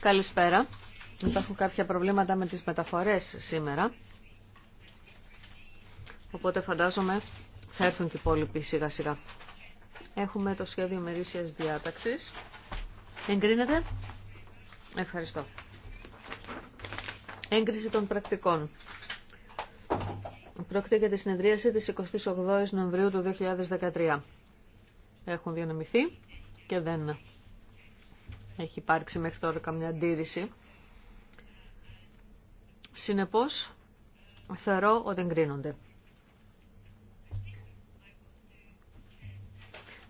Καλησπέρα. Υπάρχουν κάποια προβλήματα με τις μεταφορές σήμερα. Οπότε φαντάζομαι θα έρθουν και οι υπόλοιποι σιγά σιγά. Έχουμε το σχέδιο μερίσιας διάταξης. Εγκρίνεται. Ευχαριστώ. Έγκριση των πρακτικών. Πρόκειται για τη συνεδρίαση της 28 η Νοεμβρίου του 2013 έχουν διανεμηθεί και δεν έχει υπάρξει μέχρι τώρα καμιά αντίρρηση. Συνεπώς, θεωρώ ότι εγκρίνονται.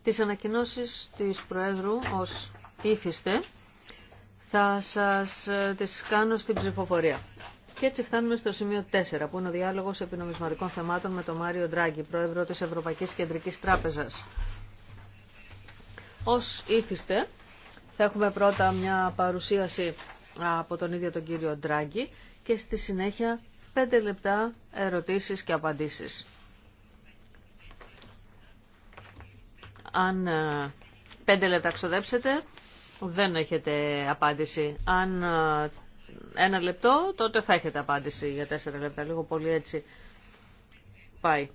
Τις ανακοινώσεις της Προέδρου ως ήθιστε θα σας ε, τις κάνω στην ψηφοφορία. Και έτσι φτάνουμε στο σημείο 4, που είναι ο διάλογος επινομισματικών θεμάτων με τον Μάριο Ντράγκη, Πρόεδρο της Ευρωπαϊκής Κεντρικής Τράπεζας. Ως ήθιστε, θα έχουμε πρώτα μια παρουσίαση από τον ίδιο τον κύριο Ντράγκη και στη συνέχεια 5 λεπτά ερωτήσεις και απαντήσεις. Αν ε, πέντε λεπτά ξοδέψετε, δεν έχετε απάντηση. Αν ε, ένα λεπτό, τότε θα έχετε απάντηση για τέσσερα λεπτά. Λίγο πολύ έτσι πάει.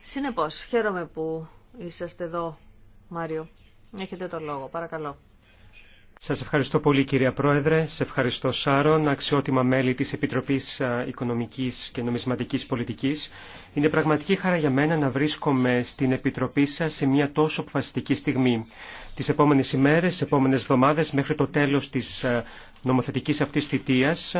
Συνεπώς, χαίρομαι που είσαστε εδώ, Μάριο. Έχετε το λόγο, παρακαλώ. Σας ευχαριστώ πολύ κυρία Πρόεδρε, σε ευχαριστώ Σάρον, αξιότιμα μέλη της Επιτροπής Οικονομικής και Νομισματικής Πολιτικής. Είναι πραγματική χαρά για μένα να βρίσκομαι στην Επιτροπή σας σε μια τόσο αποφασιστική στιγμή. Τις επόμενες ημέρες, τις επόμενες εβδομάδες, μέχρι το τέλος της νομοθετικής αυτής θητείας,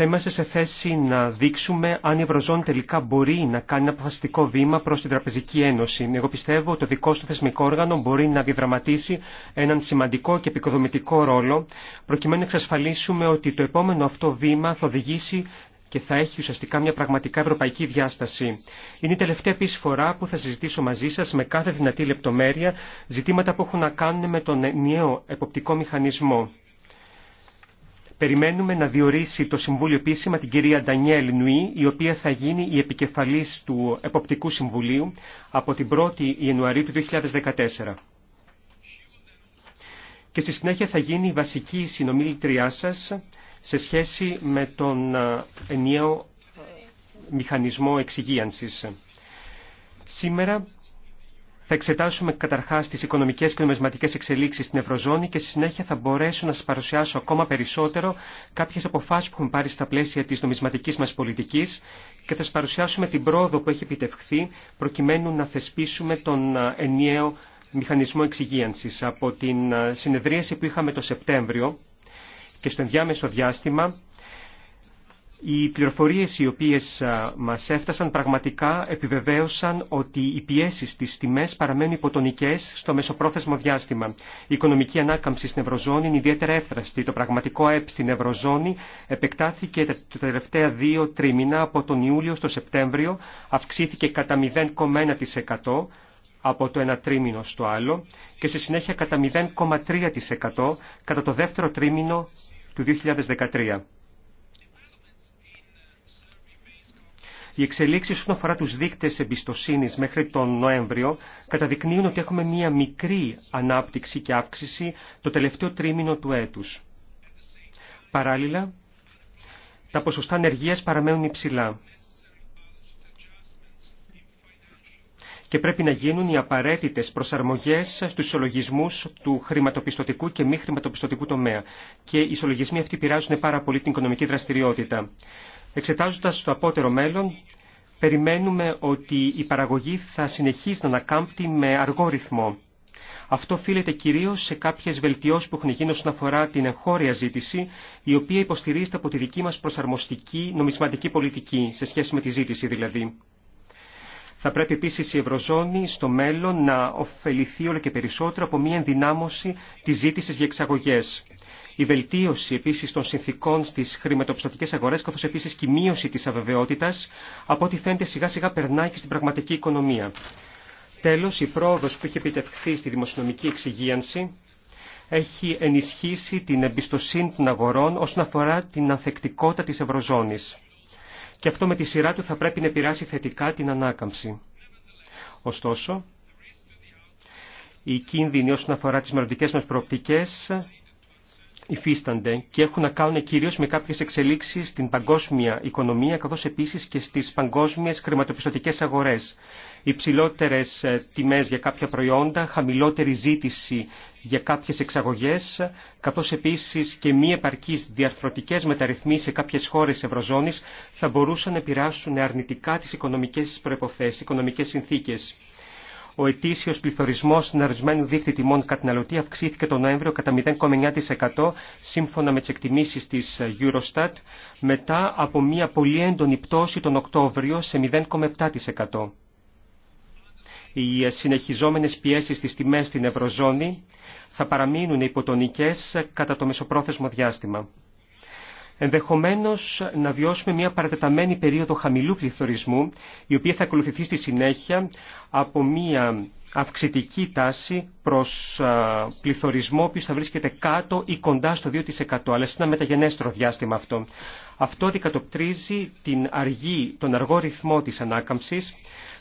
θα είμαστε σε θέση να δείξουμε αν η Ευρωζώνη τελικά μπορεί να κάνει ένα αποφασιστικό βήμα προ την Τραπεζική Ένωση. Εγώ πιστεύω ότι το δικό σου θεσμικό όργανο μπορεί να διαδραματίσει έναν σημαντικό και επικοδομητικό ρόλο, προκειμένου να εξασφαλίσουμε ότι το επόμενο αυτό βήμα θα οδηγήσει και θα έχει ουσιαστικά μια πραγματικά ευρωπαϊκή διάσταση. Είναι η τελευταία επίση φορά που θα συζητήσω μαζί σα με κάθε δυνατή λεπτομέρεια ζητήματα που έχουν να κάνουν με τον νέο εποπτικό μηχανισμό. Περιμένουμε να διορίσει το Συμβούλιο επίσημα την κυρία Ντανιέλ Νουή, η οποία θα γίνει η επικεφαλής του Εποπτικού Συμβουλίου από την 1η Ιανουαρίου του 2014. Και στη συνέχεια θα γίνει η βασική συνομιλητριά σας σε σχέση με τον ε, ενιαίο ε, μηχανισμό εξυγίανσης. Σήμερα θα εξετάσουμε καταρχάς τις οικονομικές και νομισματικές εξελίξεις στην Ευρωζώνη και στη συνέχεια θα μπορέσω να σας παρουσιάσω ακόμα περισσότερο κάποιες αποφάσεις που έχουμε πάρει στα πλαίσια της νομισματικής μας πολιτικής και θα σας παρουσιάσουμε την πρόοδο που έχει επιτευχθεί προκειμένου να θεσπίσουμε τον ε, ενιαίο μηχανισμό εξυγίανσης. Από την ε, συνεδρίαση που είχαμε το Σεπτέμβριο και στο ενδιάμεσο διάστημα οι πληροφορίες οι οποίες μας έφτασαν πραγματικά επιβεβαίωσαν ότι οι πιέσεις στις τιμές παραμένουν υποτονικές στο μεσοπρόθεσμο διάστημα. Η οικονομική ανάκαμψη στην Ευρωζώνη είναι ιδιαίτερα έφραστη. Το πραγματικό ΕΠ στην Ευρωζώνη επεκτάθηκε τα τελευταία δύο τρίμηνα από τον Ιούλιο στο Σεπτέμβριο, αυξήθηκε κατά 0,1% από το ένα τρίμηνο στο άλλο και σε συνέχεια κατά 0,3% κατά το δεύτερο τρίμηνο του 2013. Οι εξελίξει όσον αφορά του δείκτε εμπιστοσύνη μέχρι τον Νοέμβριο καταδεικνύουν ότι έχουμε μία μικρή ανάπτυξη και αύξηση το τελευταίο τρίμηνο του έτου. Παράλληλα, τα ποσοστά ανεργία παραμένουν υψηλά. και πρέπει να γίνουν οι απαραίτητε προσαρμογέ στου ισολογισμού του χρηματοπιστωτικού και μη χρηματοπιστωτικού τομέα. Και οι ισολογισμοί αυτοί πειράζουν πάρα πολύ την οικονομική δραστηριότητα. Εξετάζοντας το απότερο μέλλον, περιμένουμε ότι η παραγωγή θα συνεχίσει να ανακάμπτει με αργό ρυθμό. Αυτό οφείλεται κυρίω σε κάποιε βελτιώσει που έχουν γίνει όσον αφορά την εγχώρια ζήτηση, η οποία υποστηρίζεται από τη δική μα προσαρμοστική νομισματική πολιτική, σε σχέση με τη ζήτηση δηλαδή. Θα πρέπει επίση η Ευρωζώνη στο μέλλον να ωφεληθεί όλο και περισσότερο από μια ενδυνάμωση τη ζήτηση για εξαγωγέ η βελτίωση επίση των συνθήκων στι χρηματοπιστωτικέ αγορέ, καθώ επίση και η μείωση τη αβεβαιότητα, από ό,τι φαίνεται σιγά σιγά περνάει και στην πραγματική οικονομία. Τέλο, η πρόοδο που έχει επιτευχθεί στη δημοσιονομική εξυγίανση έχει ενισχύσει την εμπιστοσύνη των αγορών όσον αφορά την ανθεκτικότητα τη Ευρωζώνης. Και αυτό με τη σειρά του θα πρέπει να επηρεάσει θετικά την ανάκαμψη. Ωστόσο, οι κίνδυνοι όσον αφορά τις μελλοντικέ μα προοπτικές υφίστανται και έχουν να κάνουν κυρίως με κάποιες εξελίξεις στην παγκόσμια οικονομία καθώς επίσης και στις παγκόσμιες χρηματοπιστωτικές αγορές. Υψηλότερες ε, τιμές για κάποια προϊόντα, χαμηλότερη ζήτηση για κάποιες εξαγωγές, καθώς επίσης και μη επαρκείς διαρθρωτικές μεταρρυθμίσεις σε κάποιες χώρες Ευρωζώνης θα μπορούσαν να επηρεάσουν αρνητικά τις οικονομικές προϋποθέσεις, οικονομικές συνθήκες ο ετήσιο πληθωρισμό συναρρισμένου δείκτη τιμών καταναλωτή αυξήθηκε τον Νοέμβριο κατά 0,9% σύμφωνα με τι εκτιμήσει τη ε, Eurostat, μετά από μια πολύ έντονη πτώση τον Οκτώβριο σε 0,7%. Οι ε, συνεχιζόμενες πιέσεις στις τιμές στην Ευρωζώνη θα παραμείνουν υποτονικές ε, κατά το μεσοπρόθεσμο διάστημα ενδεχομένως να βιώσουμε μια παρατεταμένη περίοδο χαμηλού πληθωρισμού, η οποία θα ακολουθηθεί στη συνέχεια από μια αυξητική τάση προς πληθωρισμό που θα βρίσκεται κάτω ή κοντά στο 2% αλλά σε ένα μεταγενέστερο διάστημα αυτό. Αυτό δικατοπτρίζει την αργή, τον αργό ρυθμό της ανάκαμψης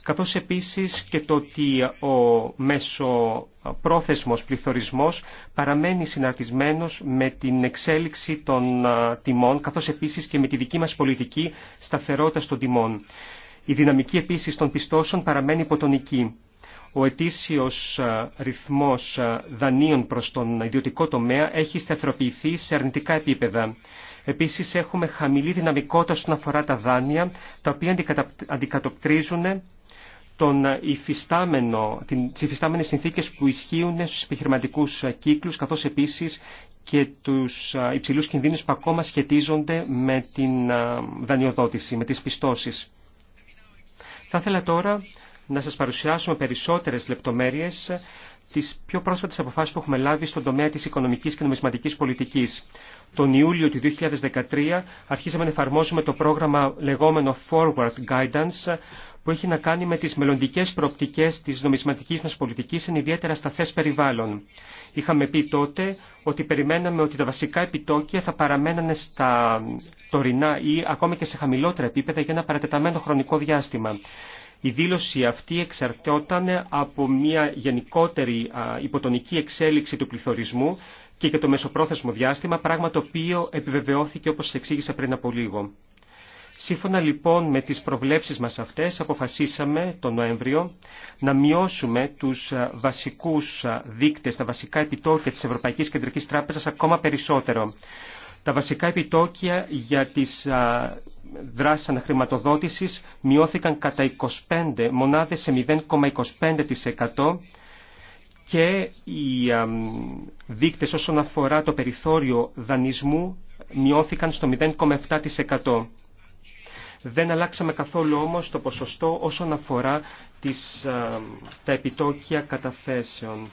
καθώς επίσης και το ότι ο μεσοπρόθεσμος πληθωρισμός παραμένει συναρτισμένος με την εξέλιξη των τιμών, καθώς επίσης και με τη δική μας πολιτική σταθερότητα των τιμών. Η δυναμική επίσης των πιστώσεων παραμένει υποτονική. Ο ετήσιος ρυθμός δανείων προς τον ιδιωτικό τομέα έχει σταθεροποιηθεί σε αρνητικά επίπεδα. Επίσης έχουμε χαμηλή δυναμικότητα όσον αφορά τα δάνεια, τα οποία αντικατοπτρίζουν τον υφιστάμενο, τις υφιστάμενες συνθήκες που ισχύουν στους επιχειρηματικούς κύκλους, καθώς επίσης και τους υψηλούς κινδύνους που ακόμα σχετίζονται με την δανειοδότηση, με τις πιστώσεις. Θα ήθελα τώρα να σας παρουσιάσουμε περισσότερες λεπτομέρειες τις πιο πρόσφατες αποφάσεις που έχουμε λάβει στον τομέα της οικονομικής και νομισματικής πολιτικής. Τον Ιούλιο του 2013 αρχίσαμε να εφαρμόζουμε το πρόγραμμα λεγόμενο Forward Guidance, που έχει να κάνει με τις μελλοντικέ προοπτικές της νομισματικής μας πολιτικής, εν ιδιαίτερα σταθές περιβάλλον. Είχαμε πει τότε ότι περιμέναμε ότι τα βασικά επιτόκια θα παραμένανε στα τωρινά ή ακόμα και σε χαμηλότερα επίπεδα για ένα παρατεταμένο χρονικό διάστημα. Η δήλωση αυτή εξαρτιόταν από μια γενικότερη υποτονική εξέλιξη του πληθωρισμού και για το μεσοπρόθεσμο διάστημα, πράγμα το οποίο επιβεβαιώθηκε όπως εξήγησα πριν από λίγο. Σύμφωνα λοιπόν με τις προβλέψεις μας αυτές αποφασίσαμε τον Νοέμβριο να μειώσουμε τους ε, βασικούς ε, δείκτες, τα βασικά επιτόκια της Ευρωπαϊκής Κεντρικής Τράπεζας ακόμα περισσότερο. Τα βασικά επιτόκια για τις ε, δράσεις αναχρηματοδότησης μειώθηκαν κατά 25 μονάδες σε 0,25% και οι δείκτες όσον αφορά το περιθώριο δανεισμού μειώθηκαν στο 0,7%. Δεν αλλάξαμε καθόλου όμως το ποσοστό όσον αφορά τις, ε, τα επιτόκια καταθέσεων.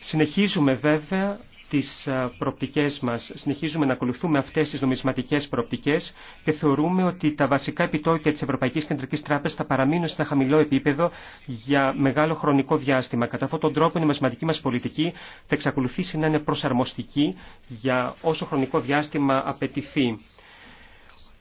Συνεχίζουμε βέβαια τις ε, προπτικές μας. Συνεχίζουμε να ακολουθούμε αυτές τις νομισματικές προπτικές και θεωρούμε ότι τα βασικά επιτόκια της Ευρωπαϊκής Κεντρικής Τράπεζας θα παραμείνουν σε ένα χαμηλό επίπεδο για μεγάλο χρονικό διάστημα. Κατά αυτόν τον τρόπο η νομισματική μας πολιτική θα εξακολουθήσει να είναι προσαρμοστική για όσο χρονικό διάστημα απαιτηθεί.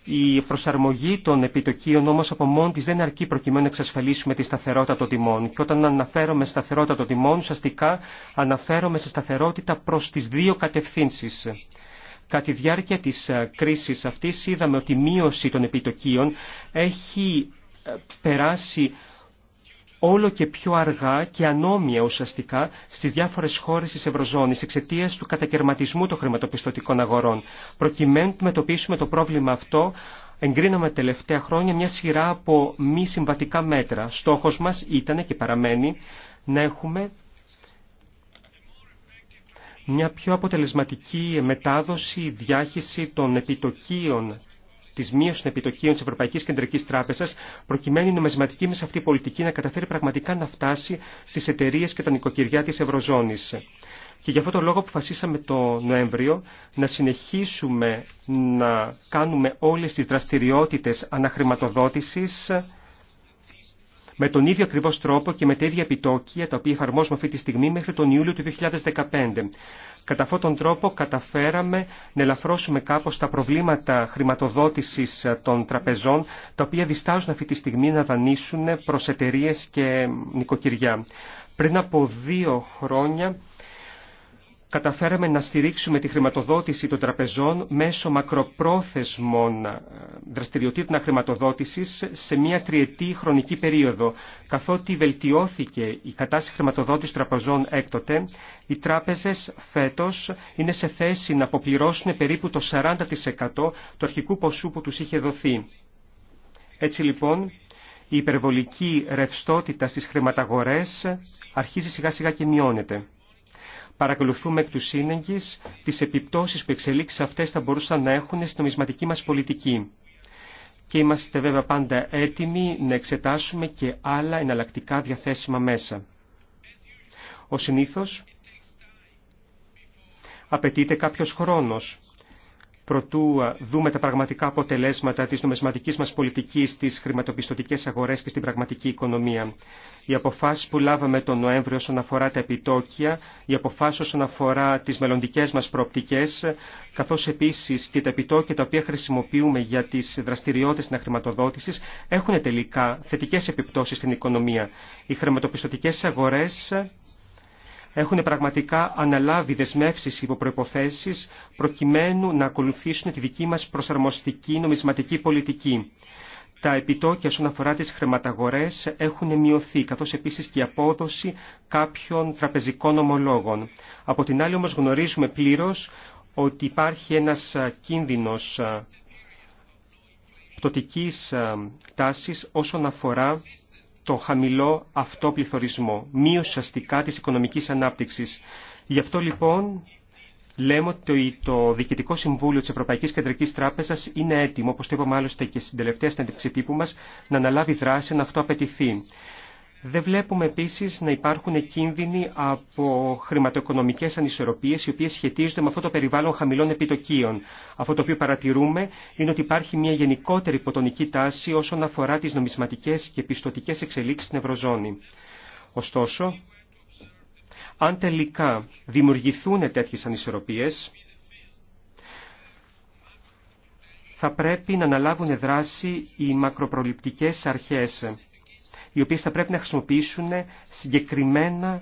Η προσαρμογή των επιτοκίων όμω από μόνη τη δεν αρκεί προκειμένου να εξασφαλίσουμε τη σταθερότητα των τιμών. Και όταν αναφέρομαι σταθερότητα των τιμών, ουσιαστικά αναφέρομαι σε σταθερότητα προ τι δύο κατευθύνσει. Κατά τη διάρκεια της ε, κρίσης αυτής είδαμε ότι η μείωση των επιτοκίων έχει ε, περάσει όλο και πιο αργά και ανώμια ουσιαστικά στις διάφορες χώρες της Ευρωζώνης εξαιτίας του κατακαιρματισμού των χρηματοπιστωτικών αγορών. Προκειμένου να αντιμετωπίσουμε το πρόβλημα αυτό, εγκρίναμε τελευταία χρόνια μια σειρά από μη συμβατικά μέτρα. Στόχος μας ήταν και παραμένει να έχουμε μια πιο αποτελεσματική μετάδοση, διάχυση των επιτοκίων τη μείωση των επιτοχίων τη Ευρωπαϊκή Κεντρική Τράπεζα, προκειμένου η νομισματική μα αυτή πολιτική να καταφέρει πραγματικά να φτάσει στι εταιρείε και τα νοικοκυριά τη Ευρωζώνη. Και για αυτόν τον λόγο αποφασίσαμε το Νοέμβριο να συνεχίσουμε να κάνουμε όλες τις δραστηριότητες αναχρηματοδότησης με τον ίδιο ακριβώ τρόπο και με τα ίδια επιτόκια τα οποία εφαρμόζουμε αυτή τη στιγμή μέχρι τον Ιούλιο του 2015. Κατά αυτόν τον τρόπο καταφέραμε να ελαφρώσουμε κάπω τα προβλήματα χρηματοδότηση ε, των τραπεζών τα οποία διστάζουν αυτή τη στιγμή να δανείσουν προ εταιρείε και νοικοκυριά. Πριν από δύο χρόνια καταφέραμε να στηρίξουμε τη χρηματοδότηση των τραπεζών μέσω μακροπρόθεσμων ε, δραστηριοτήτων χρηματοδότησης σε μια τριετή χρονική περίοδο. Καθότι βελτιώθηκε η κατάσταση χρηματοδότησης τραπεζών έκτοτε, οι τράπεζες φέτος είναι σε θέση να αποπληρώσουν περίπου το 40% του αρχικού ποσού που τους είχε δοθεί. Έτσι λοιπόν, η υπερβολική ρευστότητα στις χρηματαγορές αρχίζει σιγά σιγά και μειώνεται. Παρακολουθούμε εκ του σύνεγγυς τις επιπτώσεις που εξελίξει αυτές θα μπορούσαν να έχουν στην νομισματική μας πολιτική. Και είμαστε βέβαια πάντα έτοιμοι να εξετάσουμε και άλλα εναλλακτικά διαθέσιμα μέσα. Ο συνήθως απαιτείται κάποιος χρόνος προτού δούμε τα πραγματικά αποτελέσματα της νομισματικής μας πολιτικής στις χρηματοπιστωτικές αγορές και στην πραγματική οικονομία. Οι αποφάσεις που λάβαμε τον Νοέμβριο όσον αφορά τα επιτόκια, οι αποφάσεις όσον αφορά τις μελλοντικές μας προοπτικές, καθώς επίσης και τα επιτόκια τα οποία χρησιμοποιούμε για τις δραστηριότητες χρηματοδότηση, έχουν τελικά θετικές επιπτώσεις στην οικονομία. Οι χρηματοπιστωτικές αγορές έχουν πραγματικά αναλάβει δεσμεύσεις υποπροϋποθέσεις προκειμένου να ακολουθήσουν τη δική μας προσαρμοστική νομισματική πολιτική. Τα επιτόκια όσον αφορά τις χρηματαγορές έχουν μειωθεί, καθώς επίσης και η απόδοση κάποιων τραπεζικών ομολόγων. Από την άλλη όμως γνωρίζουμε πλήρως ότι υπάρχει ένας κίνδυνος πτωτικής τάσης όσον αφορά το χαμηλό αυτό πληθωρισμό, μείωση αστικά της οικονομικής ανάπτυξης. Γι' αυτό λοιπόν λέμε ότι το Διοικητικό Συμβούλιο της Ευρωπαϊκής Κεντρικής Τράπεζας είναι έτοιμο, όπως το είπαμε άλλωστε και στην τελευταία συνέντευξη τύπου μας, να αναλάβει δράση να αυτό απαιτηθεί. Δεν βλέπουμε επίσης να υπάρχουν κίνδυνοι από χρηματοοικονομικές ανισορροπίες οι οποίες σχετίζονται με αυτό το περιβάλλον χαμηλών επιτοκίων. Αυτό το οποίο παρατηρούμε είναι ότι υπάρχει μια γενικότερη υποτονική τάση όσον αφορά τις νομισματικές και πιστοτικές εξελίξεις στην Ευρωζώνη. Ωστόσο, αν τελικά δημιουργηθούν τέτοιες ανισορροπίες, θα πρέπει να αναλάβουν δράση οι μακροπροληπτικές αρχές οι οποίες θα πρέπει να χρησιμοποιήσουν συγκεκριμένα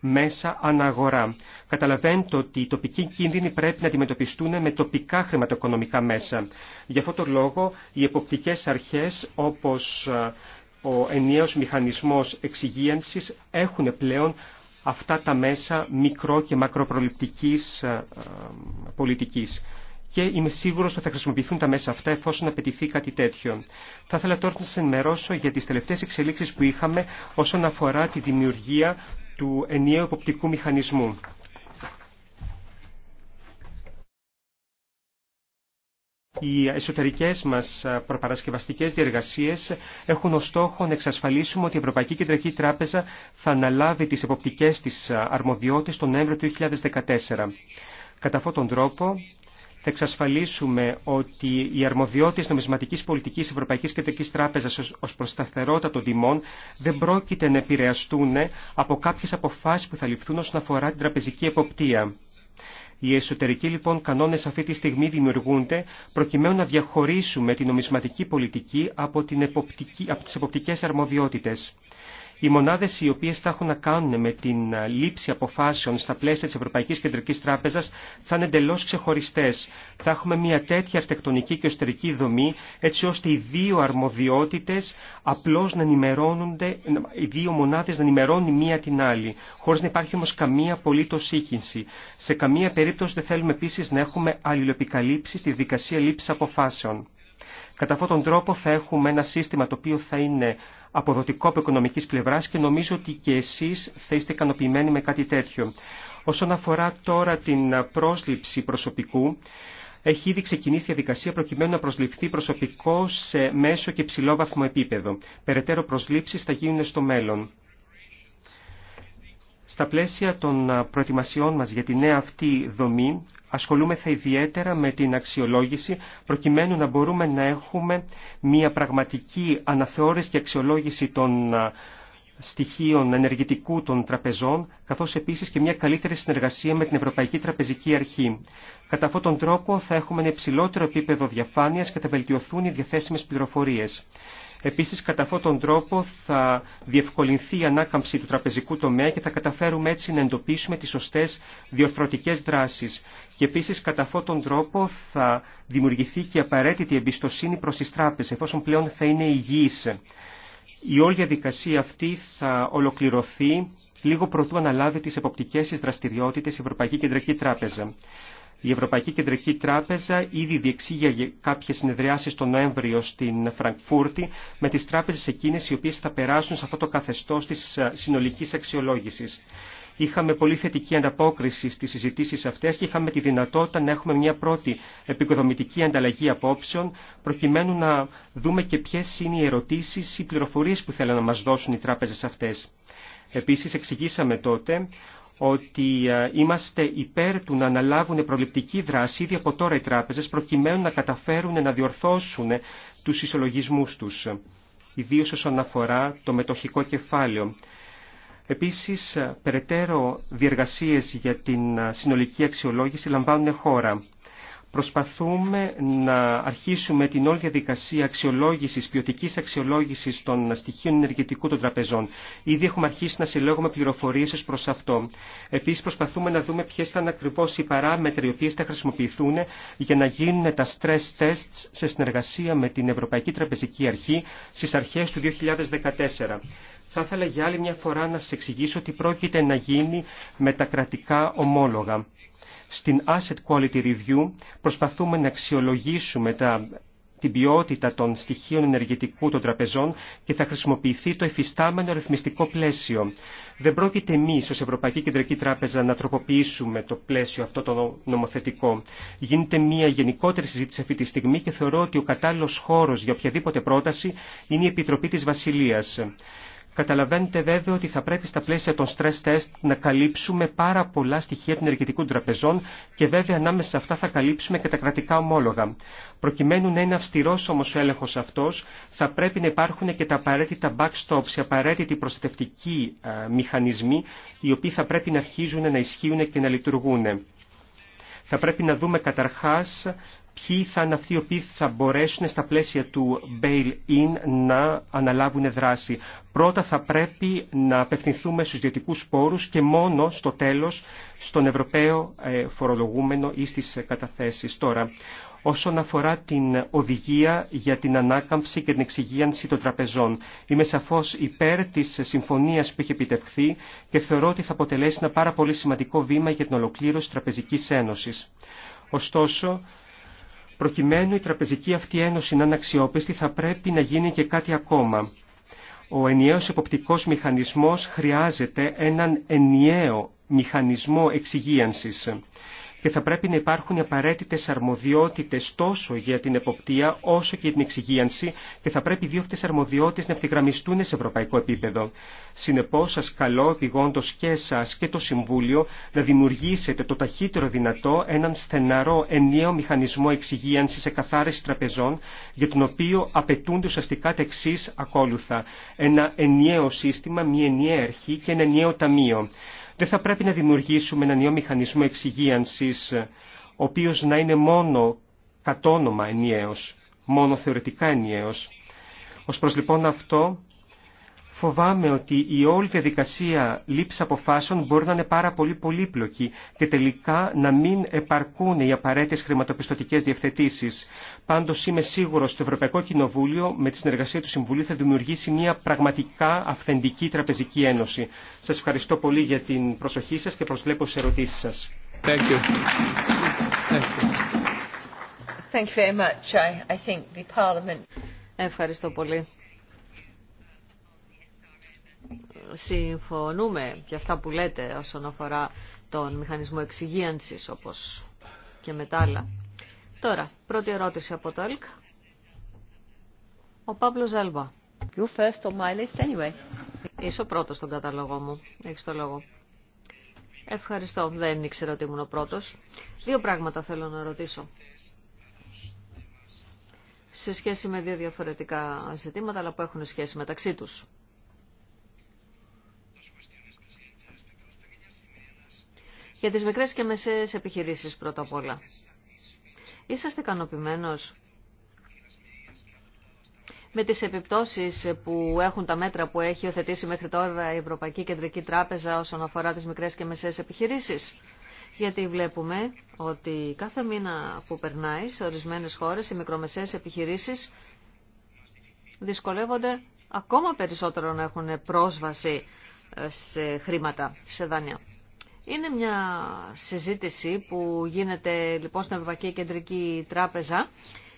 μέσα αναγορά. Καταλαβαίνετε ότι οι τοπικοί κίνδυνοι πρέπει να αντιμετωπιστούν με τοπικά χρηματοοικονομικά μέσα. Γι' αυτόν τον λόγο οι εποπτικές αρχές όπως ε, ο ενιαίος μηχανισμός εξυγίανσης έχουν πλέον αυτά τα μέσα μικρό και μακροπροληπτικής ε, ε, πολιτικής και είμαι σίγουρο ότι θα χρησιμοποιηθούν τα μέσα αυτά εφόσον απαιτηθεί κάτι τέτοιο. Θα ήθελα τώρα να σα ενημερώσω για τι τελευταίε εξελίξει που είχαμε όσον αφορά τη δημιουργία του ενιαίου εποπτικού μηχανισμού. Οι εσωτερικές μας προπαρασκευαστικές διεργασίες έχουν ως στόχο να εξασφαλίσουμε ότι η Ευρωπαϊκή Κεντρική Τράπεζα θα αναλάβει τις εποπτικές της αρμοδιότητε τον Νοέμβριο του 2014. Κατά αυτόν τον τρόπο θα εξασφαλίσουμε ότι οι αρμοδιότητες νομισματικής πολιτικής Ευρωπαϊκής Κεντρικής Τράπεζας ως προς σταθερότητα των τιμών δεν πρόκειται να επηρεαστούν από κάποιες αποφάσεις που θα ληφθούν όσον αφορά την τραπεζική εποπτεία. Οι εσωτερικοί λοιπόν κανόνες αυτή τη στιγμή δημιουργούνται προκειμένου να διαχωρίσουμε την νομισματική πολιτική από, την εποπτική, από τις εποπτικές αρμοδιότητες. Οι μονάδε οι οποίε θα έχουν να κάνουν με την ε, λήψη αποφάσεων στα πλαίσια τη Ευρωπαϊκή Κεντρική Τράπεζα θα είναι εντελώ ξεχωριστέ. Θα έχουμε μια τέτοια αρχιτεκτονική και οστερική δομή έτσι ώστε οι δύο αρμοδιότητε απλώ να ενημερώνονται, οι δύο μονάδε να ενημερώνουν μία την άλλη, χωρί να υπάρχει όμω καμία απολύτω σύγχυνση. Σε καμία περίπτωση δεν θέλουμε επίση να έχουμε αλληλοεπικαλύψει στη δικασία λήψη αποφάσεων. Κατά αυτόν τον τρόπο θα έχουμε ένα σύστημα το οποίο θα είναι αποδοτικό από οικονομική πλευρά και νομίζω ότι και εσεί θα είστε ικανοποιημένοι με κάτι τέτοιο. Όσον αφορά τώρα την πρόσληψη προσωπικού, έχει ήδη ξεκινήσει διαδικασία προκειμένου να προσληφθεί προσωπικό σε μέσο και ψηλό βαθμό επίπεδο. Περαιτέρω προσλήψεις θα γίνουν στο μέλλον. Στα πλαίσια των προετοιμασιών μας για τη νέα αυτή δομή, ασχολούμεθα ιδιαίτερα με την αξιολόγηση, προκειμένου να μπορούμε να έχουμε μια πραγματική αναθεώρηση και αξιολόγηση των στοιχείων ενεργητικού των τραπεζών, καθώς επίσης και μια καλύτερη συνεργασία με την Ευρωπαϊκή Τραπεζική Αρχή. Κατά αυτόν τον τρόπο θα έχουμε ένα υψηλότερο επίπεδο διαφάνειας και θα βελτιωθούν οι διαθέσιμες πληροφορίες. Επίσης, κατά αυτόν τον τρόπο θα διευκολυνθεί η ανάκαμψη του τραπεζικού τομέα και θα καταφέρουμε έτσι να εντοπίσουμε τις σωστές διορθωτικές δράσεις. Και επίσης, κατά αυτόν τον τρόπο θα δημιουργηθεί και απαραίτητη εμπιστοσύνη προς τις τράπεζες, εφόσον πλέον θα είναι υγιείς. Η όλη διαδικασία αυτή θα ολοκληρωθεί λίγο προτού αναλάβει τις εποπτικές της δραστηριότητες η Ευρωπαϊκή Κεντρική Τράπεζα. Η Ευρωπαϊκή Κεντρική Τράπεζα ήδη διεξήγει κάποιες συνεδριάσεις τον Νοέμβριο στην Φραγκφούρτη με τις τράπεζες εκείνες οι οποίες θα περάσουν σε αυτό το καθεστώς της ε, συνολικής αξιολόγησης. Είχαμε πολύ θετική ανταπόκριση στις συζητήσεις αυτές και είχαμε τη δυνατότητα να έχουμε μια πρώτη επικοδομητική ανταλλαγή απόψεων προκειμένου να δούμε και ποιες είναι οι ερωτήσεις ή πληροφορίες που θέλουν να μας δώσουν οι τράπεζες αυτές. Επίσης εξηγήσαμε τότε ότι ε, είμαστε υπέρ του να αναλάβουν προληπτική δράση ήδη από τώρα οι τράπεζες προκειμένου να καταφέρουν να διορθώσουν τους ισολογισμούς τους, ιδίως όσον αφορά το μετοχικό κεφάλαιο. Επίσης, ε, περαιτέρω διεργασίες για την ε, συνολική αξιολόγηση λαμβάνουν χώρα προσπαθούμε να αρχίσουμε την όλη διαδικασία αξιολόγηση, ποιοτική αξιολόγηση των στοιχείων ενεργητικού των τραπεζών. Ήδη έχουμε αρχίσει να συλλέγουμε πληροφορίε προς προ αυτό. Επίση, προσπαθούμε να δούμε ποιε θα είναι ακριβώ οι παράμετροι οι οποίε θα χρησιμοποιηθούν για να γίνουν τα stress tests σε συνεργασία με την Ευρωπαϊκή Τραπεζική Αρχή στι αρχέ του 2014. Θα ήθελα για άλλη μια φορά να σα εξηγήσω τι πρόκειται να γίνει με τα κρατικά ομόλογα. Στην Asset Quality Review προσπαθούμε να αξιολογήσουμε τα την ποιότητα των στοιχείων ενεργητικού των τραπεζών και θα χρησιμοποιηθεί το εφιστάμενο ρυθμιστικό πλαίσιο. Δεν πρόκειται εμεί ω Ευρωπαϊκή Κεντρική Τράπεζα να τροποποιήσουμε το πλαίσιο αυτό το νομοθετικό. Γίνεται μια γενικότερη συζήτηση αυτή τη στιγμή και θεωρώ ότι ο κατάλληλο χώρο για οποιαδήποτε πρόταση είναι η Επιτροπή τη Βασιλεία. Καταλαβαίνετε βέβαια ότι θα πρέπει στα πλαίσια των stress test να καλύψουμε πάρα πολλά στοιχεία του ενεργητικού τραπεζών και βέβαια ανάμεσα σε αυτά θα καλύψουμε και τα κρατικά ομόλογα. Προκειμένου να είναι αυστηρό όμω ο έλεγχο αυτό, θα πρέπει να υπάρχουν και τα απαραίτητα backstops, οι απαραίτητοι προστατευτικοί ε, μηχανισμοί, οι οποίοι θα πρέπει να αρχίζουν να ισχύουν και να λειτουργούν. Θα πρέπει να δούμε καταρχάς ποιοι θα είναι αυτοί οι οποίοι θα μπορέσουν στα πλαίσια του bail-in να αναλάβουν δράση. Πρώτα θα πρέπει να απευθυνθούμε στους ιδιωτικούς πόρους και μόνο στο τέλος στον Ευρωπαίο ε, φορολογούμενο ή στις καταθέσεις. Τώρα, όσον αφορά την οδηγία για την ανάκαμψη και την εξυγίανση των τραπεζών. Είμαι σαφώς υπέρ της συμφωνίας που έχει επιτευχθεί και θεωρώ ότι θα αποτελέσει ένα πάρα πολύ σημαντικό βήμα για την ολοκλήρωση Τραπεζικής Ένωσης. Ωστόσο, Προκειμένου η τραπεζική αυτή ένωση να είναι αξιόπιστη θα πρέπει να γίνει και κάτι ακόμα. Ο ενιαίος εποπτικός μηχανισμός χρειάζεται έναν ενιαίο μηχανισμό εξυγίανσης και θα πρέπει να υπάρχουν οι απαραίτητε αρμοδιότητε τόσο για την εποπτεία όσο και για την εξυγίανση και θα πρέπει δύο αυτέ αρμοδιότητε να ευθυγραμμιστούν σε ευρωπαϊκό επίπεδο. Συνεπώ, σα καλώ επιγόντω και εσά και το Συμβούλιο να δημιουργήσετε το ταχύτερο δυνατό έναν στεναρό ενιαίο μηχανισμό εξυγίανση σε καθάριση τραπεζών για τον οποίο απαιτούνται ουσιαστικά τα εξή ακόλουθα. Ένα ενιαίο σύστημα, μια ενιαία αρχή και ένα ενιαίο ταμείο. Δεν θα πρέπει να δημιουργήσουμε ένα νέο μηχανισμό εξυγίανσης, ε, ο οποίος να είναι μόνο κατόνομα ενιαίος, μόνο θεωρητικά ενιαίος. Ως προς λοιπόν αυτό, Φοβάμαι ότι η όλη διαδικασία λήψη αποφάσεων μπορεί να είναι πάρα πολύ πολύπλοκη και τελικά να μην επαρκούν οι απαραίτητε χρηματοπιστωτικέ διευθετήσει. Πάντω είμαι σίγουρο ότι το Ευρωπαϊκό Κοινοβούλιο με τη συνεργασία του Συμβουλίου θα δημιουργήσει μια πραγματικά αυθεντική τραπεζική ένωση. Σα ευχαριστώ πολύ για την προσοχή σα και προσβλέπω στι ερωτήσει σα. Ευχαριστώ πολύ συμφωνούμε για αυτά που λέτε όσον αφορά τον μηχανισμό εξυγίανσης όπως και μετά Τώρα, πρώτη ερώτηση από το ΕΛΚ. Ο Παύλος Ζέλβα. anyway. Είσαι ο πρώτος στον καταλόγο μου. Έχεις το λόγο. Ευχαριστώ. Δεν ήξερα ότι ήμουν ο πρώτος. Δύο πράγματα θέλω να ρωτήσω. Σε σχέση με δύο διαφορετικά ζητήματα, αλλά που έχουν σχέση μεταξύ τους. Για τις μικρές και μεσαίες επιχειρήσεις πρώτα απ' όλα. Είσαστε ικανοποιημένος με τις επιπτώσεις που έχουν τα μέτρα που έχει οθετήσει μέχρι τώρα η Ευρωπαϊκή Κεντρική Τράπεζα όσον αφορά τις μικρές και μεσαίες επιχειρήσεις. Γιατί βλέπουμε ότι κάθε μήνα που περνάει σε ορισμένες χώρες οι μικρομεσαίες επιχειρήσεις δυσκολεύονται ακόμα περισσότερο να έχουν πρόσβαση ε, σε χρήματα, σε δάνεια. Είναι μια συζήτηση που γίνεται λοιπόν στην Ευρωπαϊκή Κεντρική Τράπεζα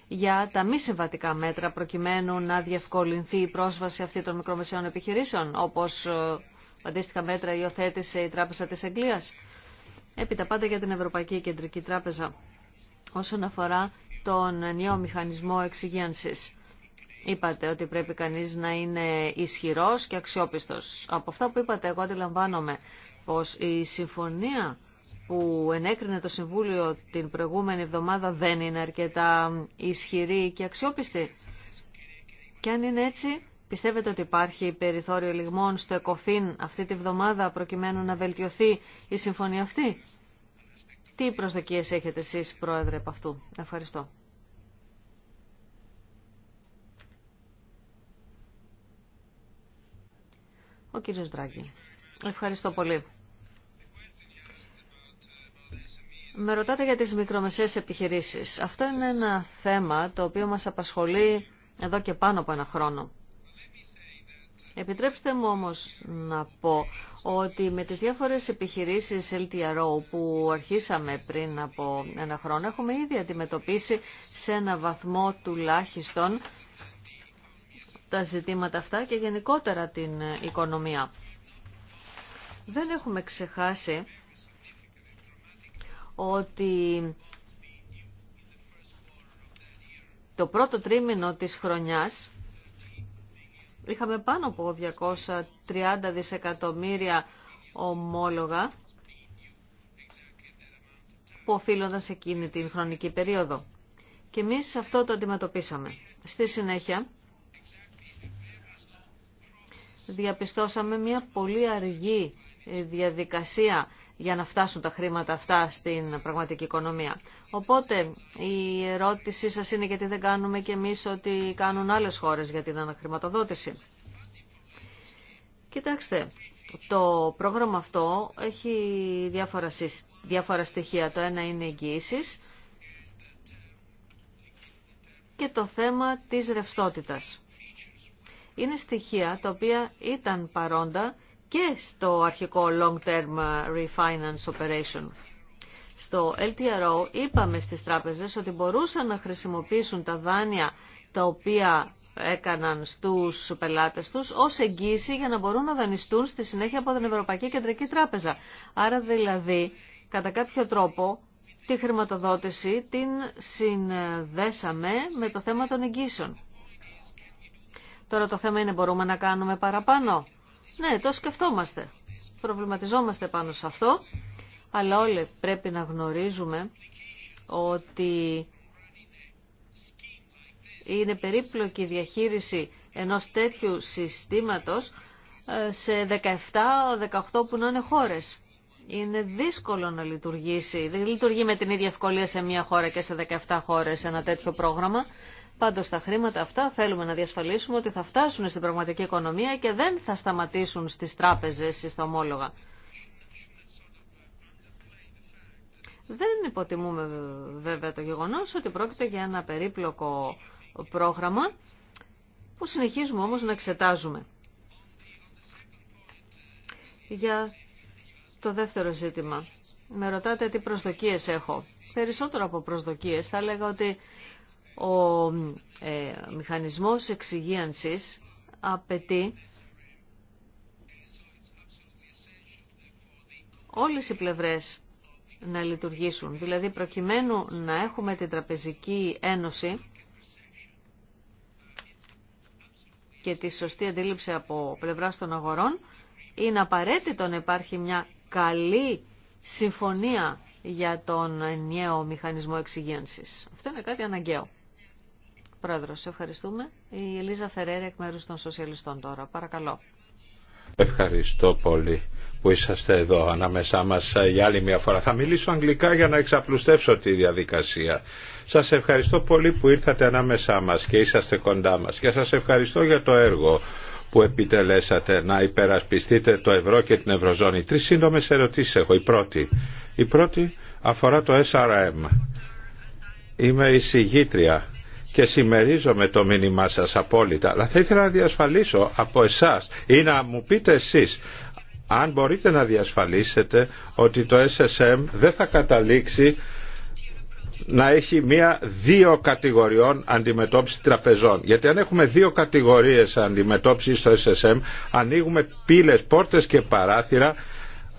για τα μη συμβατικά μέτρα προκειμένου να διευκολυνθεί η πρόσβαση αυτή των μικρομεσαίων επιχειρήσεων, όπως ε, αντίστοιχα μέτρα υιοθέτησε η Τράπεζα της Αγγλίας. Έπειτα πάντα για την Ευρωπαϊκή Κεντρική Τράπεζα όσον αφορά τον νέο μηχανισμό εξυγίανσης. Είπατε ότι πρέπει κανείς να είναι ισχυρός και αξιόπιστος. Από αυτά που είπατε εγώ αντιλαμβάνομαι πως η συμφωνία που ενέκρινε το Συμβούλιο την προηγούμενη εβδομάδα δεν είναι αρκετά ισχυρή και αξιόπιστη. Και αν είναι έτσι, πιστεύετε ότι υπάρχει περιθώριο λιγμών στο ΕΚΟΦΗΝ αυτή τη εβδομάδα προκειμένου να βελτιωθεί η συμφωνία αυτή. Τι προσδοκίες έχετε εσείς, Πρόεδρε, από αυτού. Ευχαριστώ. Ο κύριος Δράγκη. Ευχαριστώ πολύ. Με ρωτάτε για τις μικρομεσαίες επιχειρήσεις. Αυτό είναι ένα θέμα το οποίο μας απασχολεί εδώ και πάνω από ένα χρόνο. Επιτρέψτε μου όμως να πω ότι με τις διάφορες επιχειρήσεις LTRO που αρχίσαμε πριν από ένα χρόνο έχουμε ήδη αντιμετωπίσει σε ένα βαθμό τουλάχιστον τα ζητήματα αυτά και γενικότερα την οικονομία. Δεν έχουμε ξεχάσει ότι το πρώτο τρίμηνο της χρονιάς είχαμε πάνω από 230 δισεκατομμύρια ομόλογα που οφείλονταν σε εκείνη την χρονική περίοδο. Και εμείς αυτό το αντιμετωπίσαμε. Στη συνέχεια διαπιστώσαμε μια πολύ αργή διαδικασία για να φτάσουν τα χρήματα αυτά στην πραγματική οικονομία. Οπότε η ερώτησή σας είναι γιατί δεν κάνουμε κι εμείς ό,τι κάνουν άλλες χώρες για την αναχρηματοδότηση. Κοιτάξτε, το πρόγραμμα αυτό έχει διάφορα, διάφορα στοιχεία. Το ένα είναι εγγύησει. και το θέμα της ρευστότητας. Είναι στοιχεία τα οποία ήταν παρόντα και στο αρχικό Long Term uh, Refinance Operation. Στο LTRO είπαμε στις τράπεζες ότι μπορούσαν να χρησιμοποιήσουν τα δάνεια τα οποία έκαναν στους πελάτες τους ως εγγύηση για να μπορούν να δανειστούν στη συνέχεια από την Ευρωπαϊκή Κεντρική Τράπεζα. Άρα δηλαδή, κατά κάποιο τρόπο, τη χρηματοδότηση την συνδέσαμε με το θέμα των εγγύσεων. Τώρα το θέμα είναι μπορούμε να κάνουμε παραπάνω. Ναι, το σκεφτόμαστε. Προβληματιζόμαστε πάνω σε αυτό, αλλά όλοι πρέπει να γνωρίζουμε ότι είναι περίπλοκη διαχείριση ενός τέτοιου συστήματος ε, σε 17-18 που να είναι χώρες. Είναι δύσκολο να λειτουργήσει. Δεν λειτουργεί με την ίδια ευκολία σε μια χώρα και σε 17 χώρες ένα τέτοιο πρόγραμμα. Πάντω τα χρήματα αυτά θέλουμε να διασφαλίσουμε ότι θα φτάσουν στην πραγματική οικονομία και δεν θα σταματήσουν στι τράπεζε ή στα ομόλογα. Δεν υποτιμούμε βέβαια το γεγονός ότι πρόκειται για ένα περίπλοκο πρόγραμμα που συνεχίζουμε όμως να εξετάζουμε. Για το δεύτερο ζήτημα. Με ρωτάτε τι προσδοκίες έχω. Περισσότερο από προσδοκίες θα έλεγα ότι ο ε, μηχανισμός εξυγίανσης απαιτεί όλες οι πλευρές να λειτουργήσουν. Δηλαδή προκειμένου να έχουμε την Τραπεζική Ένωση και τη σωστή αντίληψη από πλευράς των αγορών, είναι απαραίτητο να υπάρχει μια καλή συμφωνία για τον νέο μηχανισμό εξυγένσης. Αυτό είναι κάτι αναγκαίο. Πρόεδρος, ευχαριστούμε. Η Ελίζα Φεραίρα εκ μέρους των Σοσιαλιστών τώρα. Παρακαλώ. Ευχαριστώ πολύ που είσαστε εδώ ανάμεσά μας για άλλη μια φορά. Θα μιλήσω αγγλικά για να εξαπλουστεύσω τη διαδικασία. Σας ευχαριστώ πολύ που ήρθατε ανάμεσά μας και είσαστε κοντά μας και σας ευχαριστώ για το έργο που επιτελέσατε να υπερασπιστείτε το ευρώ και την ευρωζώνη. Τρεις σύντομες ερωτήσεις έχω. Η πρώτη, η πρώτη αφορά το SRM. Είμαι η συγγήτρια και συμμερίζομαι το μήνυμά σας απόλυτα, αλλά θα ήθελα να διασφαλίσω από εσάς ή να μου πείτε εσείς αν μπορείτε να διασφαλίσετε ότι το SSM δεν θα καταλήξει να έχει μία δύο κατηγοριών αντιμετώπιση τραπεζών. Γιατί αν έχουμε δύο κατηγορίες αντιμετώπιση στο SSM, ανοίγουμε πύλες, πόρτες και παράθυρα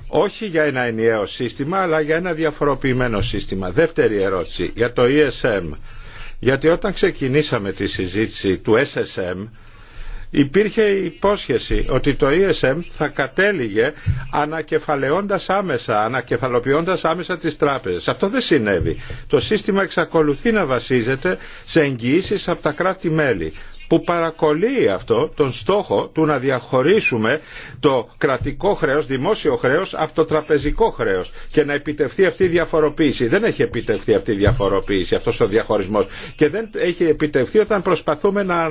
όχι για ένα ενιαίο σύστημα, αλλά για ένα διαφοροποιημένο σύστημα. Δεύτερη ερώτηση, για το ESM γιατί όταν ξεκινήσαμε τη συζήτηση του SSM, υπήρχε η υπόσχεση ότι το ESM θα κατέληγε ανακεφαλαιώντας άμεσα, ανακεφαλοποιώντας άμεσα τις τράπεζες. Αυτό δεν συνέβη. Το σύστημα εξακολουθεί να βασίζεται σε εγγυήσεις από τα κράτη-μέλη που παρακολύει αυτό τον στόχο του να διαχωρίσουμε το κρατικό χρέος, δημόσιο χρέος από το τραπεζικό χρέος και να επιτευχθεί αυτή η διαφοροποίηση. Δεν έχει επιτευχθεί αυτή η διαφοροποίηση, αυτός ο διαχωρισμός και δεν έχει επιτευχθεί όταν προσπαθούμε να,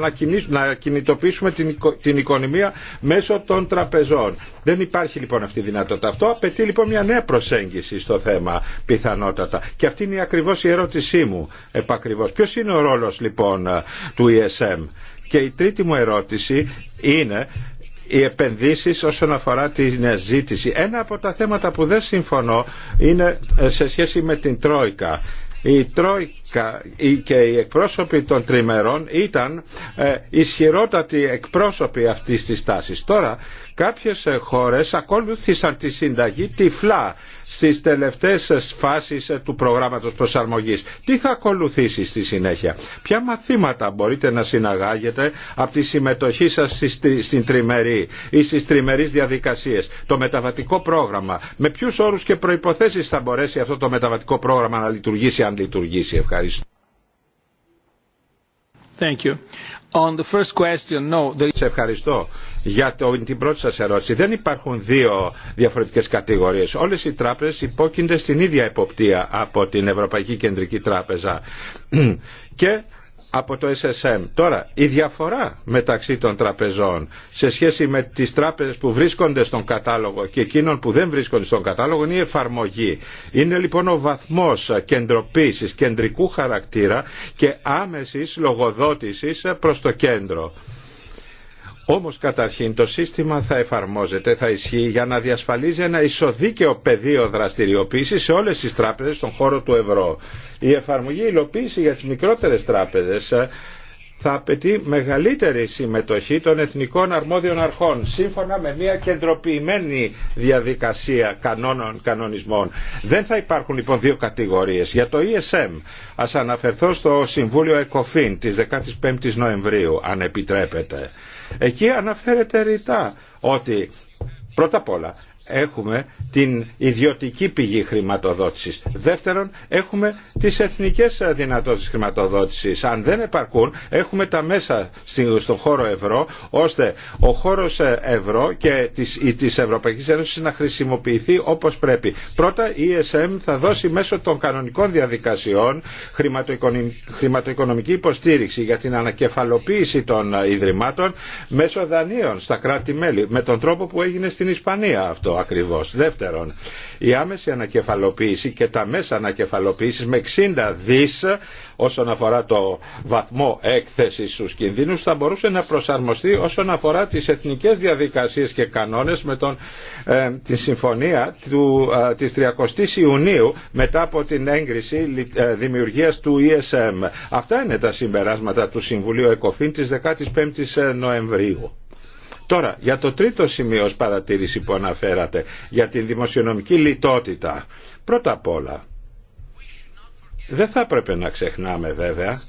να κινητοποιήσουμε την, την οικονομία μέσω των τραπεζών. Δεν υπάρχει λοιπόν αυτή η δυνατότητα. Αυτό απαιτεί λοιπόν μια νέα προσέγγιση στο θέμα πιθανότατα. Και αυτή είναι ακριβώς η ερώτησή μου επακριβώς. Ποιος είναι ο ρόλος λοιπόν του ESM ε και η τρίτη μου ερώτηση είναι οι επενδύσεις όσον αφορά την ζήτηση. Ένα από τα θέματα που δεν συμφωνώ είναι ε, σε σχέση με την Τρόικα. Η Τρόικα και οι εκπρόσωποι των τριμερών ήταν ε, ισχυρότατοι εκπρόσωποι αυτής της τάσης. Τώρα Κάποιες ε, χώρες ακολούθησαν τη συνταγή τυφλά στις τελευταίες φάσεις ε, του προγράμματος προσαρμογής. Τι θα ακολουθήσει στη συνέχεια. Ποια μαθήματα μπορείτε να συναγάγετε από τη συμμετοχή σας στην τριμερή ή στις τριμερείς διαδικασίες. Το μεταβατικό πρόγραμμα. Με ποιους όρους και προϋποθέσεις θα μπορέσει αυτό το μεταβατικό πρόγραμμα να λειτουργήσει αν λειτουργήσει. Ευχαριστώ. Thank you. On the first question, no, Σε ευχαριστώ για το, την πρώτη σας ερώτηση. Δεν υπάρχουν δύο διαφορετικές κατηγορίες. Όλες οι τράπεζες υπόκεινται στην ίδια εποπτεία από την Ευρωπαϊκή Κεντρική Τράπεζα. Και από το SSM. Τώρα, η διαφορά μεταξύ των τραπεζών σε σχέση με τις τράπεζες που βρίσκονται στον κατάλογο και εκείνων που δεν βρίσκονται στον κατάλογο είναι η εφαρμογή. Είναι λοιπόν ο βαθμός κεντροποίησης κεντρικού χαρακτήρα και άμεσης λογοδότησης προς το κέντρο. Όμως καταρχήν το σύστημα θα εφαρμόζεται, θα ισχύει για να διασφαλίζει ένα ισοδίκαιο πεδίο δραστηριοποίησης σε όλες τις τράπεζες στον χώρο του ευρώ. Η εφαρμογή υλοποίηση για τις μικρότερες τράπεζες ε, θα απαιτεί μεγαλύτερη συμμετοχή των εθνικών αρμόδιων αρχών σύμφωνα με μια κεντροποιημένη διαδικασία κανόνων κανονισμών. Δεν θα υπάρχουν λοιπόν δύο κατηγορίες. Για το ESM ας αναφερθώ στο Συμβούλιο ΕΚΟΦΗΝ της 15ης Νοεμβρίου αν επιτρέπετε. Εκεί αναφέρεται ρητά ότι πρώτα απ' όλα έχουμε την ιδιωτική πηγή χρηματοδότησης. Δεύτερον, έχουμε τις εθνικές δυνατότητες χρηματοδότησης. Αν δεν επαρκούν, έχουμε τα μέσα στον χώρο ευρώ, ώστε ο χώρος ευρώ και της, Ευρωπαϊκή Ευρωπαϊκής Ένωσης να χρησιμοποιηθεί όπως πρέπει. Πρώτα, η ESM ε θα δώσει μέσω των κανονικών διαδικασιών χρηματοοικονομική υποστήριξη για την ανακεφαλοποίηση των Ιδρυμάτων μέσω δανείων στα κράτη-μέλη, με τον τρόπο που έγινε στην Ισπανία αυτό ακριβώς. Δεύτερον, η άμεση ανακεφαλοποίηση και τα μέσα ανακεφαλοποίηση με 60 δις όσον αφορά το βαθμό έκθεσης στους κινδύνους θα μπορούσε να προσαρμοστεί όσον αφορά τις εθνικές διαδικασίες και κανόνες με τον, ε, τη συμφωνία του, ε, της 30 Ιουνίου μετά από την έγκριση ε, δημιουργίας του ESM. Αυτά είναι τα συμπεράσματα του Συμβουλίου ΕΚΟΦΗΝ της 15ης ε, Νοεμβρίου. Τώρα, για το τρίτο σημείο ως παρατήρηση που αναφέρατε, για την δημοσιονομική λιτότητα. Πρώτα απ' όλα, δεν θα έπρεπε να ξεχνάμε βέβαια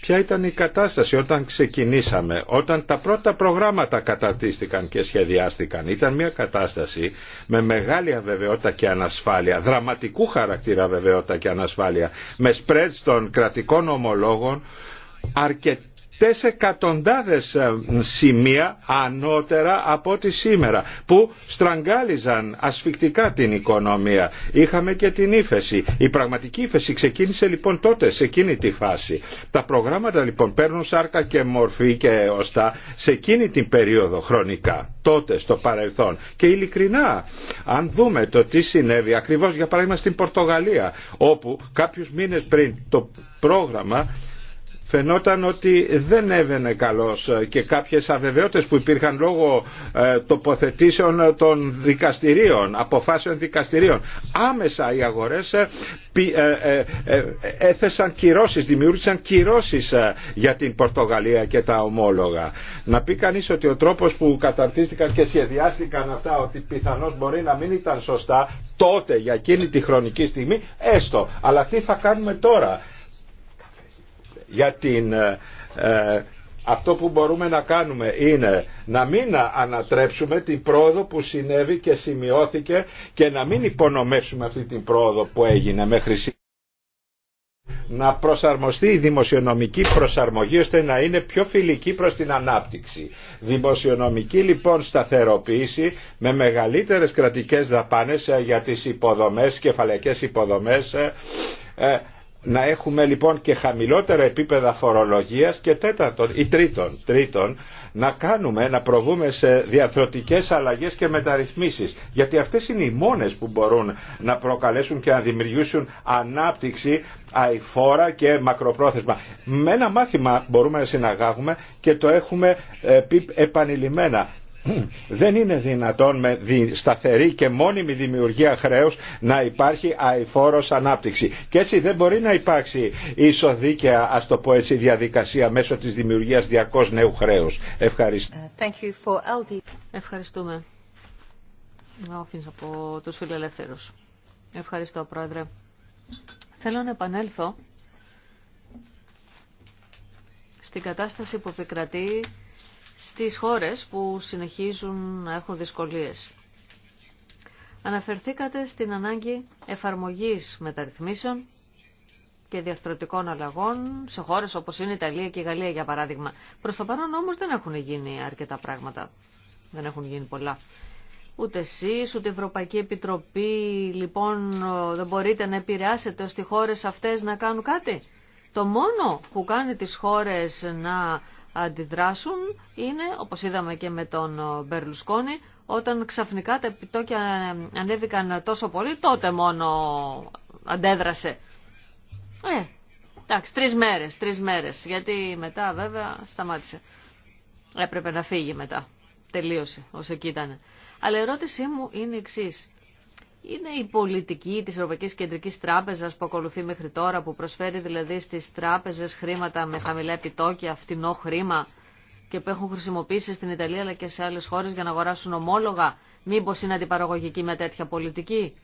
ποια ήταν η κατάσταση όταν ξεκινήσαμε, όταν τα πρώτα προγράμματα καταρτίστηκαν και σχεδιάστηκαν. Ήταν μια κατάσταση με μεγάλη αβεβαιότητα και ανασφάλεια, δραματικού χαρακτήρα αβεβαιότητα και ανασφάλεια, με σπρέτς των κρατικών ομολόγων, αρκετά αρκετές εκατοντάδες ε, σημεία ανώτερα από ό,τι σήμερα που στραγγάλιζαν ασφικτικά την οικονομία. Είχαμε και την ύφεση. Η πραγματική ύφεση ξεκίνησε λοιπόν τότε σε εκείνη τη φάση. Τα προγράμματα λοιπόν παίρνουν σάρκα και μορφή και οστά σε εκείνη την περίοδο χρονικά. Τότε στο παρελθόν. Και ειλικρινά αν δούμε το τι συνέβη ακριβώς για παράδειγμα στην Πορτογαλία όπου κάποιους μήνες πριν το πρόγραμμα φαινόταν ότι δεν έβαινε καλώς και κάποιες αβεβαιότητες που υπήρχαν λόγω ε, τοποθετήσεων των δικαστηρίων, αποφάσεων δικαστηρίων. Άμεσα οι αγορές ε, ε, έθεσαν κυρώσεις, δημιούργησαν κυρώσεις για την Πορτογαλία και τα ομόλογα. Να πει κανείς ότι ο τρόπος που καταρτίστηκαν και σχεδιάστηκαν αυτά ότι πιθανώς μπορεί να μην ήταν σωστά τότε για εκείνη τη χρονική στιγμή έστω. Αλλά τι θα κάνουμε τώρα για την ε, ε, αυτό που μπορούμε να κάνουμε είναι να μην ανατρέψουμε την πρόοδο που συνέβη και σημειώθηκε και να μην υπονομεύσουμε αυτή την πρόοδο που έγινε μέχρι σήμερα. Να προσαρμοστεί η δημοσιονομική προσαρμογή ώστε να είναι πιο φιλική προς την ανάπτυξη. Δημοσιονομική λοιπόν σταθεροποίηση με μεγαλύτερες κρατικές δαπάνες ε, για τις υποδομές, κεφαλαϊκές υποδομές, να έχουμε λοιπόν και χαμηλότερα επίπεδα φορολογίας και τέταρτον ή τρίτον, τρίτον να κάνουμε, να προβούμε σε διαθροτικές αλλαγές και μεταρρυθμίσεις γιατί αυτές είναι οι μόνες που μπορούν να προκαλέσουν και να δημιουργήσουν ανάπτυξη αηφόρα και μακροπρόθεσμα. Με ένα μάθημα μπορούμε να συναγάγουμε και το έχουμε ε, επανειλημμένα δεν είναι δυνατόν με σταθερή και μόνιμη δημιουργία χρέους να υπάρχει αηφόρος ανάπτυξη. Και έτσι δεν μπορεί να υπάρξει ισοδίκαια, ας το πω έτσι, διαδικασία μέσω της δημιουργίας 200 νέου χρέους. Ευχαριστώ. Ε, Ευχαριστούμε. από τους φιλελεύθερους. Ευχαριστώ, Πρόεδρε. Θέλω να επανέλθω στην κατάσταση που επικρατεί στις χώρες που συνεχίζουν να έχουν δυσκολίες. Αναφερθήκατε στην ανάγκη εφαρμογής μεταρρυθμίσεων και διαρθρωτικών αλλαγών σε χώρες όπως είναι η Ιταλία και η Γαλλία για παράδειγμα. Προς το παρόν όμως δεν έχουν γίνει αρκετά πράγματα. Δεν έχουν γίνει πολλά. Ούτε εσείς, ούτε η Ευρωπαϊκή Επιτροπή, λοιπόν, δεν μπορείτε να επηρεάσετε ώστε οι χώρες αυτές να κάνουν κάτι. Το μόνο που κάνει τις χώρες να αντιδράσουν είναι, όπως είδαμε και με τον ε, Μπερλουσκόνη, όταν ξαφνικά τα επιτόκια ε, ανέβηκαν τόσο πολύ, τότε μόνο αντέδρασε. Ε, εντάξει, τρεις μέρες, τρεις μέρες, γιατί μετά βέβαια σταμάτησε. Έπρεπε να φύγει μετά. Τελείωσε, όσο εκεί ήταν. Αλλά η ερώτησή μου είναι εξή είναι η πολιτική της Ευρωπαϊκής Κεντρικής Τράπεζας που ακολουθεί μέχρι τώρα, που προσφέρει δηλαδή στις τράπεζες χρήματα με χαμηλά επιτόκια, φτηνό χρήμα και που έχουν χρησιμοποιήσει στην Ιταλία αλλά και σε άλλες χώρες για να αγοράσουν ομόλογα. Μήπως είναι αντιπαραγωγική με τέτοια πολιτική.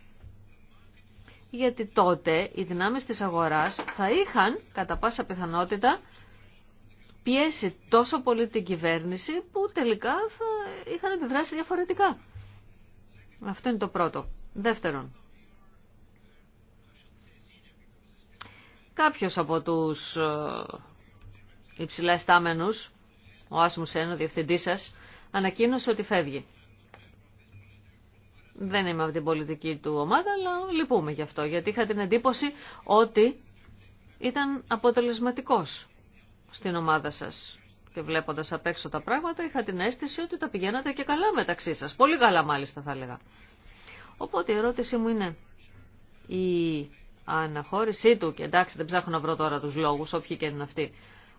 Γιατί τότε οι δυνάμεις της αγοράς θα είχαν κατά πάσα πιθανότητα πιέσει τόσο πολύ την κυβέρνηση που τελικά θα είχαν αντιδράσει διαφορετικά. Αυτό είναι το πρώτο. Δεύτερον, κάποιος από τους ε, υψηλά εστάμενους, ο Άσμου Σένο, ο διευθυντής σας, ανακοίνωσε ότι φεύγει. Δεν είμαι από την πολιτική του ομάδα, αλλά λυπούμε γι' αυτό, γιατί είχα την εντύπωση ότι ήταν αποτελεσματικός στην ομάδα σας. Και βλέποντας απ' έξω τα πράγματα, είχα την αίσθηση ότι τα πηγαίνατε και καλά μεταξύ σας. Πολύ καλά μάλιστα θα έλεγα. Οπότε η ερώτησή μου είναι η αναχώρησή του, και εντάξει δεν ψάχνω να βρω τώρα τους λόγους, όποιοι και είναι αυτοί,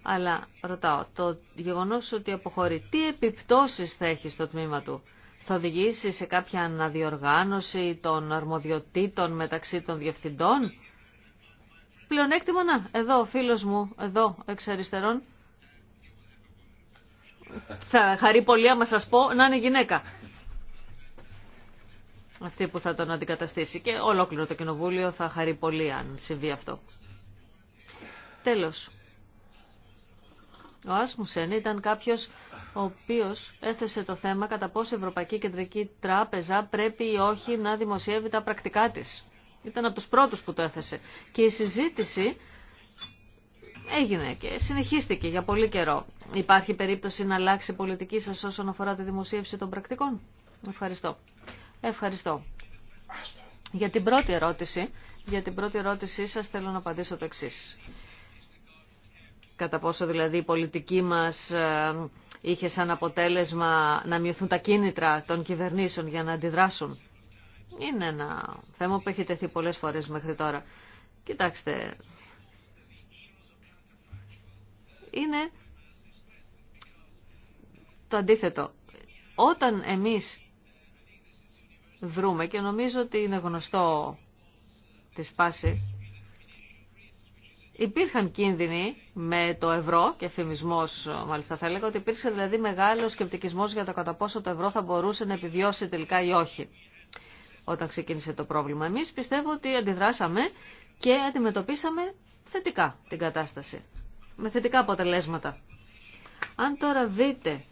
αλλά ρωτάω, το γεγονός ότι αποχωρεί, τι επιπτώσεις θα έχει στο τμήμα του. Θα οδηγήσει σε κάποια αναδιοργάνωση των αρμοδιοτήτων μεταξύ των διευθυντών. Πλεονέκτημα να, εδώ ο φίλος μου, εδώ εξ αριστερών, θα χαρεί πολύ άμα σας πω να είναι γυναίκα αυτή που θα τον αντικαταστήσει. Και ολόκληρο το Κοινοβούλιο θα χαρεί πολύ αν συμβεί αυτό. Τέλος. Ο Άσμουσεν ήταν κάποιος ο οποίος έθεσε το θέμα κατά πόσο η Ευρωπαϊκή Κεντρική Τράπεζα πρέπει ή όχι να δημοσιεύει τα πρακτικά της. Ήταν από τους πρώτους που το έθεσε. Και η συζήτηση έγινε και συνεχίστηκε για πολύ καιρό. Υπάρχει περίπτωση να αλλάξει η πολιτική σας όσον αφορά τη δημοσίευση των πρακτικών. Ευχαριστώ. Ευχαριστώ. Για την πρώτη ερώτηση, για την πρώτη ερώτησή σας θέλω να απαντήσω το εξής. Κατά πόσο δηλαδή η πολιτική μας ε, είχε σαν αποτέλεσμα να μειωθούν τα κίνητρα των κυβερνήσεων για να αντιδράσουν. Είναι ένα θέμα που έχει τεθεί πολλές φορές μέχρι τώρα. Κοιτάξτε, είναι το αντίθετο. Όταν εμείς δρούμε και νομίζω ότι είναι γνωστό τη σπάση. Υπήρχαν κίνδυνοι με το ευρώ και φημισμό, μάλιστα θα έλεγα ότι υπήρξε δηλαδή μεγάλο σκεπτικισμός για το κατά πόσο το ευρώ θα μπορούσε να επιβιώσει τελικά ή όχι όταν ξεκίνησε το πρόβλημα. Εμεί, πιστεύω ότι αντιδράσαμε και αντιμετωπίσαμε θετικά την κατάσταση με θετικά αποτελέσματα. Αν τώρα δείτε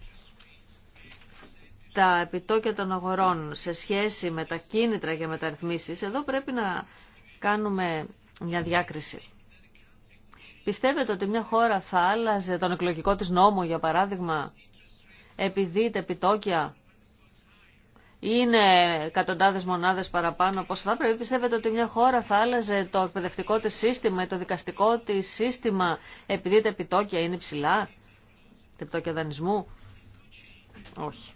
τα επιτόκια των αγορών σε σχέση με τα κίνητρα για μεταρρυθμίσεις, εδώ πρέπει να κάνουμε μια διάκριση. Πιστεύετε ότι μια χώρα θα άλλαζε τον εκλογικό της νόμο, για παράδειγμα, επειδή τα επιτόκια είναι εκατοντάδες μονάδες παραπάνω Πως θα πρέπει. Πιστεύετε ότι μια χώρα θα άλλαζε το εκπαιδευτικό της σύστημα ή το δικαστικό της σύστημα επειδή τα επιτόκια είναι ψηλά, τα επιτόκια δανεισμού. Όχι.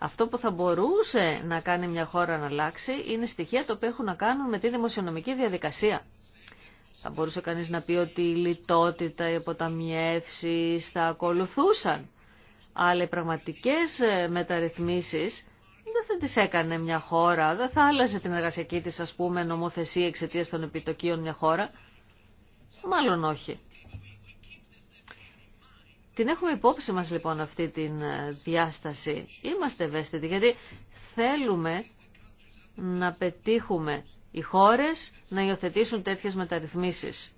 Αυτό που θα μπορούσε να κάνει μια χώρα να αλλάξει είναι στοιχεία τα οποία έχουν να κάνουν με τη δημοσιονομική διαδικασία. Θα μπορούσε κανείς να πει ότι η λιτότητα, οι αποταμιεύσεις θα ακολουθούσαν. Αλλά οι πραγματικές ε, μεταρρυθμίσεις δεν θα τις έκανε μια χώρα, δεν θα άλλαζε την εργασιακή της ας πούμε νομοθεσία εξαιτία των επιτοκίων μια χώρα. Μάλλον όχι. Την έχουμε υπόψη μας λοιπόν αυτή την ε, διάσταση. Είμαστε ευαίσθητοι γιατί θέλουμε να πετύχουμε οι χώρες να υιοθετήσουν τέτοιες μεταρρυθμίσεις.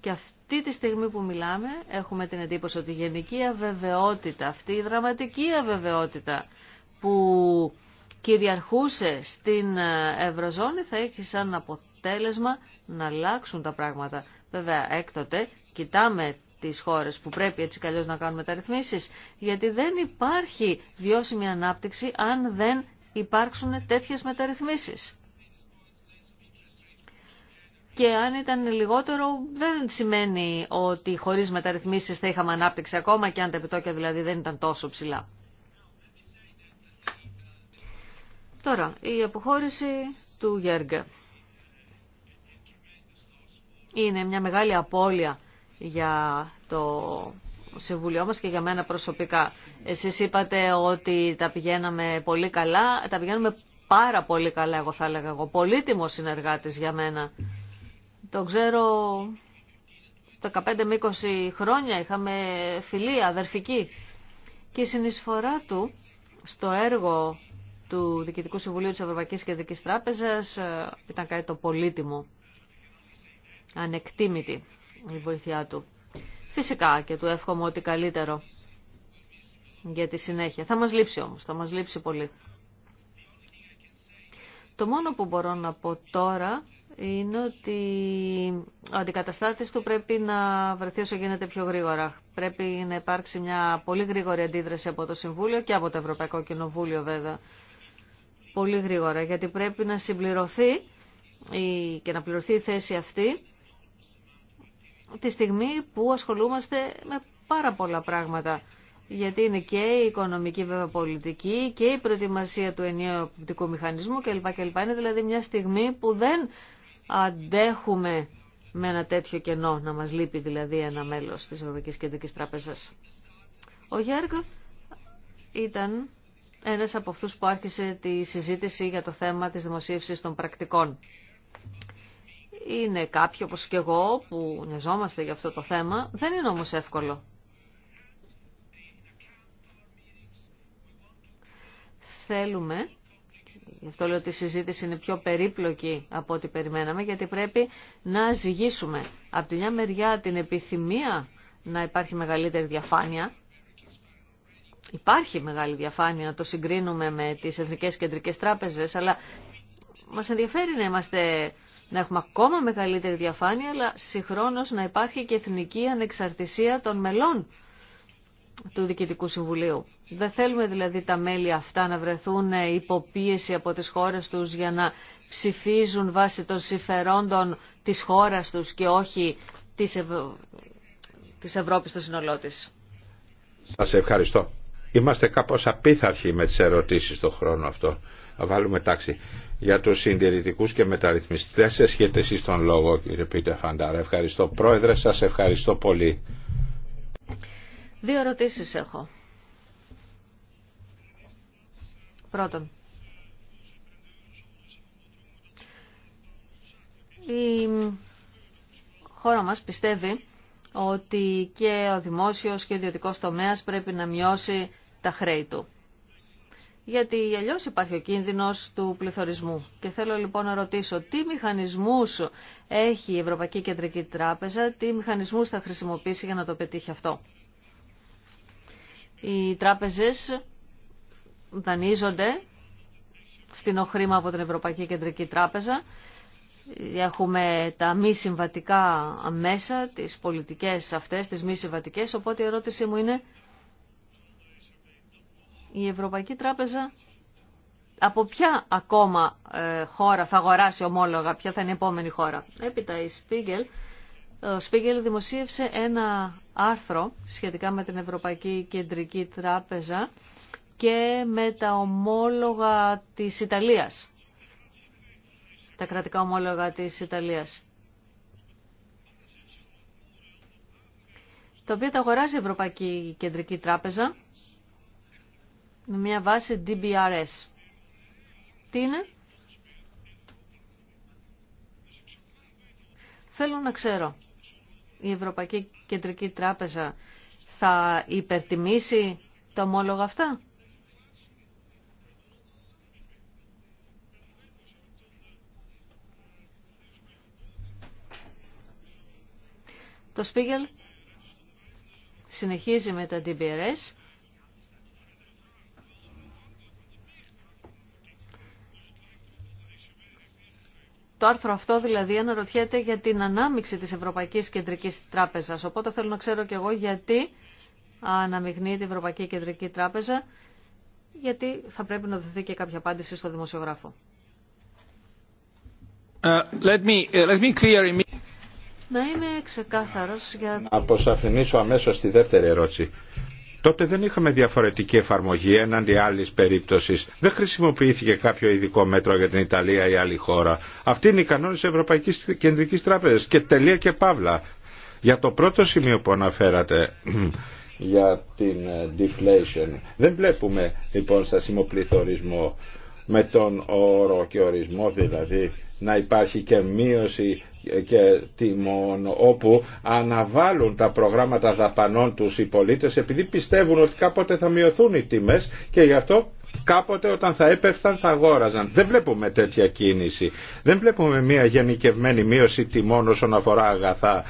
Και αυτή τη στιγμή που μιλάμε έχουμε την εντύπωση ότι η γενική αβεβαιότητα, αυτή η δραματική αβεβαιότητα που κυριαρχούσε στην ε, Ευρωζώνη θα έχει σαν αποτέλεσμα να αλλάξουν τα πράγματα. Βέβαια έκτοτε κοιτάμε τις χώρες που πρέπει έτσι καλώς να κάνουμε τα ρυθμίσεις, γιατί δεν υπάρχει βιώσιμη ανάπτυξη αν δεν υπάρξουν τέτοιες μεταρρυθμίσεις. Και αν ήταν λιγότερο, δεν σημαίνει ότι χωρίς μεταρρυθμίσεις θα είχαμε ανάπτυξη ακόμα και αν τα επιτόκια δηλαδή δεν ήταν τόσο ψηλά. Τώρα, η αποχώρηση του Γέργα. Είναι μια μεγάλη απώλεια για το Συμβουλίο μας και για μένα προσωπικά. Εσείς είπατε ότι τα πηγαίναμε πολύ καλά, τα πηγαίνουμε πάρα πολύ καλά εγώ θα έλεγα εγώ. Πολύτιμο συνεργάτης για μένα. Το ξέρω 15 με 20 χρόνια είχαμε φιλία αδερφική και η συνεισφορά του στο έργο του Διοικητικού Συμβουλίου της Ευρωπαϊκής Κεντρικής Τράπεζας ε, ήταν κάτι το πολύτιμο, ανεκτήμητη η βοήθειά του. Φυσικά και του εύχομαι ότι καλύτερο για τη συνέχεια. Θα μας λείψει όμως, θα μας λείψει πολύ. Το μόνο που μπορώ να πω τώρα είναι ότι ο αντικαταστάτης του πρέπει να βρεθεί όσο γίνεται πιο γρήγορα. Πρέπει να υπάρξει μια πολύ γρήγορη αντίδραση από το Συμβούλιο και από το Ευρωπαϊκό Κοινοβούλιο βέβαια. Πολύ γρήγορα, γιατί πρέπει να συμπληρωθεί και να πληρωθεί η θέση αυτή τη στιγμή που ασχολούμαστε με πάρα πολλά πράγματα. Γιατί είναι και η οικονομική βέβαια πολιτική και η προετοιμασία του ενιαίου οπτικού μηχανισμού κλπ. κλπ. Είναι δηλαδή μια στιγμή που δεν αντέχουμε με ένα τέτοιο κενό, να μας λείπει δηλαδή ένα μέλος της Ευρωπαϊκής Κεντρικής Τράπεζας. Ο Γιάρκ ήταν ένας από αυτούς που άρχισε τη συζήτηση για το θέμα της δημοσίευσης των πρακτικών. Είναι κάποιοι όπως και εγώ που νοιαζόμαστε για αυτό το θέμα. Δεν είναι όμως εύκολο. Θέλουμε, γι' αυτό λέω ότι η συζήτηση είναι πιο περίπλοκη από ό,τι περιμέναμε, γιατί πρέπει να ζυγίσουμε από τη μια μεριά την επιθυμία να υπάρχει μεγαλύτερη διαφάνεια. Υπάρχει μεγάλη διαφάνεια, να το συγκρίνουμε με τις Εθνικές Κεντρικές Τράπεζες, αλλά μας ενδιαφέρει να είμαστε να έχουμε ακόμα μεγαλύτερη διαφάνεια, αλλά συγχρόνως να υπάρχει και εθνική ανεξαρτησία των μελών του Δικητικού Συμβουλίου. Δεν θέλουμε δηλαδή τα μέλη αυτά να βρεθούν ε, υποπίεση από τις χώρες τους για να ψηφίζουν βάσει των συμφερόντων της χώρας τους και όχι της, Ευ... της Ευρώπης στο σύνολό της. Σας ευχαριστώ. Είμαστε κάπως απίθαρχοι με τις ερωτήσεις στον χρόνο αυτό βάλουμε τάξη. Για τους συντηρητικού και μεταρρυθμιστές σε σχέτεση τον λόγο κύριε Πίτερ Φαντάρα. Ευχαριστώ πρόεδρε, σας ευχαριστώ πολύ. Δύο ερωτήσει έχω. Πρώτον, η χώρα μας πιστεύει ότι και ο δημόσιος και ο ιδιωτικός τομέας πρέπει να μειώσει τα χρέη του γιατί αλλιώ υπάρχει ο κίνδυνος του πληθωρισμού. Και θέλω λοιπόν να ρωτήσω τι μηχανισμούς έχει η Ευρωπαϊκή Κεντρική Τράπεζα, τι μηχανισμούς θα χρησιμοποιήσει για να το πετύχει αυτό. Οι τράπεζες δανείζονται φτηνό χρήμα από την Ευρωπαϊκή Κεντρική Τράπεζα. Έχουμε τα μη συμβατικά μέσα, τις πολιτικές αυτές, τις μη συμβατικές, οπότε η ερώτησή μου είναι η Ευρωπαϊκή Τράπεζα από ποια ακόμα ε, χώρα θα αγοράσει ομόλογα, ποια θα είναι η επόμενη χώρα. Έπειτα η Spiegel, ο Σπίγκελ δημοσίευσε ένα άρθρο σχετικά με την Ευρωπαϊκή Κεντρική Τράπεζα και με τα ομόλογα της Ιταλίας. Τα κρατικά ομόλογα της Ιταλίας. Το οποίο τα αγοράζει η Ευρωπαϊκή Κεντρική Τράπεζα με μια βάση DBRS. Τι είναι? Θέλω να ξέρω. Η Ευρωπαϊκή Κεντρική Τράπεζα θα υπερτιμήσει τα ομόλογα αυτά. Το Spiegel συνεχίζει με τα DBRS Το άρθρο αυτό δηλαδή αναρωτιέται για την ανάμειξη της Ευρωπαϊκής Κεντρικής Τράπεζας. Οπότε θέλω να ξέρω κι εγώ γιατί αναμειγνύει την Ευρωπαϊκή Κεντρική Τράπεζα, γιατί θα πρέπει να δοθεί και κάποια απάντηση στο δημοσιογράφο. Uh, let me, ε, let me clear... Να είμαι ξεκάθαρος για... Να αμέσως τη δεύτερη ερώτηση. Τότε δεν είχαμε διαφορετική εφαρμογή έναντι άλλη περίπτωση. Δεν χρησιμοποιήθηκε κάποιο ειδικό μέτρο για την Ιταλία ή άλλη χώρα. Αυτή είναι η κανόνε Ευρωπαϊκή Κεντρική Τράπεζα. Και τελεία και παύλα. Για το πρώτο σημείο που αναφέρατε για την ε, deflation, δεν βλέπουμε λοιπόν στασιμό πληθωρισμό με τον όρο και ορισμό δηλαδή να υπάρχει και μείωση και τιμών όπου αναβάλουν τα προγράμματα δαπανών τους οι πολίτες επειδή πιστεύουν ότι κάποτε θα μειωθούν οι τιμές και γι' αυτό κάποτε όταν θα έπεφταν θα αγόραζαν. Δεν βλέπουμε τέτοια κίνηση. Δεν βλέπουμε μια γενικευμένη μείωση τιμών όσον αφορά αγαθά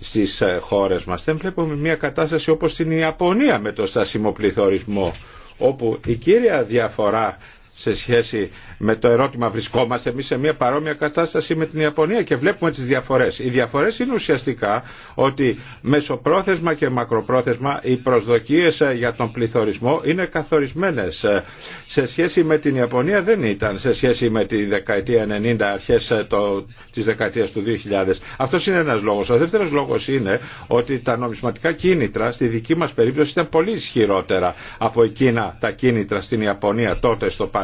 στις ε, χώρες μας. Δεν βλέπουμε μια κατάσταση όπως στην Ιαπωνία με το στασιμοπληθωρισμό όπου η κύρια διαφορά σε σχέση με το ερώτημα βρισκόμαστε εμείς σε μια παρόμοια κατάσταση με την Ιαπωνία και βλέπουμε τις διαφορές. Οι διαφορές είναι ουσιαστικά ότι μεσοπρόθεσμα και μακροπρόθεσμα οι προσδοκίες ε, για τον πληθωρισμό είναι καθορισμένες. Ε, σε σχέση με την Ιαπωνία δεν ήταν, σε σχέση με τη δεκαετία 90, αρχές ε, το, της δεκαετίας του 2000. Αυτό είναι ένας λόγος. Ο δεύτερος λόγος είναι ότι τα νομισματικά κίνητρα στη δική μας περίπτωση ήταν πολύ ισχυρότερα από εκείνα τα κίνητρα στην Ιαπωνία τότε στο παρελθόν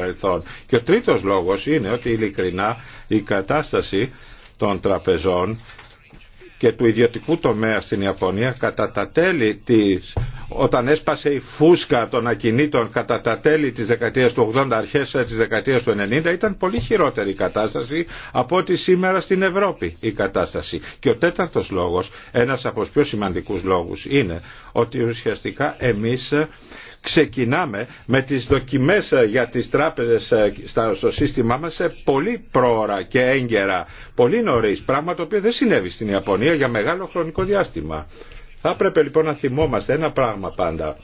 και ο τρίτος λόγος είναι ότι ειλικρινά η κατάσταση των τραπεζών και του ιδιωτικού τομέα στην Ιαπωνία κατά τα τέλη της, όταν έσπασε η φούσκα των ακινήτων κατά τα τέλη της δεκαετίας του 80 αρχές της δεκαετίας του 90 ήταν πολύ χειρότερη η κατάσταση από ότι σήμερα στην Ευρώπη η κατάσταση. Και ο τέταρτος λόγος, ένας από τους πιο σημαντικούς λόγους είναι ότι ουσιαστικά εμείς ξεκινάμε με τις δοκιμές ε, για τις τράπεζες ε, στο σύστημά μας πολύ πρόωρα και έγκαιρα, πολύ νωρίς, πράγμα το οποίο δεν συνέβη στην Ιαπωνία για μεγάλο χρονικό διάστημα. Θα έπρεπε λοιπόν να θυμόμαστε ένα πράγμα πάντα.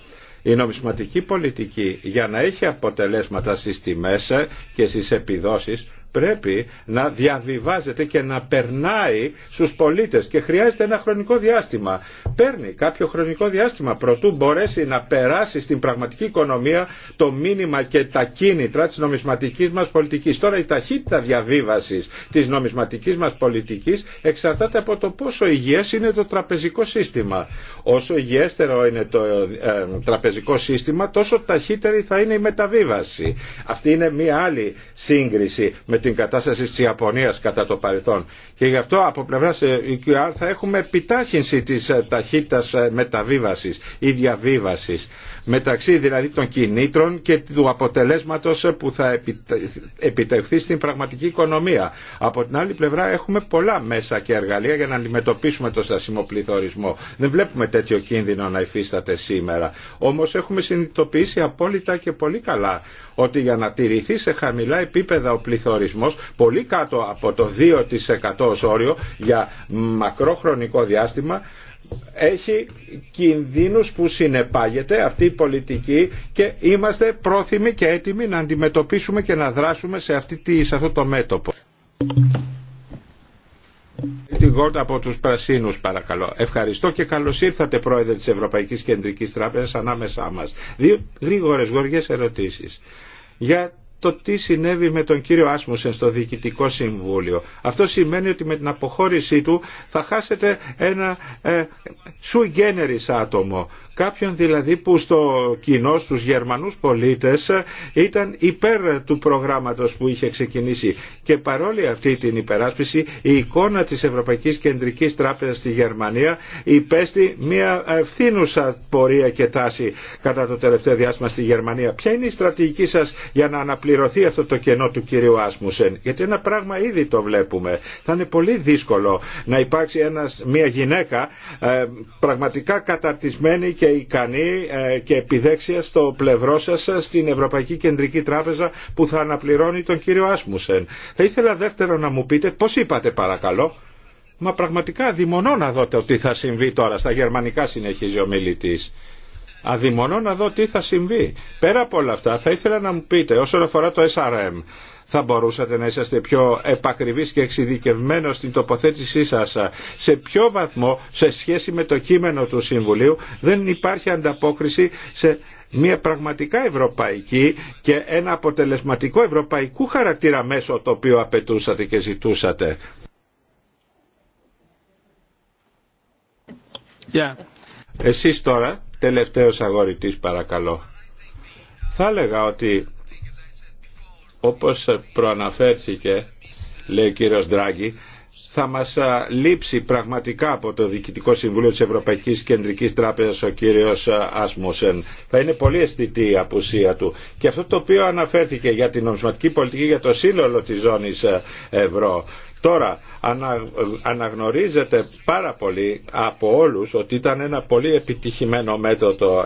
Η νομισματική πολιτική για να έχει αποτελέσματα στις τιμές ε, και στις επιδόσεις πρέπει να διαβιβάζεται και να περνάει στους πολίτες και χρειάζεται ένα χρονικό διάστημα. Παίρνει κάποιο χρονικό διάστημα προτού μπορέσει να περάσει στην πραγματική οικονομία το μήνυμα και τα κίνητρα της νομισματικής μας πολιτικής. Τώρα η ταχύτητα διαβίβασης της νομισματικής μας πολιτικής εξαρτάται από το πόσο υγιές είναι το τραπεζικό σύστημα. Όσο υγιέστερο είναι το ε, τραπεζικό σύστημα τόσο ταχύτερη θα είναι η μεταβίβαση. Αυτή είναι μία άλλη σύγκριση με την κατάσταση της Ιαπωνίας κατά το παρελθόν. Και γι' αυτό από πλευρά EQR ε, θα έχουμε επιτάχυνση της ε, ταχύτητας ε, μεταβίβασης ή διαβίβασης μεταξύ δηλαδή των κινήτρων και του αποτελέσματος που θα επιτευχθεί στην πραγματική οικονομία. Από την άλλη πλευρά έχουμε πολλά μέσα και εργαλεία για να αντιμετωπίσουμε το στασιμό πληθωρισμό. Δεν βλέπουμε τέτοιο κίνδυνο να υφίσταται σήμερα. Όμως έχουμε συνειδητοποιήσει απόλυτα και πολύ καλά ότι για να τηρηθεί σε χαμηλά επίπεδα ο πληθωρισμός πολύ κάτω από το 2% όριο για μακρόχρονικό διάστημα έχει κινδύνους που συνεπάγεται αυτή η πολιτική και είμαστε πρόθυμοι και έτοιμοι να αντιμετωπίσουμε και να δράσουμε σε, αυτή τη, σε αυτό το μέτωπο. Την Γκόρτ από τους Πρασίνους παρακαλώ. Ευχαριστώ και καλώς ήρθατε πρόεδρε της Ευρωπαϊκής Κεντρικής Τράπεζας ανάμεσά μας. Δύο γρήγορες γοργές ερωτήσεις. Για το τι συνέβη με τον κύριο Άσμουσεν στο Διοικητικό Συμβούλιο. Αυτό σημαίνει ότι με την αποχώρησή του θα χάσετε ένα ε, σου άτομο. Κάποιον δηλαδή που στο κοινό στους Γερμανούς πολίτες ήταν υπέρ του προγράμματος που είχε ξεκινήσει. Και παρόλη αυτή την υπεράσπιση η εικόνα της Ευρωπαϊκής Κεντρικής Τράπεζας στη Γερμανία υπέστη μια ευθύνουσα πορεία και τάση κατά το τελευταίο διάστημα στη Γερμανία. Ποια είναι η στρατηγική για να πληρωθεί αυτό το κενό του κυρίου Άσμουσεν. Γιατί ένα πράγμα ήδη το βλέπουμε. Θα είναι πολύ δύσκολο να υπάρξει ένας, μια γυναίκα ε, πραγματικά καταρτισμένη και ικανή ε, και επιδέξια στο πλευρό σας στην Ευρωπαϊκή Κεντρική Τράπεζα που θα αναπληρώνει τον κύριο Άσμουσεν. Θα ήθελα δεύτερο να μου πείτε πώς είπατε παρακαλώ. Μα πραγματικά δημονώ να δω ότι θα συμβεί τώρα. Στα γερμανικά συνεχίζει ο μιλητής. Αδειμονώ να δω τι θα συμβεί. Πέρα από όλα αυτά θα ήθελα να μου πείτε όσον αφορά το SRM θα μπορούσατε να είσαστε πιο επακριβείς και εξειδικευμένο στην τοποθέτησή σας. Σε ποιο βαθμό σε σχέση με το κείμενο του Συμβουλίου δεν υπάρχει ανταπόκριση σε μια πραγματικά ευρωπαϊκή και ένα αποτελεσματικό ευρωπαϊκού χαρακτήρα μέσο το οποίο απαιτούσατε και ζητούσατε. Yeah. Εσείς τώρα Τελευταίος αγορητής παρακαλώ. Θα έλεγα ότι όπως προαναφέρθηκε λέει ο κύριος Ντράγκη θα μας λείψει πραγματικά από το Διοικητικό Συμβούλιο της Ευρωπαϊκής Κεντρικής Τράπεζας ο κύριος Άσμουσεν. Θα είναι πολύ αισθητή η απουσία του. Και αυτό το οποίο αναφέρθηκε για την νομισματική πολιτική για το σύνολο της ζώνης ευρώ. Τώρα ανα, αναγνωρίζεται πάρα πολύ από όλους ότι ήταν ένα πολύ επιτυχημένο μέτωτο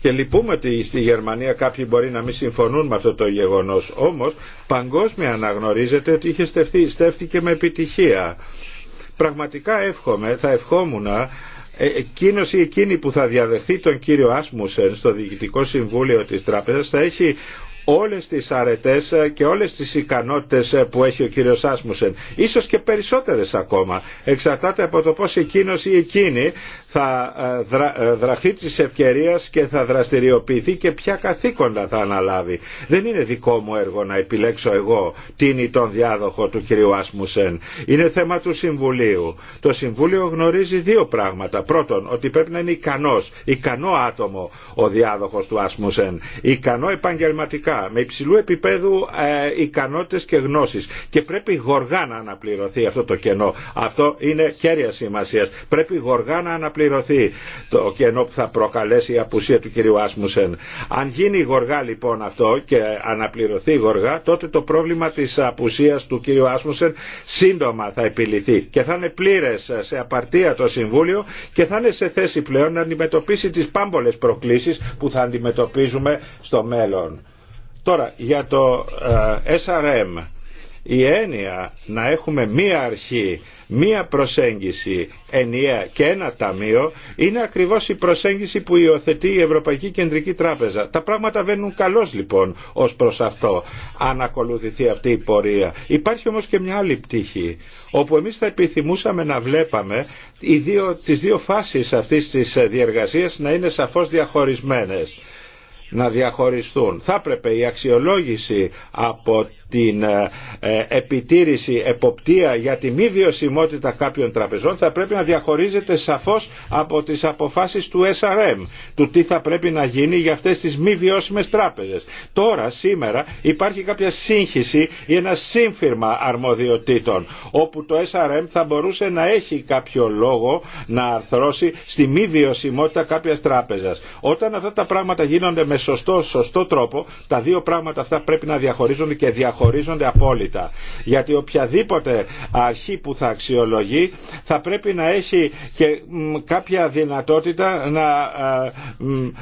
Και λυπούμε ότι στη Γερμανία κάποιοι μπορεί να μην συμφωνούν με αυτό το γεγονός. Όμως παγκόσμια αναγνωρίζεται ότι είχε στεφθεί και με επιτυχία. Πραγματικά εύχομαι, θα ευχόμουν ε, εκείνος ή εκείνη που θα διαδεχθεί τον κύριο Άσμουσεν στο Διοικητικό Συμβούλιο της Τράπεζας θα έχει όλες τις αρετές και όλες τις ικανότητες που έχει ο κύριος Άσμουσεν. Ίσως και περισσότερες ακόμα. Εξαρτάται από το πώς εκείνος ή εκείνη θα ε, δρα, ε, δραχθεί της ευκαιρίας και θα δραστηριοποιηθεί και ποια καθήκοντα θα αναλάβει. Δεν είναι δικό μου έργο να επιλέξω εγώ την ή τον διάδοχο του κυρίου Άσμουσεν. Είναι θέμα του Συμβουλίου. Το Συμβούλιο γνωρίζει δύο πράγματα. Πρώτον, ότι πρέπει να είναι ικανός, ικανό άτομο ο διάδοχος του Άσμουσεν. Ικανό επαγγελματικά με υψηλού επίπεδου ε, ικανότητες και γνώσεις και πρέπει γοργά να αναπληρωθεί αυτό το κενό. Αυτό είναι χέρια σημασίας. Πρέπει γοργά να αναπληρωθεί το κενό που θα προκαλέσει η απουσία του κυρίου Άσμουσεν. Αν γίνει γοργά λοιπόν αυτό και αναπληρωθεί γοργά, τότε το πρόβλημα της απουσίας του κυρίου Άσμουσεν σύντομα θα επιληθεί και θα είναι πλήρες σε απαρτία το Συμβούλιο και θα είναι σε θέση πλέον να αντιμετωπίσει τις πάμπολες προκλήσεις που θα αντιμετωπίζουμε στο μέλλον. Τώρα, για το ε, SRM, η έννοια να έχουμε μία αρχή, μία προσέγγιση ενιαία και ένα ταμείο είναι ακριβώς η προσέγγιση που υιοθετεί η Ευρωπαϊκή Κεντρική Τράπεζα. Τα πράγματα βαίνουν καλώς λοιπόν ως προς αυτό αν ακολουθηθεί αυτή η πορεία. Υπάρχει όμως και μια άλλη πτύχη όπου εμείς θα επιθυμούσαμε να βλέπαμε οι δύο, τις δύο φάσεις αυτής της διεργασίας να είναι σαφώς διαχωρισμένες να διαχωριστούν. Θα έπρεπε η αξιολόγηση από την ε, ε, επιτήρηση, εποπτεία για τη μη βιωσιμότητα κάποιων τραπεζών θα πρέπει να διαχωρίζεται σαφώς από τις αποφάσεις του SRM, του τι θα πρέπει να γίνει για αυτές τις μη βιώσιμες τράπεζες. Τώρα, σήμερα, υπάρχει κάποια σύγχυση ή ένα σύμφυρμα αρμοδιοτήτων, όπου το SRM θα μπορούσε να έχει κάποιο λόγο να αρθρώσει στη μη βιωσιμότητα κάποιας τράπεζας. Όταν αυτά τα πράγματα γίνονται με σωστό, σωστό τρόπο, τα δύο πράγματα αυτά πρέπει να διαχωρίζονται και διαχωρίζονται απόλυτα. Γιατί οποιαδήποτε αρχή που θα αξιολογεί θα πρέπει να έχει και κάποια δυνατότητα να ε,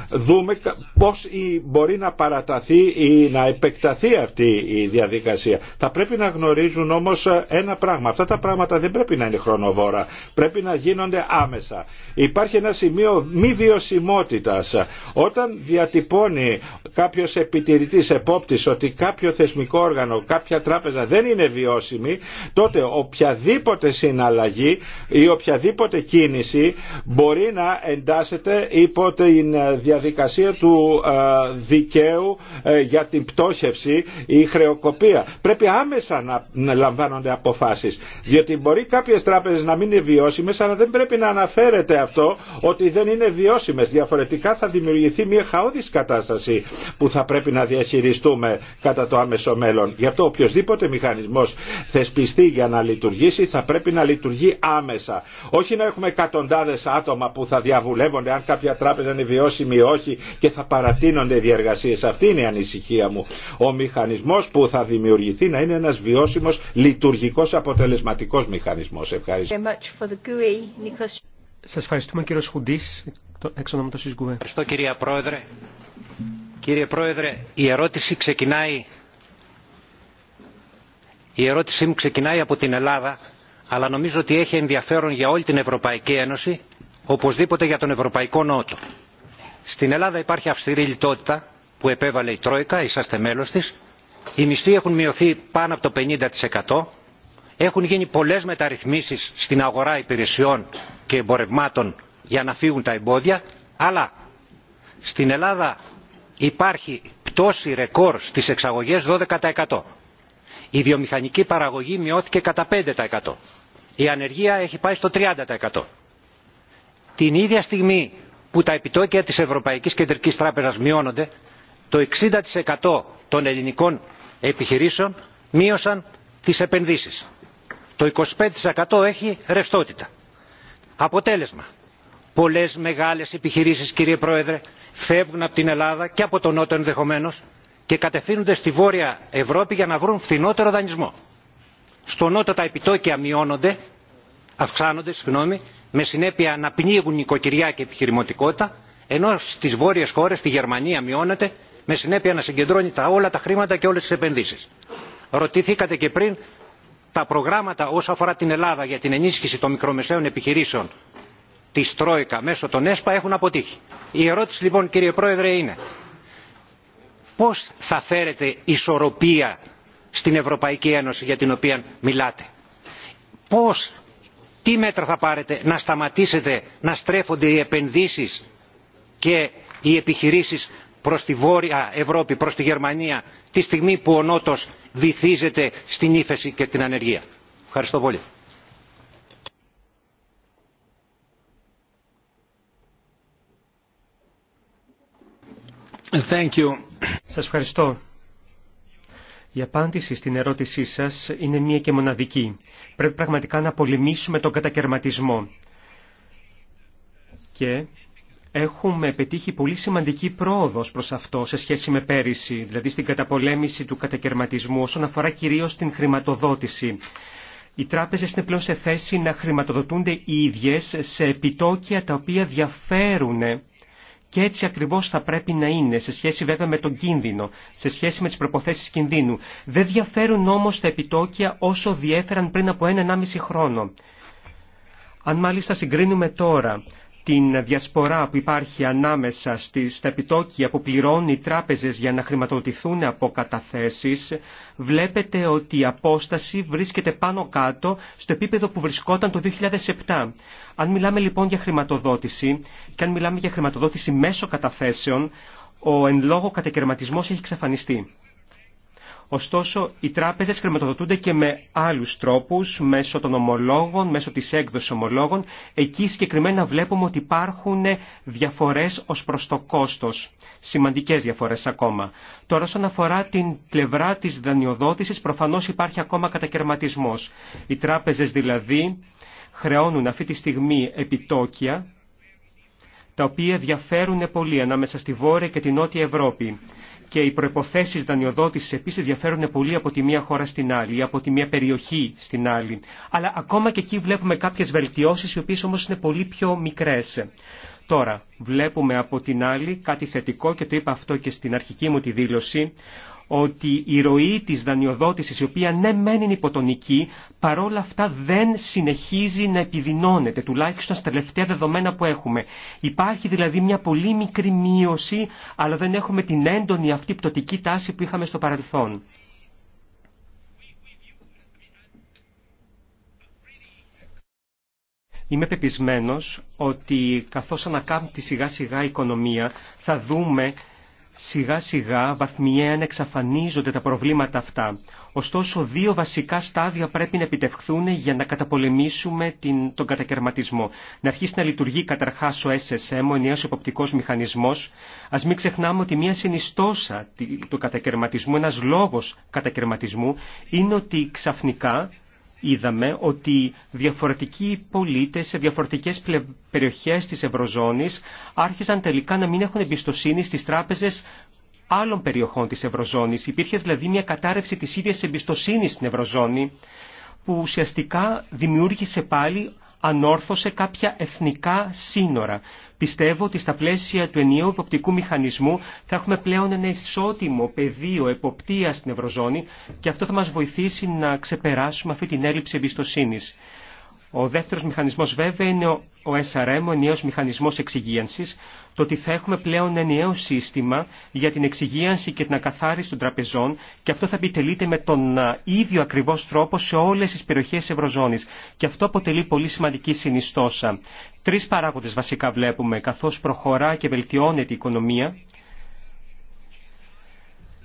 δούμε πώς μπορεί να παραταθεί ή να επεκταθεί αυτή η διαδικασία. Θα πρέπει να γνωρίζουν όμως ε, ένα πράγμα. Αυτά τα πράγματα δεν πρέπει να είναι χρονοβόρα. Πρέπει να γίνονται άμεσα. Υπάρχει ένα σημείο μη βιωσιμότητας. Όταν διατυπώνει κάποιος επιτηρητής επόπτης ότι κάποιο θεσμικό όργανο κάποια τράπεζα δεν είναι βιώσιμη, τότε οποιαδήποτε συναλλαγή ή οποιαδήποτε κίνηση μπορεί να εντάσσεται υπό την διαδικασία του ε, δικαίου ε, για την πτώχευση ή χρεοκοπία. Πρέπει άμεσα να λαμβάνονται αποφάσεις, διότι μπορεί κάποιες τράπεζες να μην είναι βιώσιμες, αλλά δεν πρέπει να αναφέρεται αυτό ότι δεν είναι βιώσιμες. Διαφορετικά θα δημιουργηθεί μια χαόδης κατάσταση που θα πρέπει να διαχειριστούμε κατά το άμεσο μέλλον. Γι' αυτό οποιοδήποτε μηχανισμός θεσπιστεί για να λειτουργήσει θα πρέπει να λειτουργεί άμεσα. Όχι να έχουμε εκατοντάδες άτομα που θα διαβουλεύονται αν κάποια τράπεζα είναι βιώσιμη ή όχι και θα παρατείνονται οι διεργασίες. Αυτή είναι η ανησυχία μου. Ο μηχανισμός που θα δημιουργηθεί να είναι ένας βιώσιμος, λειτουργικός, αποτελεσματικός μηχανισμός. Ευχαριστώ. Σας ευχαριστούμε Ευχαριστώ Πρόεδρε. Κύριε Πρόεδρε, η ερώτηση ξεκινάει η ερώτησή μου ξεκινάει από την ελλάδα αλλά νομίζω ότι έχει ενδιαφέρον για όλη την ευρωπαϊκή ένωση οπωσδήποτε για τον ευρωπαϊκό νότο. στην ελλάδα υπάρχει αυστηρή λιτότητα που επέβαλε η τρόικα είσαστε μέλος της οι μισθοί έχουν μειωθεί πάνω από το 50% έχουν γίνει πολλές μεταρρυθμίσεις στην αγορά υπηρεσιών και εμπορευμάτων για να φύγουν τα εμπόδια αλλά στην ελλάδα υπάρχει πτώση ρεκόρ στις εξαγωγές 12% η βιομηχανική παραγωγή μειώθηκε κατά 5%. Η ανεργία έχει πάει στο 30%. Την ίδια στιγμή που τα επιτόκια της Ευρωπαϊκής Κεντρικής Τράπεζας μειώνονται, το 60% των ελληνικών επιχειρήσεων μείωσαν τις επενδύσεις. Το 25% έχει ρευστότητα. Αποτέλεσμα. Πολλές μεγάλες επιχειρήσεις, κύριε Πρόεδρε, φεύγουν από την Ελλάδα και από τον Νότο ενδεχομένως και κατευθύνονται στη βόρεια ευρώπη για να βρουν φθηνότερο δανεισμό. στο νότο τα επιτόκια μειώνονται αυξάνονται συγγνώμη, με συνέπεια να πνίγουν οικοκυριά και επιχειρηματικότητα ενώ στις βόρειες χώρες στη γερμανία μειώνεται με συνέπεια να συγκεντρώνει τα, όλα τα χρήματα και όλες τις επενδύσεις. ρωτηθήκατε και πριν τα προγράμματα όσο αφορά την ελλάδα για την ενίσχυση των μικρομεσαίων επιχειρήσεων της τρόικα μέσω των εσπα έχουν αποτύχει. η ερώτηση λοιπόν κύριε πρόεδρε είναι πώς θα φέρετε ισορροπία στην Ευρωπαϊκή Ένωση για την οποία μιλάτε. Πώς, τι μέτρα θα πάρετε να σταματήσετε να στρέφονται οι επενδύσεις και οι επιχειρήσεις προς τη Βόρεια Ευρώπη, προς τη Γερμανία, τη στιγμή που ο Νότος βυθίζεται στην ύφεση και την ανεργία. Ευχαριστώ πολύ. Thank Σας ευχαριστώ. Η απάντηση στην ερώτησή σας είναι μία και μοναδική. Πρέπει πραγματικά να πολεμήσουμε τον κατακαιρματισμό. Και έχουμε πετύχει πολύ σημαντική πρόοδος προς αυτό σε σχέση με πέρυσι, δηλαδή στην καταπολέμηση του κατακαιρματισμού όσον αφορά κυρίως την χρηματοδότηση. Οι τράπεζες είναι πλέον σε θέση να χρηματοδοτούνται οι ίδιες σε επιτόκια τα οποία διαφέρουν και έτσι ακριβώ θα πρέπει να είναι, σε σχέση βέβαια με τον κίνδυνο, σε σχέση με τι προποθέσει κινδύνου. Δεν διαφέρουν όμω τα επιτόκια όσο διέφεραν πριν απο έναν χρόνο. Αν μάλιστα συγκρίνουμε τώρα την διασπορά που υπάρχει ανάμεσα στις, στα επιτόκια που πληρώνει οι τράπεζες για να χρηματοδοτηθούν από καταθέσεις, βλέπετε ότι η απόσταση βρίσκεται πάνω κάτω στο επίπεδο που βρισκόταν το 2007. Αν μιλάμε λοιπόν για χρηματοδότηση και αν μιλάμε για χρηματοδότηση μέσω καταθέσεων, ο εν λόγω κατακαιρματισμός έχει εξαφανιστεί. Ωστόσο, οι τράπεζες χρηματοδοτούνται και με άλλους τρόπους, μέσω των ομολόγων, μέσω της έκδοσης ομολόγων. Εκεί συγκεκριμένα βλέπουμε ότι υπάρχουν διαφορές ως προς το κόστος. Σημαντικές διαφορές ακόμα. Τώρα, όσον αφορά την πλευρά της δανειοδότησης, προφανώς υπάρχει ακόμα κατακαιρματισμός. Οι τράπεζες δηλαδή χρεώνουν αυτή τη στιγμή επιτόκια, τα οποία διαφέρουν πολύ ανάμεσα στη Βόρεια και τη Νότια Ευρώπη και οι προποθέσει δανειοδότηση επίση διαφέρουν πολύ από τη μία χώρα στην άλλη, από τη μία περιοχή στην άλλη. Αλλά ακόμα και εκεί βλέπουμε κάποιε βελτιώσει, οι οποίε όμω είναι πολύ πιο μικρέ. Τώρα, βλέπουμε από την άλλη κάτι θετικό και το είπα αυτό και στην αρχική μου τη δήλωση, ότι η ροή της δανειοδότησης, η οποία ναι μένει υποτονική, παρόλα αυτά δεν συνεχίζει να επιδεινώνεται, τουλάχιστον στα τελευταία δεδομένα που έχουμε. Υπάρχει δηλαδή μια πολύ μικρή μείωση, αλλά δεν έχουμε την έντονη αυτή πτωτική τάση που είχαμε στο παρελθόν. Είμαι πεπισμένος ότι καθώς ανακάμπτει σιγά σιγά η οικονομία θα δούμε σιγά σιγά βαθμιαίαν εξαφανίζονται τα προβλήματα αυτά. Ωστόσο δύο βασικά στάδια πρέπει να επιτευχθούν για να καταπολεμήσουμε την, τον κατακαιρματισμό. Να αρχίσει να λειτουργεί καταρχάς ο SSM, ο ενιαίος υποπτικό μηχανισμός. Ας μην ξεχνάμε ότι μια συνιστόσα του κατακαιρματισμού, ένας λόγος κατακαιρματισμού, είναι ότι ξαφνικά είδαμε ότι διαφορετικοί πολίτες σε διαφορετικές περιοχές της Ευρωζώνης άρχισαν τελικά να μην έχουν εμπιστοσύνη στις τράπεζες άλλων περιοχών της Ευρωζώνης. Υπήρχε δηλαδή μια κατάρρευση της ίδιας εμπιστοσύνης στην Ευρωζώνη που ουσιαστικά δημιούργησε πάλι ανόρθωσε κάποια εθνικά σύνορα. Πιστεύω ότι στα πλαίσια του ενιαίου υποπτικού μηχανισμού θα έχουμε πλέον ένα ισότιμο πεδίο εποπτείας στην Ευρωζώνη και αυτό θα μας βοηθήσει να ξεπεράσουμε αυτή την έλλειψη εμπιστοσύνης. Ο δεύτερος μηχανισμός βέβαια είναι ο SRM, ο ενιαίος μηχανισμός εξυγίανσης, το ότι θα έχουμε πλέον ενιαίο σύστημα για την εξυγίανση και την ακαθάριση των τραπεζών και αυτό θα επιτελείται με τον ίδιο ακριβώς τρόπο σε όλες τις περιοχές της Ευρωζώνης. Και αυτό αποτελεί πολύ σημαντική συνιστόσα. Τρεις παράγοντες βασικά βλέπουμε, καθώς προχωρά και βελτιώνεται η οικονομία,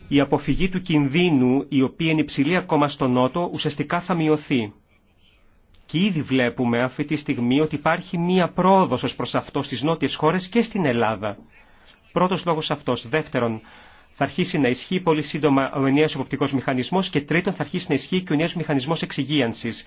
η αποφυγή του κινδύνου, η οποία είναι υψηλή ακόμα στον Νότο, ουσιαστικά θα μειωθεί. Και ήδη βλέπουμε αυτή τη στιγμή ότι υπάρχει μία πρόοδος ως προς αυτό στις νότιες χώρες και στην Ελλάδα. Πρώτος λόγος αυτός. Δεύτερον, θα αρχίσει να ισχύει πολύ σύντομα ο ενιαίος υποπτικός μηχανισμός και τρίτον θα αρχίσει να ισχύει και ο ενιαίος μηχανισμός εξυγίανσης.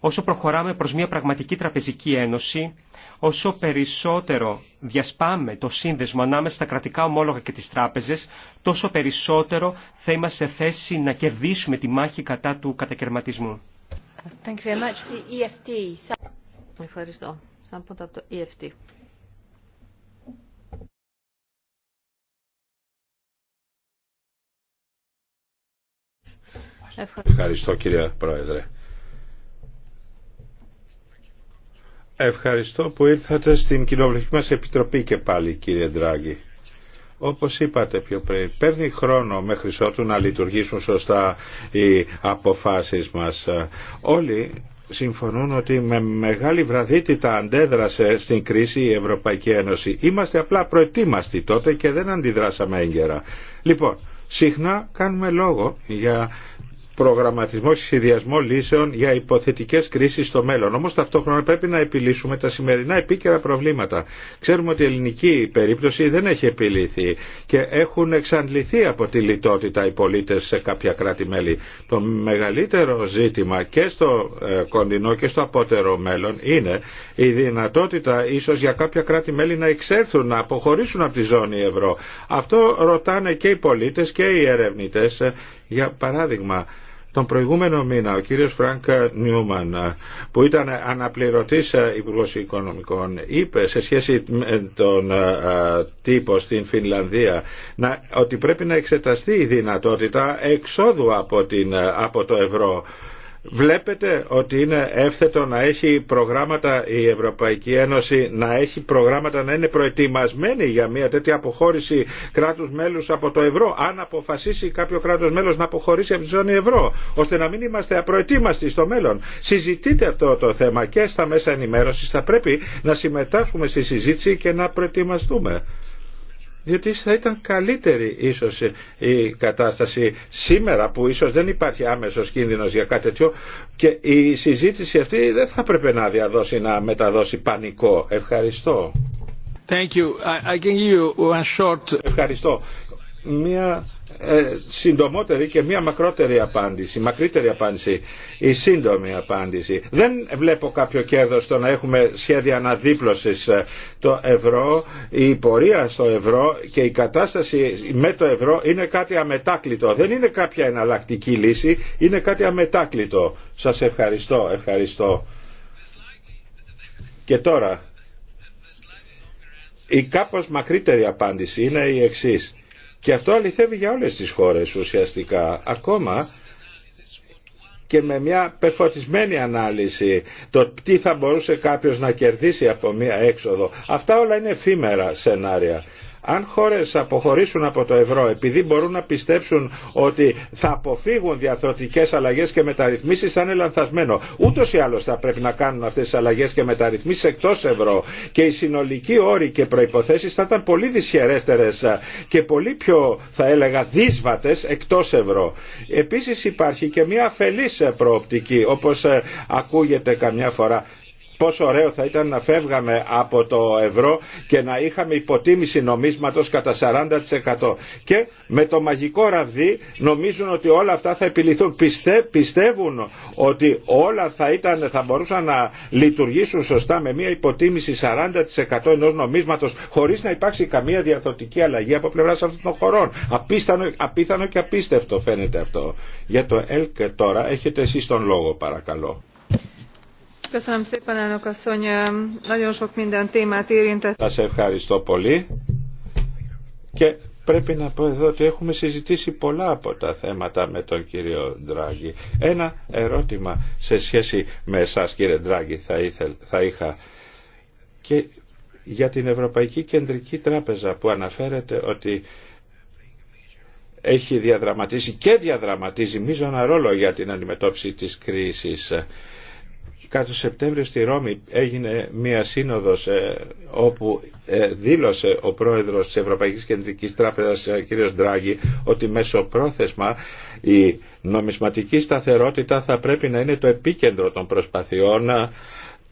Όσο προχωράμε προς μια πραγματική τραπεζική ένωση, όσο περισσότερο διασπάμε το σύνδεσμο ανάμεσα στα κρατικά ομόλογα και τις τράπεζες, τόσο περισσότερο θα είμαστε σε θέση να κερδίσουμε τη μάχη κατά του κατακαιρματισμού. E Ευχαριστώ. Σαν από το EFT. Ευχαριστώ. κύριε Πρόεδρε. Ευχαριστώ που ήρθατε στην κοινοβουλευτική μας επιτροπή και πάλι κύριε Ντράγκη όπως είπατε πιο πριν, παίρνει χρόνο μέχρι ότου να λειτουργήσουν σωστά οι αποφάσεις μας. Όλοι συμφωνούν ότι με μεγάλη βραδύτητα αντέδρασε στην κρίση η Ευρωπαϊκή Ένωση. Είμαστε απλά προετοίμαστοι τότε και δεν αντιδράσαμε έγκαιρα. Λοιπόν, συχνά κάνουμε λόγο για προγραμματισμό και σχεδιασμό λύσεων για υποθετικέ κρίσει στο μέλλον. Όμω ταυτόχρονα πρέπει να επιλύσουμε τα σημερινά επίκαιρα προβλήματα. Ξέρουμε ότι η ελληνική περίπτωση δεν έχει επιλύθει και έχουν εξαντληθεί από τη λιτότητα οι πολίτε σε κάποια κράτη-μέλη. Το μεγαλύτερο ζήτημα και στο ε, κοντινό και στο απότερο μέλλον είναι η δυνατότητα ίσω για κάποια κράτη-μέλη να εξέλθουν, να αποχωρήσουν από τη ζώνη ευρώ. Αυτό ρωτάνε και οι πολίτε και οι ερευνητέ για παράδειγμα, τον προηγούμενο μήνα ο κύριος Φρανκ Νιούμαν που ήταν αναπληρωτής ε, Υπουργός Οικονομικών είπε σε σχέση με τον ε, τύπο στην Φινλανδία ότι πρέπει να εξεταστεί η δυνατότητα εξόδου από, την, ε, από το ευρώ Βλέπετε ότι είναι εύθετο να έχει προγράμματα η Ευρωπαϊκή Ένωση, να έχει προγράμματα να είναι προετοιμασμένη για μια τέτοια αποχώρηση κράτους μέλους από το ευρώ, αν αποφασίσει κάποιο κράτος μέλος να αποχωρήσει από τη ζώνη ευρώ, ώστε να μην είμαστε απροετοίμαστοι στο μέλλον. Συζητείτε αυτό το θέμα και στα μέσα ενημέρωσης θα πρέπει να συμμετάσχουμε στη συζήτηση και να προετοιμαστούμε διότι θα ήταν καλύτερη ίσως η κατάσταση σήμερα που ίσως δεν υπάρχει άμεσος κίνδυνος για κάτι τέτοιο και η συζήτηση αυτή δεν θα πρέπει να διαδώσει, να μεταδώσει πανικό. Ευχαριστώ. Thank you. I can give you one short... Ευχαριστώ μια ε, συντομότερη και μια μακρότερη απάντηση, μακρύτερη απάντηση, η σύντομη απάντηση. Δεν βλέπω κάποιο κέρδος στο να έχουμε σχέδια αναδίπλωσης ε, το ευρώ, η πορεία στο ευρώ και η κατάσταση με το ευρώ είναι κάτι αμετάκλητο. Δεν είναι κάποια εναλλακτική λύση, είναι κάτι αμετάκλητο. Σας ευχαριστώ, ευχαριστώ. Και τώρα, η κάπως μακρύτερη απάντηση είναι η εξής και αυτό αληθεύει για όλες τις χώρες ουσιαστικά. Ακόμα και με μια πεφωτισμένη ανάλυση το τι θα μπορούσε κάποιος να κερδίσει από μια έξοδο. Αυτά όλα είναι εφήμερα σενάρια. Αν χώρες αποχωρήσουν από το ευρώ επειδή μπορούν να πιστέψουν ότι θα αποφύγουν διαθροτικές αλλαγές και μεταρρυθμίσεις θα είναι λανθασμένο. Ούτως ή άλλως θα πρέπει να κάνουν αυτές τις αλλαγές και μεταρρυθμίσεις εκτός ευρώ και οι συνολικοί όροι και προϋποθέσεις θα ήταν πολύ δυσχερέστερες και πολύ πιο θα έλεγα δύσβατες εκτός ευρώ. Επίσης υπάρχει και μια αφελής προοπτική όπως ε, ακούγεται καμιά φορά πόσο ωραίο θα ήταν να φεύγαμε από το ευρώ και να είχαμε υποτίμηση νομίσματος κατά 40%. Και με το μαγικό ραβδί νομίζουν ότι όλα αυτά θα επιληθούν. πιστεύουν ότι όλα θα, ήταν, θα μπορούσαν να λειτουργήσουν σωστά με μια υποτίμηση 40% ενός νομίσματος χωρίς να υπάρξει καμία διαθωτική αλλαγή από πλευράς αυτών των χωρών. απίθανο και απίστευτο φαίνεται αυτό. Για το ΕΛΚ τώρα έχετε εσείς τον λόγο παρακαλώ. Σας ευχαριστώ πολύ και πρέπει να πω εδώ ότι έχουμε συζητήσει πολλά από τα θέματα με τον κύριο Ντράγκη. Ένα ερώτημα σε σχέση με εσάς κύριε Ντράγκη θα, θα είχα και για την Ευρωπαϊκή Κεντρική Τράπεζα που αναφέρεται ότι έχει διαδραματίσει και διαδραματίζει μείζωνα ρόλο για την αντιμετώπιση της κρίσης. Κάτω Σεπτέμβριο στη Ρώμη έγινε μία σύνοδος ε, όπου ε, δήλωσε ο πρόεδρος της Ευρωπαϊκής Κεντρικής Τράπεζας ε, κ. Ντράγκη ότι μεσοπρόθεσμα η νομισματική σταθερότητα θα πρέπει να είναι το επίκεντρο των προσπαθειών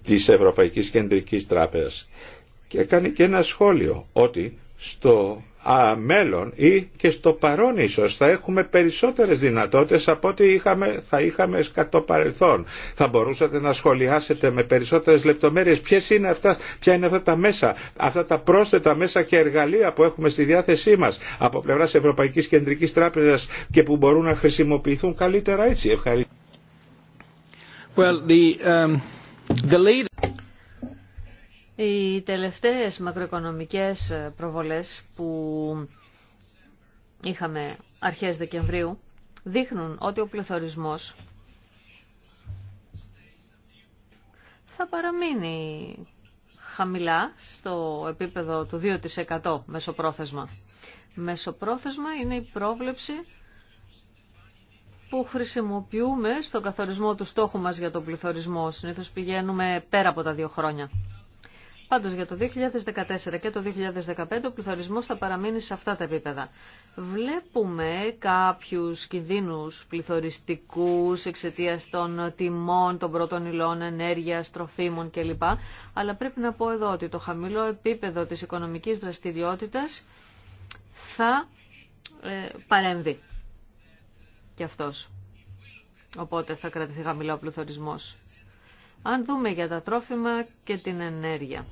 της Ευρωπαϊκής Κεντρικής Τράπεζας. Και κάνει και ένα σχόλιο ότι στο α, μέλλον ή και στο παρόν ίσως θα έχουμε περισσότερες δυνατότητες από ό,τι είχαμε, θα είχαμε το παρελθόν. Θα μπορούσατε να σχολιάσετε με περισσότερες λεπτομέρειες ποιες είναι αυτά, ποια είναι αυτά τα μέσα, αυτά τα πρόσθετα μέσα και εργαλεία που έχουμε στη διάθεσή μας από πλευράς Ευρωπαϊκής Κεντρικής Τράπεζας και που μπορούν να χρησιμοποιηθούν καλύτερα έτσι. Ευχαριστώ. Well, the, um, the οι τελευταίες μακροοικονομικές προβολές που είχαμε αρχές Δεκεμβρίου δείχνουν ότι ο πληθωρισμός θα παραμείνει χαμηλά στο επίπεδο του 2% μεσοπρόθεσμα. Μεσοπρόθεσμα είναι η πρόβλεψη που χρησιμοποιούμε στον καθορισμό του στόχου μας για τον πληθωρισμό. Συνήθως πηγαίνουμε πέρα από τα δύο χρόνια. Πάντω για το 2014 και το 2015 ο πληθωρισμός θα παραμείνει σε αυτά τα επίπεδα. Βλέπουμε κάποιου κινδύνους πληθωριστικού εξαιτία των τιμών των πρώτων υλών, ενέργεια, τροφίμων κλπ. Αλλά πρέπει να πω εδώ ότι το χαμηλό επίπεδο της οικονομικής δραστηριότητας θα ε, παρέμβει και αυτός. Οπότε θα κρατηθεί χαμηλό πληθωρισμός. Αν δούμε για τα τρόφιμα και την ενέργεια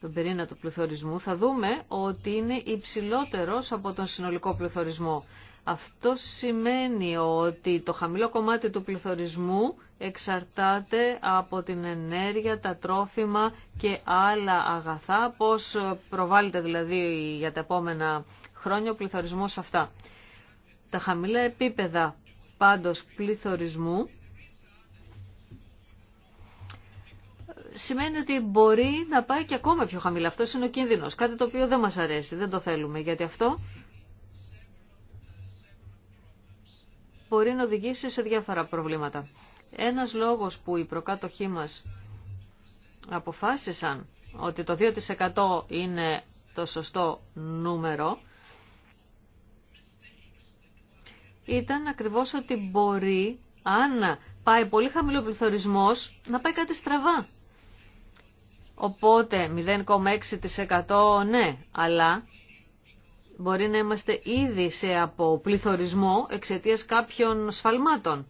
τον πυρήνα του πληθωρισμού, θα δούμε ότι είναι υψηλότερος από τον συνολικό πληθωρισμό. Αυτό σημαίνει ότι το χαμηλό κομμάτι του πληθωρισμού εξαρτάται από την ενέργεια, τα τρόφιμα και άλλα αγαθά, πώς προβάλλεται δηλαδή για τα επόμενα χρόνια ο πληθωρισμός αυτά. Τα χαμηλά επίπεδα πάντως πληθωρισμού σημαίνει ότι μπορεί να πάει και ακόμα πιο χαμηλά. Αυτό είναι ο κίνδυνο. κάτι το οποίο δεν μα αρέσει, δεν το θέλουμε, γιατί αυτό μπορεί να οδηγήσει σε διάφορα προβλήματα. Ένας λόγος που οι προκάτοχοί μας αποφάσισαν ότι το 2% είναι το σωστό νούμερο, ήταν ακριβώς ότι μπορεί, αν πάει πολύ χαμηλό πληθωρισμός, να πάει κάτι στραβά. Οπότε 0,6% ναι, αλλά μπορεί να είμαστε ήδη σε αποπληθωρισμό εξαιτίας κάποιων σφαλμάτων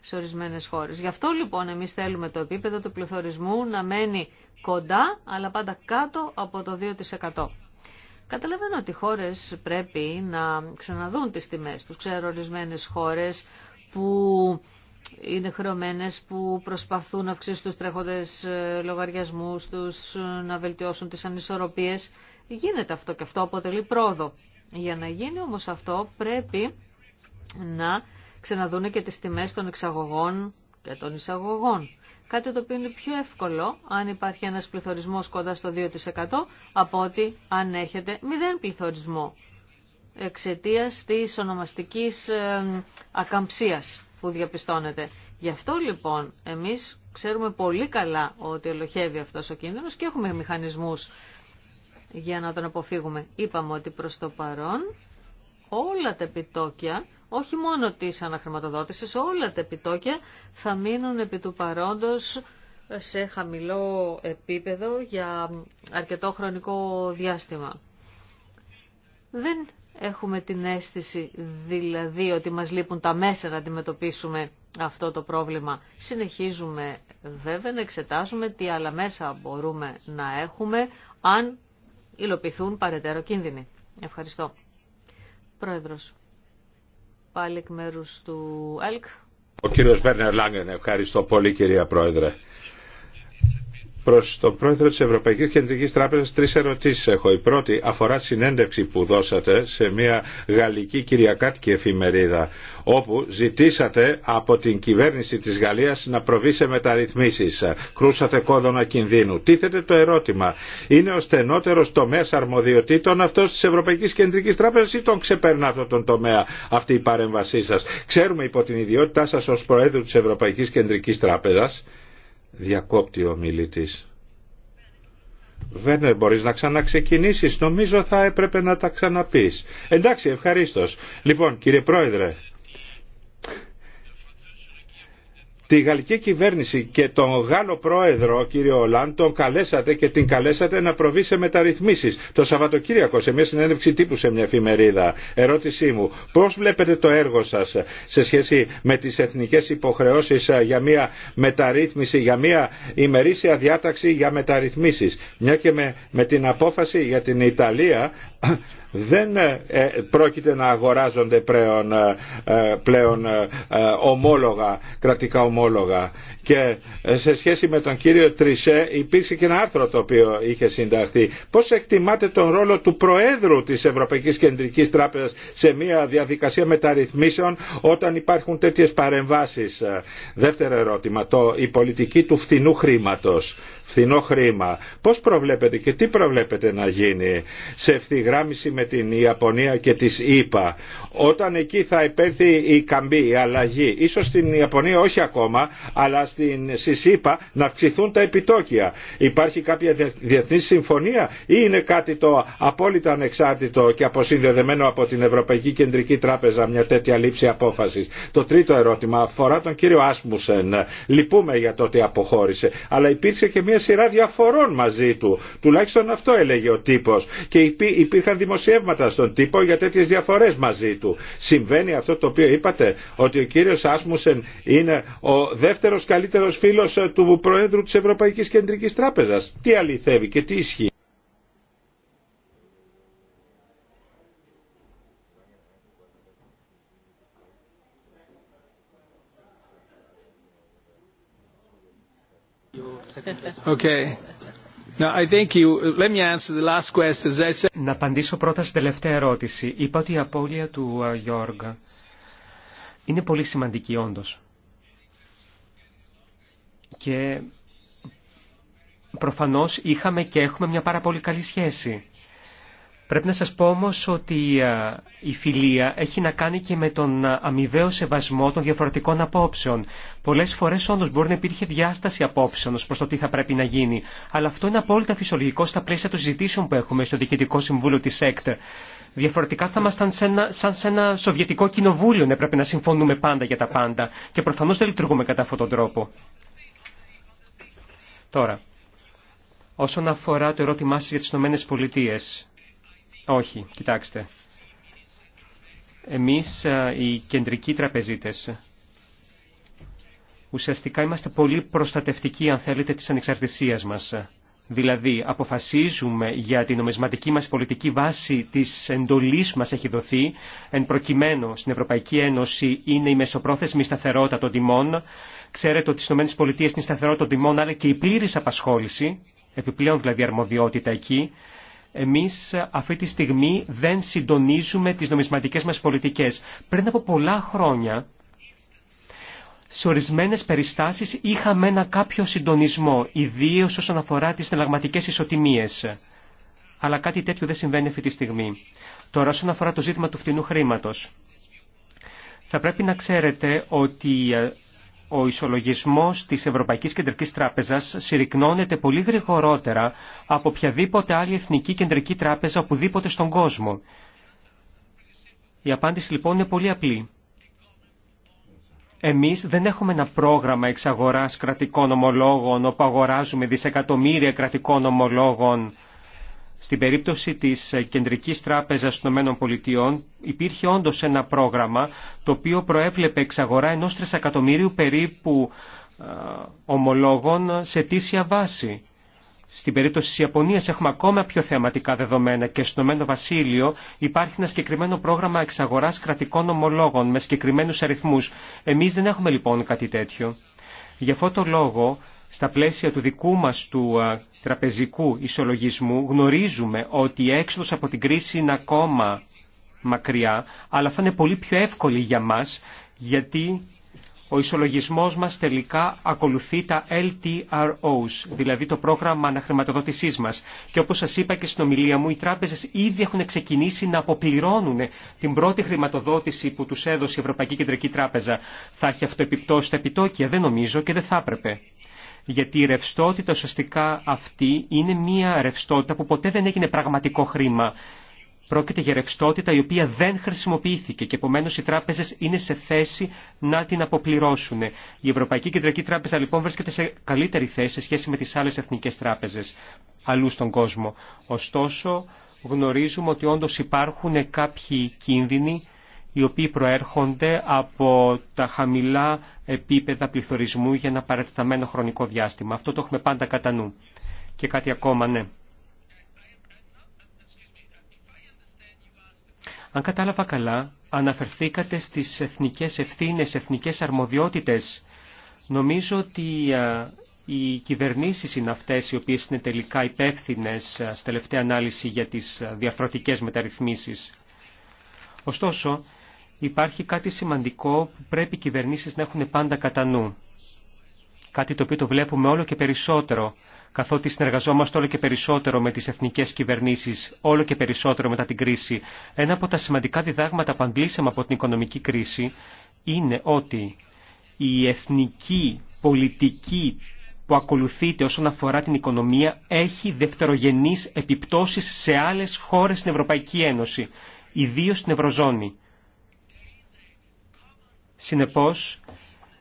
σε ορισμένε χώρε. Γι' αυτό λοιπόν εμεί θέλουμε το επίπεδο του πληθωρισμού να μένει κοντά, αλλά πάντα κάτω από το 2%. Καταλαβαίνω ότι οι χώρε πρέπει να ξαναδούν τι τιμέ του. Ξέρω ορισμένε χώρε που είναι χρεωμένες που προσπαθούν να αυξήσουν τους τρέχοντες ε, λογαριασμούς τους, να βελτιώσουν τις ανισορροπίες. Γίνεται αυτό και αυτό αποτελεί πρόοδο. Για να γίνει όμως αυτό πρέπει να ξαναδούνε και τις τιμές των εξαγωγών και των εισαγωγών. Κάτι το οποίο είναι πιο εύκολο αν υπάρχει ένας πληθωρισμός κοντά στο 2% από ότι αν έχετε μηδέν πληθωρισμό εξαιτίας της ονομαστικής ε, ακαμψίας που διαπιστώνεται. Γι' αυτό λοιπόν εμείς ξέρουμε πολύ καλά ότι ελοχεύει αυτός ο κίνδυνος και έχουμε μηχανισμούς για να τον αποφύγουμε. Είπαμε ότι προς το παρόν όλα τα επιτόκια, όχι μόνο της αναχρηματοδότησης, όλα τα επιτόκια θα μείνουν επί του παρόντος σε χαμηλό επίπεδο για αρκετό χρονικό διάστημα. Δεν έχουμε την αίσθηση δηλαδή ότι μας λείπουν τα μέσα να αντιμετωπίσουμε αυτό το πρόβλημα. Συνεχίζουμε βέβαια να εξετάζουμε τι άλλα μέσα μπορούμε να έχουμε αν υλοποιηθούν παρετέρω κίνδυνοι. Ευχαριστώ. Πρόεδρος, πάλι εκ μέρους του ΕΛΚ. Ο κύριος Βέρνερ Λάγκεν, ευχαριστώ πολύ κυρία Πρόεδρε. Προ τον πρόεδρο τη Ευρωπαϊκή Κεντρική Τράπεζα, τρει ερωτήσει έχω. Η πρώτη αφορά συνέντευξη που δώσατε σε μια γαλλική κυριακάτικη εφημερίδα όπου ζητήσατε από την κυβέρνηση τη Γαλλία να προβεί σε μεταρρυθμίσει. Κρούσατε κόδωνα κινδύνου. Τίθεται το ερώτημα. Είναι ο στενότερο τομέα αρμοδιοτήτων αυτό τη Ευρωπαϊκή Κεντρική Τράπεζα ή τον ξεπερνάτε τον τομέα αυτή η παρέμβασή σα. Ξέρουμε υπό την ιδιότητά σα ω Προέδρου τη Ευρωπαϊκή Κεντρική Τράπεζα. Διακόπτει ο μιλητής. Βένερ μπορείς να ξαναξεκινήσεις. Νομίζω θα έπρεπε να τα ξαναπείς. Εντάξει, ευχαρίστως. Λοιπόν, κύριε Πρόεδρε, τη γαλλική κυβέρνηση και τον Γάλλο πρόεδρο κύριο Ολάν καλέσατε και την καλέσατε να προβεί σε μεταρρυθμίσει το Σαββατοκύριακο σε μια συνέντευξη τύπου σε μια εφημερίδα. Ερώτησή μου, πώς βλέπετε το έργο σας σε σχέση με τις εθνικές υποχρεώσεις ε, για μια μεταρρύθμιση, για μια ημερήσια διάταξη για μεταρρυθμίσεις. Μια και με, την απόφαση για την Ιταλία δεν ε, ε, πρόκειται να αγοράζονται πλέον, ομόλογα, κρατικά ομόλογα και ε, σε σχέση με τον κύριο Τρισέ υπήρξε και ένα άρθρο το οποίο είχε συνταχθεί. Πώς εκτιμάτε τον ρόλο του Προέδρου της Ευρωπαϊκής Κεντρικής Τράπεζας σε μια διαδικασία μεταρρυθμίσεων όταν υπάρχουν τέτοιες παρεμβάσεις. Δεύτερο ερώτημα, το, η πολιτική του φθηνού χρήματος φθηνό χρήμα. Πώς προβλέπετε και τι προβλέπετε να γίνει σε ευθυγράμμιση με την Ιαπωνία και τις ΗΠΑ. Όταν εκεί θα επέλθει η καμπή, η αλλαγή, ίσως στην Ιαπωνία όχι ακόμα, αλλά στην, στις ΗΠΑ να αυξηθούν τα επιτόκια. Υπάρχει κάποια διεθνή συμφωνία ή είναι κάτι το απόλυτα ανεξάρτητο και αποσυνδεδεμένο από την Ευρωπαϊκή Κεντρική Τράπεζα μια τέτοια λήψη απόφασης. Το τρίτο ερώτημα αφορά τον κύριο Άσμουσεν. Λυπούμε για το ότι αποχώρησε. Αλλά υπήρξε και μια σειρά διαφορών μαζί του. Τουλάχιστον αυτό έλεγε ο τύπο, Και υπήρχαν δημοσιεύματα στον τύπο για τέτοιε διαφορές μαζί του. Συμβαίνει αυτό το οποίο είπατε, ότι ο κύριος Άσμουσεν είναι ο δεύτερος καλύτερος φίλος ε, του Προέδρου της Ευρωπαϊκής Κεντρικής Τράπεζας. Τι αληθεύει και τι ισχύει. Να απαντήσω πρώτα στην τελευταία ερώτηση. Είπα ότι η απώλεια του ε, Γιώργα είναι πολύ σημαντική όντως. Και προφανώς είχαμε και έχουμε μια πάρα πολύ καλή σχέση. Πρέπει να σας πω όμως ότι ε, η φιλία έχει να κάνει και με τον ε, αμοιβαίο σεβασμό των διαφορετικών απόψεων. Πολλές φορές όντως μπορεί να υπήρχε διάσταση απόψεων ως προς το τι θα πρέπει να γίνει. Αλλά αυτό είναι απόλυτα φυσιολογικό στα πλαίσια των συζητήσεων που έχουμε στο Διοικητικό Συμβούλιο της ΕΚΤ. Διαφορετικά θα ήμασταν σαν σε ένα σοβιετικό κοινοβούλιο να πρέπει να συμφωνούμε πάντα για τα πάντα. Και προφανώς δεν λειτουργούμε κατά αυτόν τον τρόπο. Τώρα, όσον αφορά το ερώτημά σας για τις Ηνωμένες όχι, κοιτάξτε. Εμείς ε, οι κεντρικοί τραπεζίτες ουσιαστικά είμαστε πολύ προστατευτικοί αν θέλετε της ανεξαρτησίας μας. Δηλαδή αποφασίζουμε για την νομισματική μας πολιτική βάση της εντολής μας έχει δοθεί, εν προκειμένου στην Ευρωπαϊκή Ένωση είναι η μεσοπρόθεσμη σταθερότητα των τιμών. Ξέρετε ότι στις ΗΠΑ είναι η σταθερότητα των τιμών αλλά και η πλήρης απασχόληση, επιπλέον δηλαδή αρμοδιότητα εκεί εμείς αυτή τη στιγμή δεν συντονίζουμε τις νομισματικές μας πολιτικές. Πριν από πολλά χρόνια, σε ορισμένες περιστάσεις είχαμε ένα κάποιο συντονισμό, ιδίως όσον αφορά τις συναλλαγματικές ισοτιμίες. Αλλά κάτι τέτοιο δεν συμβαίνει αυτή τη στιγμή. Τώρα όσον αφορά το ζήτημα του φθηνού χρήματος. Θα πρέπει να ξέρετε ότι ε, ο ισολογισμός της Ευρωπαϊκής Κεντρικής Τράπεζας συρρυκνώνεται πολύ γρηγορότερα από οποιαδήποτε άλλη εθνική κεντρική τράπεζα οπουδήποτε στον κόσμο. Η απάντηση λοιπόν είναι πολύ απλή. Εμείς δεν έχουμε ένα πρόγραμμα εξαγοράς κρατικών ομολόγων όπου αγοράζουμε δισεκατομμύρια κρατικών ομολόγων στην περίπτωση της Κεντρικής Τράπεζας των Πολιτειών υπήρχε όντως ένα πρόγραμμα το οποίο προέβλεπε εξαγορά ενός τρισεκατομμυρίου περίπου ε, ομολόγων σε τήσια βάση. Στην περίπτωση της Ιαπωνίας έχουμε ακόμα πιο θεαματικά δεδομένα και στο Μένο Βασίλειο υπάρχει ένα συγκεκριμένο πρόγραμμα εξαγοράς κρατικών ομολόγων με συγκεκριμένους αριθμούς. Εμείς δεν έχουμε λοιπόν κάτι τέτοιο. Γι' αυτό το λόγο, στα πλαίσια του δικού του ε, τραπεζικού ισολογισμού γνωρίζουμε ότι η έξοδος από την κρίση είναι ακόμα μακριά, αλλά θα είναι πολύ πιο εύκολη για μας, γιατί ο ισολογισμός μας τελικά ακολουθεί τα LTROs, δηλαδή το πρόγραμμα αναχρηματοδότησής μας. Και όπως σας είπα και στην ομιλία μου, οι τράπεζες ήδη έχουν ξεκινήσει να αποπληρώνουν την πρώτη χρηματοδότηση που τους έδωσε η Ευρωπαϊκή Κεντρική Τράπεζα. Θα έχει αυτό επιπτώσει τα επιτόκια, δεν νομίζω και δεν θα έπρεπε γιατί η ρευστότητα ουσιαστικά αυτή είναι μια ρευστότητα που ποτέ δεν έγινε πραγματικό χρήμα. Πρόκειται για ρευστότητα η οποία δεν χρησιμοποιήθηκε και επομένω οι τράπεζε είναι σε θέση να την αποπληρώσουν. Η Ευρωπαϊκή Κεντρική Τράπεζα λοιπόν βρίσκεται σε καλύτερη θέση σε σχέση με τι άλλε εθνικέ τράπεζε αλλού στον κόσμο. Ωστόσο γνωρίζουμε ότι όντω υπάρχουν κάποιοι κίνδυνοι οι οποίοι προέρχονται από τα χαμηλά επίπεδα πληθωρισμού για ένα παρελθαμένο χρονικό διάστημα. Αυτό το έχουμε πάντα κατά νου. Και κάτι ακόμα, ναι. Αν κατάλαβα καλά, αναφερθήκατε στις εθνικές ευθύνες, εθνικές αρμοδιότητες. Νομίζω ότι οι κυβερνήσεις είναι αυτές οι οποίες είναι τελικά υπεύθυνε στη τελευταία ανάλυση για τις διαφορετικές μεταρρυθμίσεις. Ωστόσο, υπάρχει κάτι σημαντικό που πρέπει οι κυβερνήσεις να έχουν πάντα κατά νου. Κάτι το οποίο το βλέπουμε όλο και περισσότερο, καθότι συνεργαζόμαστε όλο και περισσότερο με τις εθνικές κυβερνήσεις, όλο και περισσότερο μετά την κρίση. Ένα από τα σημαντικά διδάγματα που αντλήσαμε από την οικονομική κρίση είναι ότι η εθνική πολιτική που ακολουθείται όσον αφορά την οικονομία έχει δευτερογενείς επιπτώσεις σε άλλες χώρες στην Ευρωπαϊκή Ένωση, ιδίως στην Ευρωζώνη. Συνεπώς,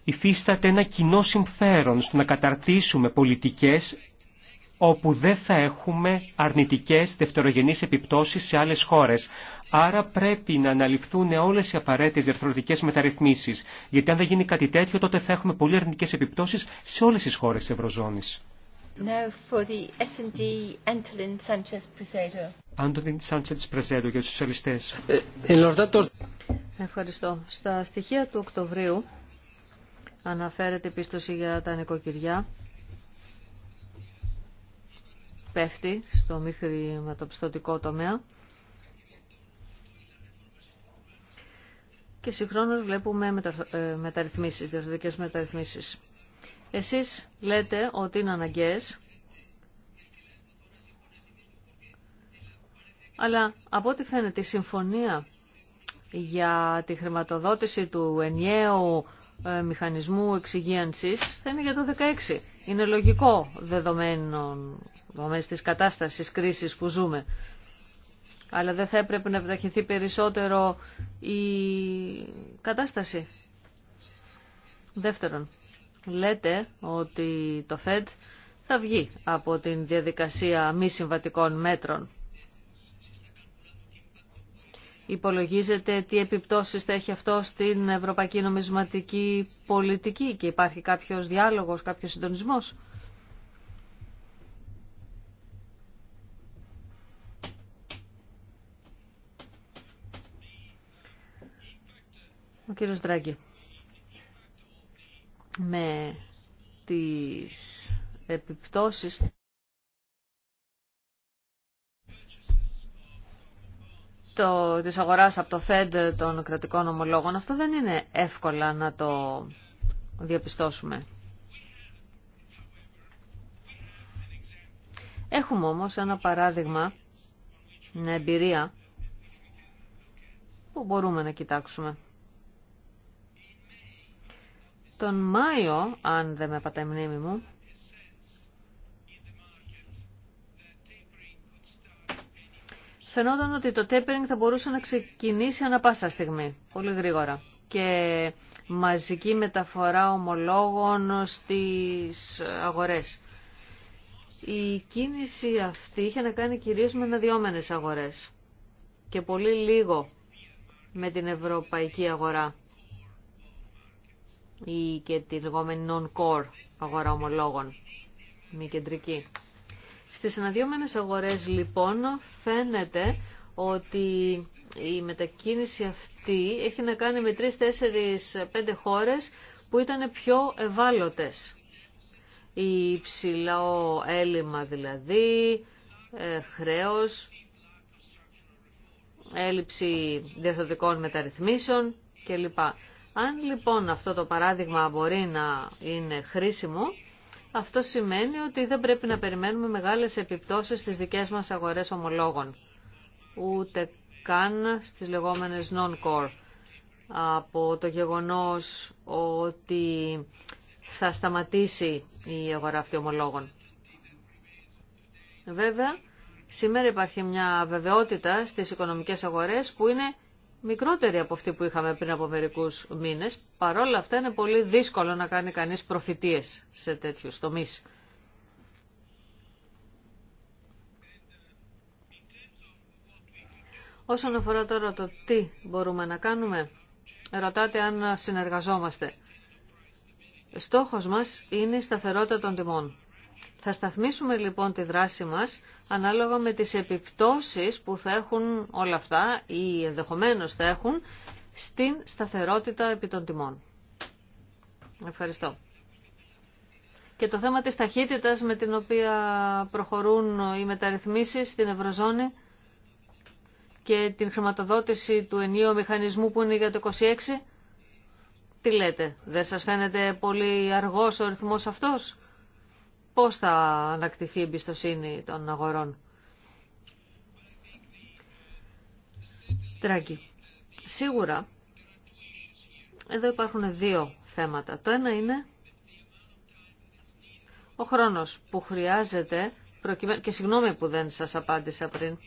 υφίσταται ένα κοινό συμφέρον στο να καταρτήσουμε πολιτικές όπου δεν θα έχουμε αρνητικές δευτερογενείς επιπτώσεις σε άλλες χώρες. Άρα πρέπει να αναλυφθούν όλες οι απαραίτητες διαρθρωτικές μεταρρυθμίσεις, γιατί αν δεν γίνει κάτι τέτοιο τότε θα έχουμε πολύ αρνητικές επιπτώσεις σε όλες τις χώρες της Ευρωζώνης. Ευχαριστώ. Στα στοιχεία του Οκτωβρίου αναφέρεται η πίστοση για τα νοικοκυριά. Πέφτει στο μη χρηματοπιστωτικό τομέα. Και συγχρόνως βλέπουμε ε, μεταρρυθμίσεις, διορθωτικές μεταρρυθμίσεις. Εσείς λέτε ότι είναι αναγκαίες, αλλά από ό,τι φαίνεται η συμφωνία για τη χρηματοδότηση του ενιαίου ε, μηχανισμού εξυγίανσης θα είναι για το 2016. Είναι λογικό δεδομένων, τη της κατάστασης κρίσης που ζούμε. Αλλά δεν θα έπρεπε να επιταχυνθεί περισσότερο η κατάσταση. Δεύτερον, λέτε ότι το Fed θα βγει από την διαδικασία μη συμβατικών μέτρων υπολογίζετε τι επιπτώσεις θα έχει αυτό στην ευρωπαϊκή νομισματική πολιτική και υπάρχει κάποιος διάλογος, κάποιος συντονισμός. Ο κύριος Δράγκη, με τις επιπτώσεις το, της αγοράς από το ΦΕΔ των κρατικών ομολόγων. Αυτό δεν είναι εύκολα να το διαπιστώσουμε. Έχουμε όμως ένα παράδειγμα, μια εμπειρία που μπορούμε να κοιτάξουμε. Τον Μάιο, αν δεν με πατάει μνήμη μου, φαινόταν ότι το tapering θα μπορούσε να ξεκινήσει ανα πάσα στιγμή, πολύ γρήγορα. Και μαζική μεταφορά ομολόγων στις αγορές. Η κίνηση αυτή είχε να κάνει κυρίως με αναδυόμενες αγορές και πολύ λίγο με την ευρωπαϊκή αγορά ή και τη λεγόμενη non-core αγορά ομολόγων, μη κεντρική. Στις αναδυόμενες αγορές λοιπόν φαίνεται ότι η μετακίνηση αυτή έχει να κάνει με 3, 4, 5 χώρες που ήταν πιο ευάλωτες. Η υψηλό έλλειμμα δηλαδή, ε, χρέος, έλλειψη διευθυντικών μεταρρυθμίσεων κλπ. Αν λοιπόν αυτό το παράδειγμα μπορεί να είναι χρήσιμο, αυτό σημαίνει ότι δεν πρέπει να περιμένουμε μεγάλες επιπτώσεις στις δικές μας αγορές ομολόγων, ούτε καν στις λεγόμενες non-core. Από το γεγονός ότι θα σταματήσει η αγορά αυτή ομολόγων. Βέβαια, σήμερα υπάρχει μια βεβαιότητα στις οικονομικές αγορές που είναι μικρότερη από αυτή που είχαμε πριν από μερικούς μήνες. Παρόλα αυτά είναι πολύ δύσκολο να κάνει κανεί προφητείες σε τέτοιου τομεί. Όσον αφορά τώρα το τι μπορούμε να κάνουμε, ρωτάτε αν συνεργαζόμαστε. Στόχος μας είναι η σταθερότητα των τιμών. Θα σταθμίσουμε λοιπόν τη δράση μας ανάλογα με τις επιπτώσεις που θα έχουν όλα αυτά ή ενδεχομένω θα έχουν στην σταθερότητα επί των τιμών. Ευχαριστώ. Και το θέμα της ταχύτητας με την οποία προχωρούν οι μεταρρυθμίσεις στην Ευρωζώνη και την χρηματοδότηση του ενίου μηχανισμού που είναι για το 26. Τι λέτε, δεν σας φαίνεται πολύ αργός ο ρυθμός αυτός πώς θα ανακτηθεί η εμπιστοσύνη των αγορών. Τράγκη. Σίγουρα, εδώ υπάρχουν δύο θέματα. Το ένα είναι ο χρόνος που χρειάζεται, και συγγνώμη που δεν σας απάντησα πριν.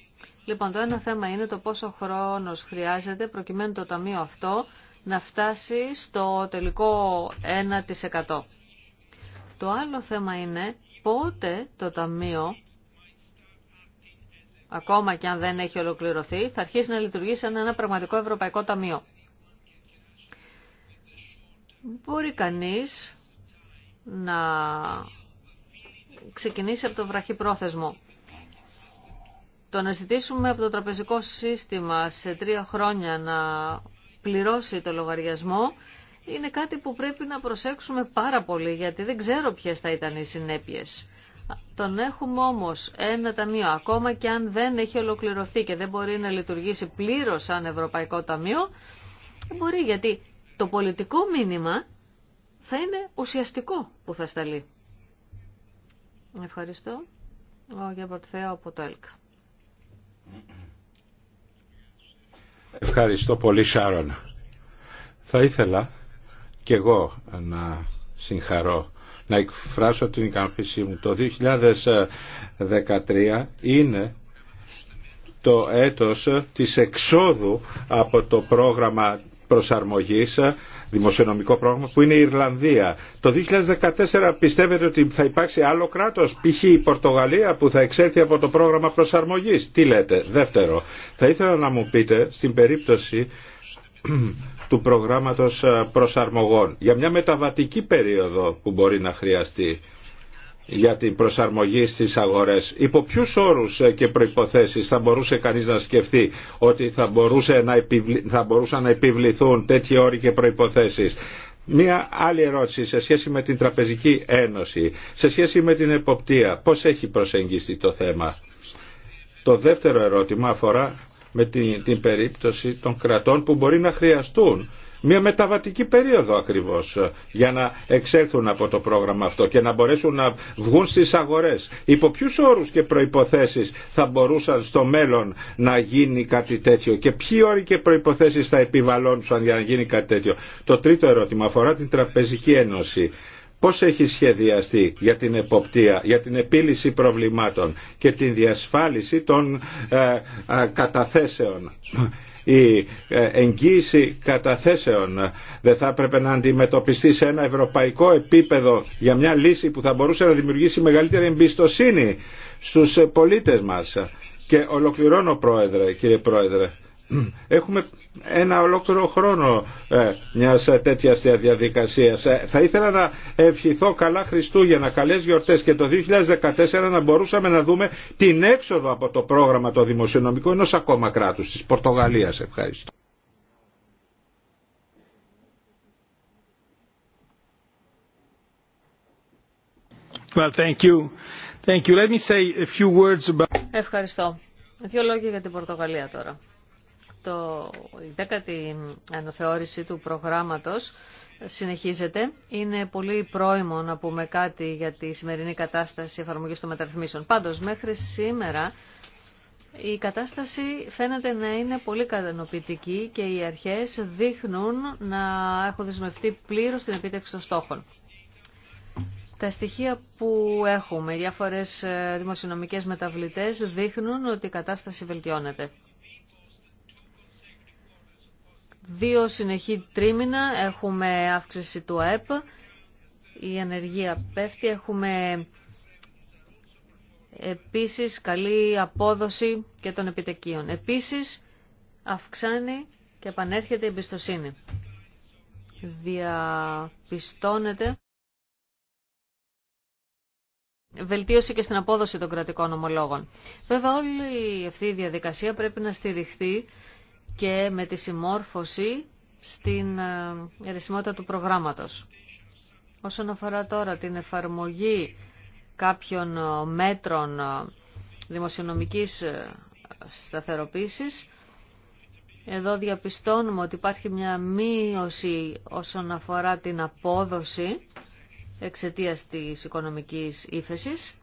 Λοιπόν, το ένα θέμα είναι το πόσο χρόνος χρειάζεται προκειμένου το ταμείο αυτό να φτάσει στο τελικό 1%. Το άλλο θέμα είναι πότε το Ταμείο, ακόμα και αν δεν έχει ολοκληρωθεί, θα αρχίσει να λειτουργεί σαν ένα πραγματικό Ευρωπαϊκό Ταμείο. Μπορεί κανείς να ξεκινήσει από το βραχυπρόθεσμο. Το να ζητήσουμε από το τραπεζικό σύστημα σε τρία χρόνια να πληρώσει το λογαριασμό είναι κάτι που πρέπει να προσέξουμε πάρα πολύ γιατί δεν ξέρω ποιες θα ήταν οι συνέπειες. Τον έχουμε όμως ένα ταμείο ακόμα και αν δεν έχει ολοκληρωθεί και δεν μπορεί να λειτουργήσει πλήρως σαν Ευρωπαϊκό Ταμείο, δεν μπορεί γιατί το πολιτικό μήνυμα θα είναι ουσιαστικό που θα σταλεί. Ευχαριστώ. Ο Γιαπορτφέο από το ΕΛΚΑ. Ευχαριστώ πολύ Θα ήθελα και εγώ να συγχαρώ να εκφράσω την ικανοποίησή μου. Το 2013 είναι το έτος της εξόδου από το πρόγραμμα προσαρμογής δημοσιονομικό πρόγραμμα που είναι η Ιρλανδία. Το 2014 πιστεύετε ότι θα υπάρξει άλλο κράτος, π.χ. η Πορτογαλία που θα εξέλθει από το πρόγραμμα προσαρμογής. Τι λέτε. Δεύτερο, θα ήθελα να μου πείτε στην περίπτωση του προγράμματος ε, προσαρμογών για μια μεταβατική περίοδο που μπορεί να χρειαστεί για την προσαρμογή στις αγορές. Υπό ποιους όρους ε, και προϋποθέσεις θα μπορούσε κανείς να σκεφτεί ότι θα, μπορούσε να μπορούσαν να επιβληθούν τέτοιοι όροι και προϋποθέσεις. Μία άλλη ερώτηση σε σχέση με την Τραπεζική Ένωση, σε σχέση με την εποπτεία. Πώς έχει προσεγγίσει το θέμα. Το δεύτερο ερώτημα αφορά με την, την περίπτωση των κρατών που μπορεί να χρειαστούν μια μεταβατική περίοδο ακριβώς ε, για να εξέλθουν από το πρόγραμμα αυτό και να μπορέσουν να βγουν στις αγορές. Υπό ποιου όρους και προϋποθέσεις θα μπορούσαν στο μέλλον να γίνει κάτι τέτοιο και ποιοι όροι και προϋποθέσεις θα επιβαλώνουν για να γίνει κάτι τέτοιο. Το τρίτο ερώτημα αφορά την Τραπεζική Ένωση πώς έχει σχεδιαστεί για την εποπτεία, για την επίλυση προβλημάτων και την διασφάλιση των ε, ε, καταθέσεων η ε, εγγύηση καταθέσεων δεν θα έπρεπε να αντιμετωπιστεί σε ένα ευρωπαϊκό επίπεδο για μια λύση που θα μπορούσε να δημιουργήσει μεγαλύτερη εμπιστοσύνη στους πολίτες μας. Και ολοκληρώνω πρόεδρε, κύριε Πρόεδρε. Έχουμε ένα ολόκληρο χρόνο ε, μιας ε, τέτοιας διαδικασίας. Ε, θα ήθελα να ευχηθώ καλά Χριστούγεννα, καλές γιορτές και το 2014 να μπορούσαμε να δούμε την έξοδο από το πρόγραμμα το δημοσιονομικό ενός ακόμα κράτους της Πορτογαλίας. Ευχαριστώ. Well, thank you. Thank you. Let me say a few words about... Ευχαριστώ. Δύο λόγια για την Πορτογαλία τώρα το, η δέκατη αναθεώρηση του προγράμματος συνεχίζεται. Είναι πολύ πρόημο να πούμε κάτι για τη σημερινή κατάσταση εφαρμογής των μεταρρυθμίσεων. Πάντως, μέχρι σήμερα η κατάσταση φαίνεται να είναι πολύ κατανοπιτική και οι αρχές δείχνουν να έχουν δεσμευτεί πλήρως την επίτευξη των στόχων. Τα στοιχεία που έχουμε, οι διάφορες δημοσιονομικές μεταβλητές, δείχνουν ότι η κατάσταση βελτιώνεται. Δύο συνεχή τρίμηνα έχουμε αύξηση του ΑΕΠ, η ανεργία πέφτει, έχουμε επίσης καλή απόδοση και των επιτεκείων. Επίσης αυξάνει και επανέρχεται η εμπιστοσύνη. Διαπιστώνεται βελτίωση και στην απόδοση των κρατικών ομολόγων. Βέβαια όλη αυτή η διαδικασία πρέπει να στηριχθεί και με τη συμμόρφωση στην ερεσιμότητα του προγράμματος. Όσον αφορά τώρα την εφαρμογή κάποιων ε, μέτρων ε, δημοσιονομικής ε, σταθεροποίησης, εδώ διαπιστώνουμε ότι υπάρχει μια μείωση όσον αφορά την απόδοση εξαιτίας της οικονομικής ύφεσης.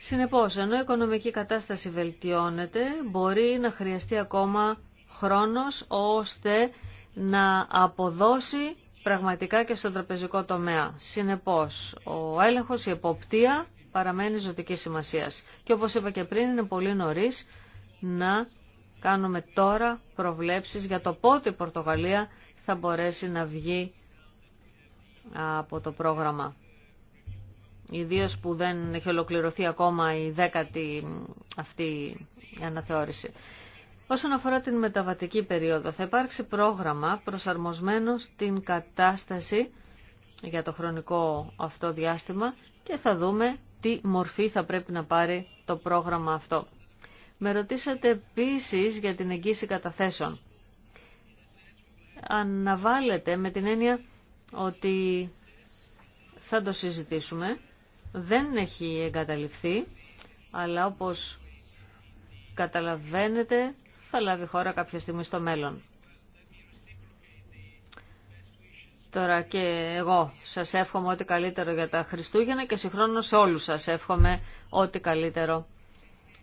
Συνεπώς, ενώ η οικονομική κατάσταση βελτιώνεται, μπορεί να χρειαστεί ακόμα χρόνος ώστε να αποδώσει πραγματικά και στον τραπεζικό τομέα. Συνεπώς, ο έλεγχος, η εποπτεία παραμένει ζωτική σημασίας. Και όπως είπα και πριν, είναι πολύ νωρίς να κάνουμε τώρα προβλέψεις για το πότε η Πορτογαλία θα μπορέσει να βγει από το πρόγραμμα. Ιδίω που δεν έχει ολοκληρωθεί ακόμα η δέκατη αυτή αναθεώρηση. Όσον αφορά την μεταβατική περίοδο, θα υπάρξει πρόγραμμα προσαρμοσμένο στην κατάσταση για το χρονικό αυτό διάστημα και θα δούμε τι μορφή θα πρέπει να πάρει το πρόγραμμα αυτό. Με ρωτήσατε επίσης για την εγγύηση καταθέσεων. Αναβάλλεται με την έννοια ότι θα το συζητήσουμε. Δεν έχει εγκαταληφθεί, αλλά όπως καταλαβαίνετε θα λάβει χώρα κάποια στιγμή στο μέλλον. Τώρα και εγώ σας εύχομαι ό,τι καλύτερο για τα Χριστούγεννα και συγχρόνως σε όλους σας εύχομαι ό,τι καλύτερο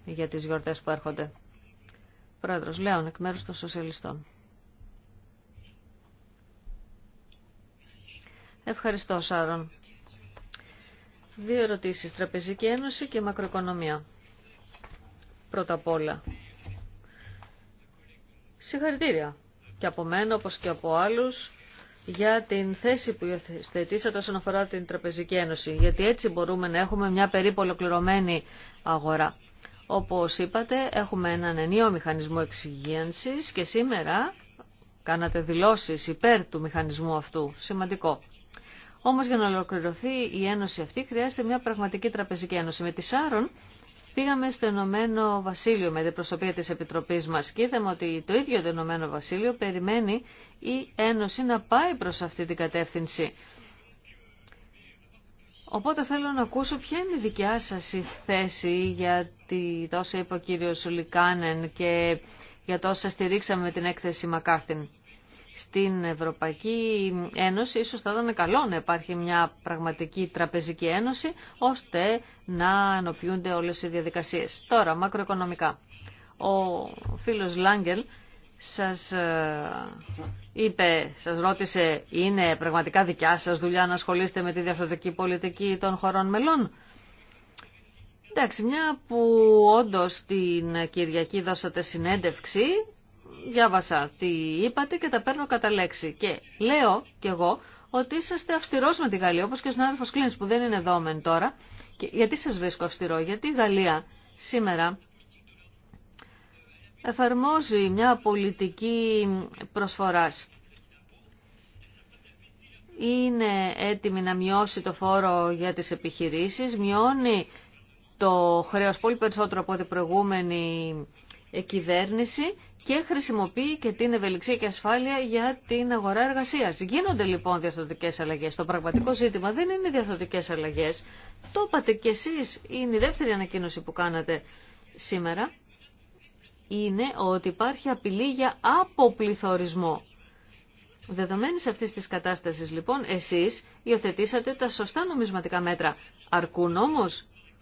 για τις γιορτές που έρχονται. Πρόεδρος Λέων, εκ μέρους των Σοσιαλιστών. Ευχαριστώ, Σάρον. Δύο ερωτήσεις. Τραπεζική Ένωση και Μακροοικονομία. Πρώτα απ' όλα, Συγχαρητήρια και από μένα όπως και από άλλους για την θέση που υιοθετήσατε όσον αφορά την Τραπεζική Ένωση, γιατί έτσι μπορούμε να έχουμε μια περίπου ολοκληρωμένη αγορά. Όπως είπατε, έχουμε έναν ενίο μηχανισμό εξυγίανσης και σήμερα κάνατε δηλώσεις υπέρ του μηχανισμού αυτού. Σημαντικό. Όμως για να ολοκληρωθεί η Ένωση αυτή χρειάζεται μια πραγματική Τραπεζική Ένωση. Με τη Σάρων Πήγαμε στο Ενωμένο Βασίλειο με την προσωπία της Επιτροπής μας και είδαμε ότι το ίδιο το Ενωμένο Βασίλειο περιμένει η Ένωση να πάει προς αυτή την κατεύθυνση. Οπότε θέλω να ακούσω ποια είναι η δικιά σας η θέση για τη, τόσα είπε ο κύριος Λικάνεν και για τόσα στηρίξαμε την έκθεση Μακάρθιν στην Ευρωπαϊκή Ένωση ίσως θα ήταν καλό να υπάρχει μια πραγματική τραπεζική ένωση ώστε να ενοποιούνται όλες οι διαδικασίες. Τώρα, μακροοικονομικά. Ο φίλος Λάγκελ σας ε, είπε, σας ρώτησε, είναι πραγματικά δικιά σας δουλειά να ασχολείστε με τη διαφορετική πολιτική των χωρών μελών. Εντάξει, μια που όντως την Κυριακή δώσατε συνέντευξη, διάβασα τι είπατε και τα παίρνω κατά λέξη. Και λέω κι εγώ ότι είσαστε αυστηρό με τη Γαλλία, όπω και ο συνάδελφο Κλίνη που δεν είναι εδώ μεν τώρα. Και γιατί σα βρίσκω αυστηρό, Γιατί η Γαλλία σήμερα εφαρμόζει μια πολιτική προσφοράς. Είναι έτοιμη να μειώσει το φόρο για τις επιχειρήσεις, μειώνει το χρέος πολύ περισσότερο από την προηγούμενη κυβέρνηση και χρησιμοποιεί και την ευελιξία και ασφάλεια για την αγορά εργασία. Γίνονται λοιπόν διαρθρωτικέ αλλαγέ. Το πραγματικό ζήτημα δεν είναι οι αλλαγές. αλλαγέ. Το είπατε κι εσεί, είναι η δεύτερη ανακοίνωση που κάνατε σήμερα. Είναι ότι υπάρχει απειλή για αποπληθωρισμό. Δεδομένης αυτής της κατάστασης λοιπόν εσεί υιοθετήσατε τα σωστά νομισματικά μέτρα. Αρκούν όμω,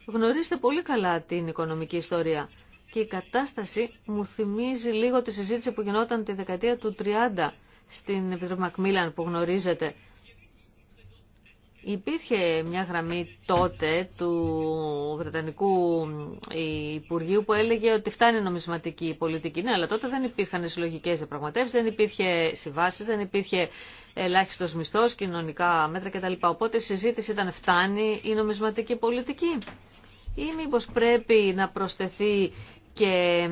γνωρίζετε πολύ καλά την οικονομική ιστορία και η κατάσταση μου θυμίζει λίγο τη συζήτηση που γινόταν τη δεκαετία του 30 στην Επιτροπή Μακμήλαν που γνωρίζετε. Υπήρχε μια γραμμή τότε του Βρετανικού Υπουργείου που έλεγε ότι φτάνει νομισματική πολιτική. Ναι, αλλά τότε δεν υπήρχαν συλλογικέ διαπραγματεύσει, δεν υπήρχε συμβάσει, δεν υπήρχε ελάχιστο μισθό, κοινωνικά μέτρα κτλ. Οπότε η συζήτηση ήταν φτάνει η νομισματική πολιτική ή μήπω πρέπει να προσθεθεί και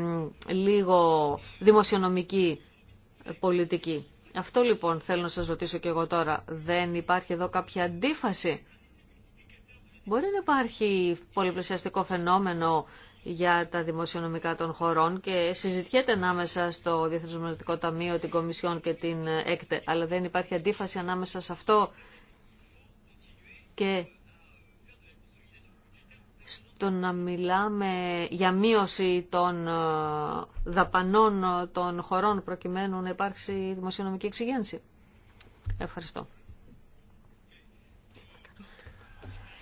λίγο δημοσιονομική πολιτική. Αυτό λοιπόν θέλω να σας ρωτήσω και εγώ τώρα. Δεν υπάρχει εδώ κάποια αντίφαση. Μπορεί να υπάρχει πολυπλησιαστικό φαινόμενο για τα δημοσιονομικά των χωρών και συζητιέται ανάμεσα στο Διεθνές Ταμείο, την Κομισιόν και την ΕΚΤΕ, αλλά δεν υπάρχει αντίφαση ανάμεσα σε αυτό και το να μιλάμε για μείωση των ε, δαπανών ε, των χωρών προκειμένου να υπάρξει δημοσιονομική εξυγένση. Ευχαριστώ.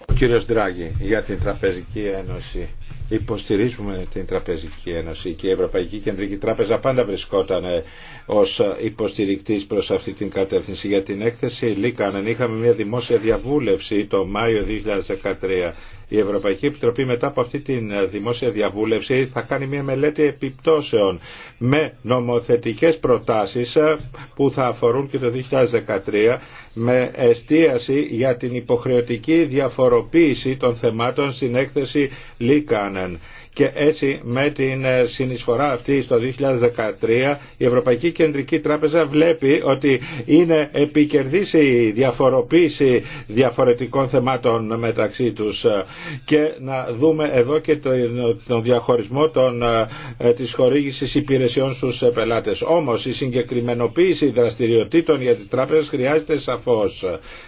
Ο κύριος Δράγη για την Τραπεζική Ένωση. Υποστηρίζουμε την Τραπεζική Ένωση και η Ευρωπαϊκή Κεντρική Τράπεζα πάντα βρισκόταν ως υποστηρικτής προς αυτή την κατεύθυνση. Για την έκθεση Λίκανεν είχαμε μια δημόσια διαβούλευση το Μάιο 2013. Η Ευρωπαϊκή Επιτροπή μετά από αυτή τη δημόσια διαβούλευση θα κάνει μια μελέτη επιπτώσεων με νομοθετικές προτάσεις που θα αφορούν και το 2013 με εστίαση για την υποχρεωτική διαφοροποίηση των θεμάτων στην έκθεση Λίκανεν και έτσι με την ε, συνεισφορά αυτή στο 2013 η Ευρωπαϊκή Κεντρική Τράπεζα βλέπει ότι είναι επικερδής η διαφοροποίηση διαφορετικών θεμάτων μεταξύ τους και να δούμε εδώ και τον διαχωρισμό των, ε, ε, της χορήγησης υπηρεσιών στους πελάτες. Όμως η συγκεκριμενοποίηση δραστηριοτήτων για τις τράπεζες χρειάζεται σαφώς.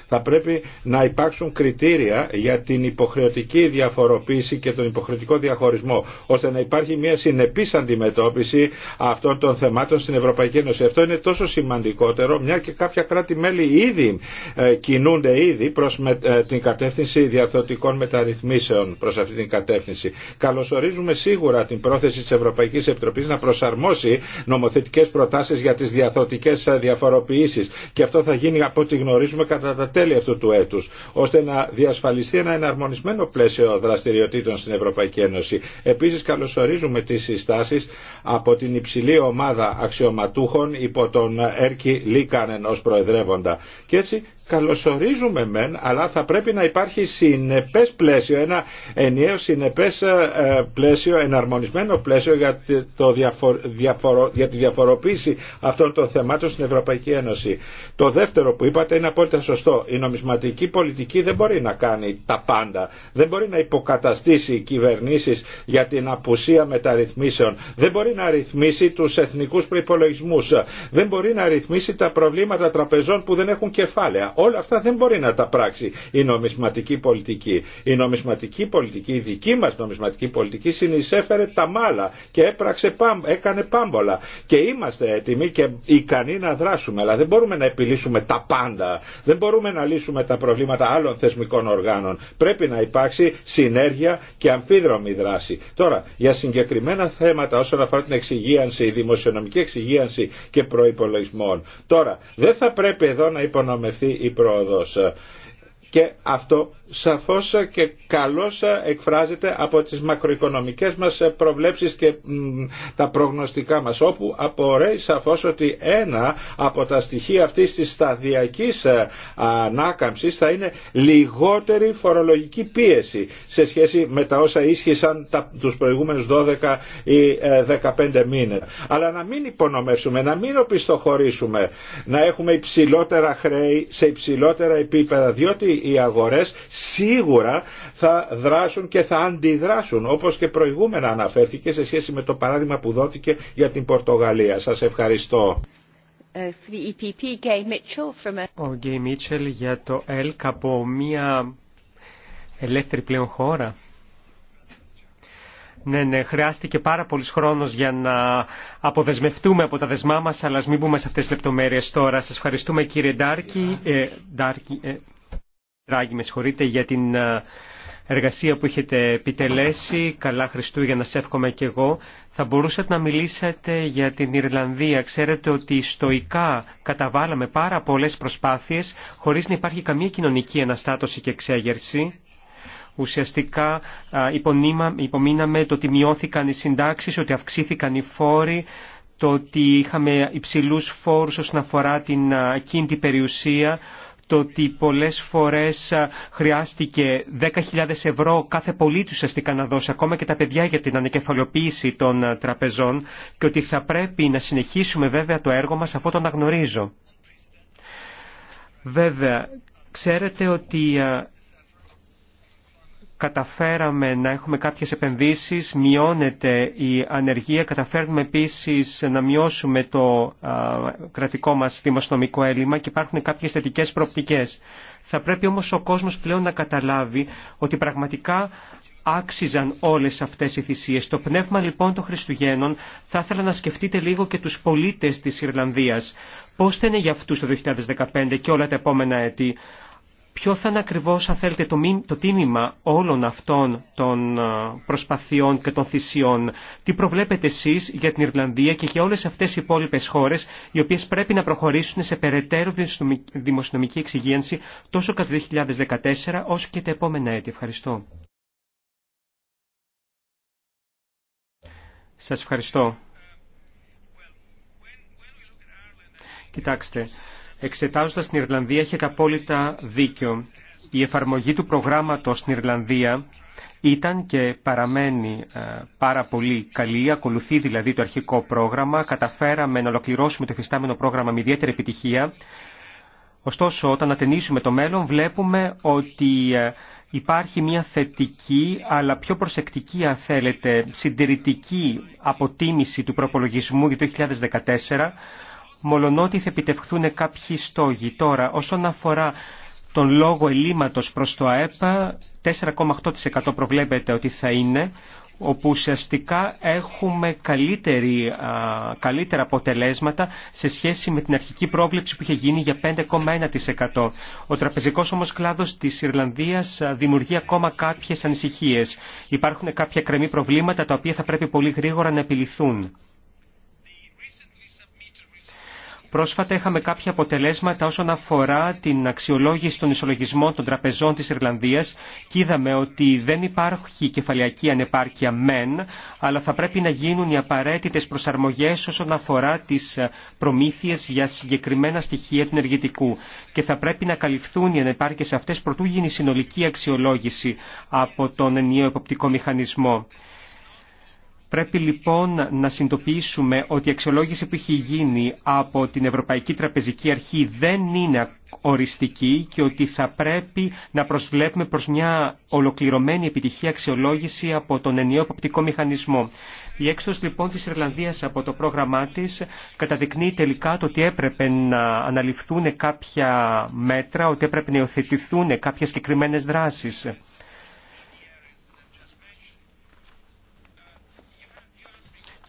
Θα πρέπει να υπάρξουν κριτήρια για την υποχρεωτική διαφοροποίηση και τον υποχρεωτικό διαχωρισμό ώστε να υπάρχει μια συνεπής αντιμετώπιση αυτών των θεμάτων στην Ευρωπαϊκή Ένωση. Αυτό είναι τόσο σημαντικότερο, μια και κάποια κράτη-μέλη ήδη ε, κινούνται ήδη προς ε, την κατεύθυνση διαθωτικών μεταρρυθμίσεων προς αυτή την κατεύθυνση. Καλωσορίζουμε σίγουρα την πρόθεση της Ευρωπαϊκής Επιτροπής να προσαρμόσει νομοθετικές προτάσεις για τις διαθωτικές ε, διαφοροποιήσεις και αυτό θα γίνει από ό,τι γνωρίζουμε κατά τα τέλη αυτού του έτους, ώστε να διασφαλιστεί ένα εναρμονισμένο πλαίσιο δραστηριοτήτων στην Ευρωπαϊκή Ένωση. Επίσης καλωσορίζουμε τις συστάσεις από την υψηλή ομάδα αξιωματούχων υπό τον Έρκη Λίκανεν ως προεδρεύοντα. Και έτσι καλωσορίζουμε μεν, αλλά θα πρέπει να υπάρχει συνεπές πλαίσιο, ένα ενιαίο συνεπές ε, ε, πλαίσιο, εναρμονισμένο πλαίσιο για, το για τη διαφοροποίηση αυτών των θεμάτων στην Ευρωπαϊκή Ένωση. Το δεύτερο που είπατε είναι απόλυτα σωστό. Η νομισματική πολιτική δεν μπορεί να κάνει τα πάντα. Δεν μπορεί να υποκαταστήσει κυβερνήσεις για την απουσία μεταρρυθμίσεων. Δεν μπορεί να ρυθμίσει τους εθνικούς προϋπολογισμούς. Δεν μπορεί να ρυθμίσει τα προβλήματα τραπεζών που δεν έχουν κεφάλαια Όλα αυτά δεν μπορεί να τα πράξει η νομισματική πολιτική. Η νομισματική πολιτική, η δική μας νομισματική πολιτική συνεισέφερε τα μάλα και έπραξε, έκανε πάμπολα. Και είμαστε έτοιμοι και ικανοί να δράσουμε, αλλά δεν μπορούμε να επιλύσουμε τα πάντα. Δεν μπορούμε να λύσουμε τα προβλήματα άλλων θεσμικών οργάνων. Πρέπει να υπάρξει συνέργεια και αμφίδρομη δράση. Τώρα, για συγκεκριμένα θέματα όσον αφορά την εξυγίανση, η δημοσιονομική εξυγίανση και προπολογισμών. Τώρα, δεν θα πρέπει εδώ να υπονομευθεί η πρόοδος. Και αυτό σαφώς και καλώς εκφράζεται από τις μακροοικονομικές μας προβλέψεις και τα προγνωστικά μας όπου απορρέει σαφώς ότι ένα από τα στοιχεία αυτής της σταδιακής ε, ανάκαμψης θα είναι λιγότερη φορολογική πίεση σε σχέση με τα όσα ίσχυσαν τα, τους προηγούμενους 12 ή 15 ε, μήνες. Αλλά να μην υπονομεύσουμε, να μην οπισθοχωρήσουμε, να έχουμε υψηλότερα χρέη σε υψηλότερα επίπεδα διότι οι αγορές σίγουρα θα δράσουν και θα αντιδράσουν όπως και προηγούμενα αναφέρθηκε σε σχέση με το παράδειγμα που δόθηκε για την Πορτογαλία. Σας ευχαριστώ. Ε, e Ο Γκέι Μίτσελ για το ΕΛΚ από μια ελεύθερη πλέον χώρα. Ναι, ναι, χρειάστηκε πάρα πολύς χρόνος για να αποδεσμευτούμε από τα δεσμά μας, αλλά μην μπούμε σε αυτές τις λεπτομέρειες τώρα. Σας ευχαριστούμε κύριε Ντάρκη. Ε, Ντάρκη ε, Δράγη, με συγχωρείτε για την ε, εργασία που έχετε επιτελέσει. Καλά Χριστούγεννα, σε εύχομαι και εγώ. Θα μπορούσατε να μιλήσετε για την Ιρλανδία. Ξέρετε ότι στοικά καταβάλαμε πάρα πολλές προσπάθειες χωρίς να υπάρχει καμία κοινωνική αναστάτωση και εξέγερση. Ουσιαστικά υπομείναμε το ότι μειώθηκαν οι συντάξεις, ότι αυξήθηκαν οι φόροι, το ότι είχαμε υψηλούς φόρους όσον αφορά την ακίνητη περιουσία, το ότι πολλές φορές χρειάστηκε 10.000 ευρώ κάθε πολίτη ουσιαστικά να δώσει ακόμα και τα παιδιά για την ανεκεφαλοποίηση των τραπεζών και ότι θα πρέπει να συνεχίσουμε βέβαια το έργο μας αφού το αναγνωρίζω. Βέβαια, ξέρετε ότι καταφέραμε να έχουμε κάποιες επενδύσεις, μειώνεται η ανεργία, καταφέρνουμε επίσης να μειώσουμε το κρατικό μας δημοσιονομικό έλλειμμα και υπάρχουν κάποιες θετικές προοπτικές. Θα πρέπει όμως ο κόσμος πλέον να καταλάβει ότι πραγματικά άξιζαν όλες αυτές οι θυσίες. Το πνεύμα λοιπόν των Χριστουγέννων θα ήθελα να σκεφτείτε λίγο και τους πολίτες της Ιρλανδίας. Πώς θα είναι για αυτούς το 2015 και όλα τα επόμενα έτη ποιο θα είναι ακριβώς, αν θέλετε, το, το τίμημα όλων αυτών των ε, προσπαθειών και των θυσιών. Τι προβλέπετε εσείς για την Ιρλανδία και για όλες αυτές οι υπόλοιπες χώρες, οι οποίες πρέπει να προχωρήσουν σε περαιτέρω δημοσιονομική εξυγίανση τόσο κατά το 2014 όσο και τα επόμενα έτη. Ευχαριστώ. Σας ευχαριστώ. Κοιτάξτε, Εξετάζοντας την Ιρλανδία έχετε απόλυτα δίκιο. Η εφαρμογή του προγράμματος στην Ιρλανδία ήταν και παραμένει ε, πάρα πολύ καλή, ακολουθεί δηλαδή το αρχικό πρόγραμμα, καταφέραμε να ολοκληρώσουμε το φυστάμενο πρόγραμμα με ιδιαίτερη επιτυχία. Ωστόσο, όταν ατενίσουμε το μέλλον, βλέπουμε ότι ε, υπάρχει μια θετική, αλλά πιο προσεκτική, αν θέλετε, συντηρητική αποτίμηση του προπολογισμού για το 2014, μολονότι θα επιτευχθούν κάποιοι στόχοι. Τώρα, όσον αφορά τον λόγο ελλείμματος προς το ΑΕΠΑ, 4,8% προβλέπεται ότι θα είναι, όπου ουσιαστικά έχουμε καλύτερη, καλύτερα αποτελέσματα σε σχέση με την αρχική πρόβλεψη που είχε γίνει για 5,1%. Ο τραπεζικός όμως κλάδος της Ιρλανδίας δημιουργεί ακόμα κάποιες ανησυχίες. Υπάρχουν κάποια κρεμή προβλήματα τα οποία θα πρέπει πολύ γρήγορα να επιληθούν. Πρόσφατα είχαμε κάποια αποτελέσματα όσον αφορά την αξιολόγηση των ισολογισμών των τραπεζών της Ιρλανδίας και είδαμε ότι δεν υπάρχει κεφαλιακή ανεπάρκεια μεν, αλλά θα πρέπει να γίνουν οι απαραίτητες προσαρμογές όσον αφορά τις ε, προμήθειες για συγκεκριμένα στοιχεία του ενεργητικού και θα πρέπει να καλυφθούν οι ανεπάρκειες αυτές προτού γίνει συνολική αξιολόγηση από τον ενιαίο εποπτικό μηχανισμό. Πρέπει λοιπόν να συνειδητοποιήσουμε ότι η αξιολόγηση που έχει γίνει από την Ευρωπαϊκή Τραπεζική Αρχή δεν είναι οριστική και ότι θα πρέπει να προσβλέπουμε προς μια ολοκληρωμένη επιτυχία αξιολόγηση από τον ενιαίο αποπτικό μηχανισμό. Η έξοδος λοιπόν της Ιρλανδίας από το πρόγραμμά της καταδεικνύει τελικά το ότι έπρεπε να αναλυφθούν κάποια μέτρα, ότι έπρεπε να υιοθετηθούν κάποιες συγκεκριμένε δράσεις.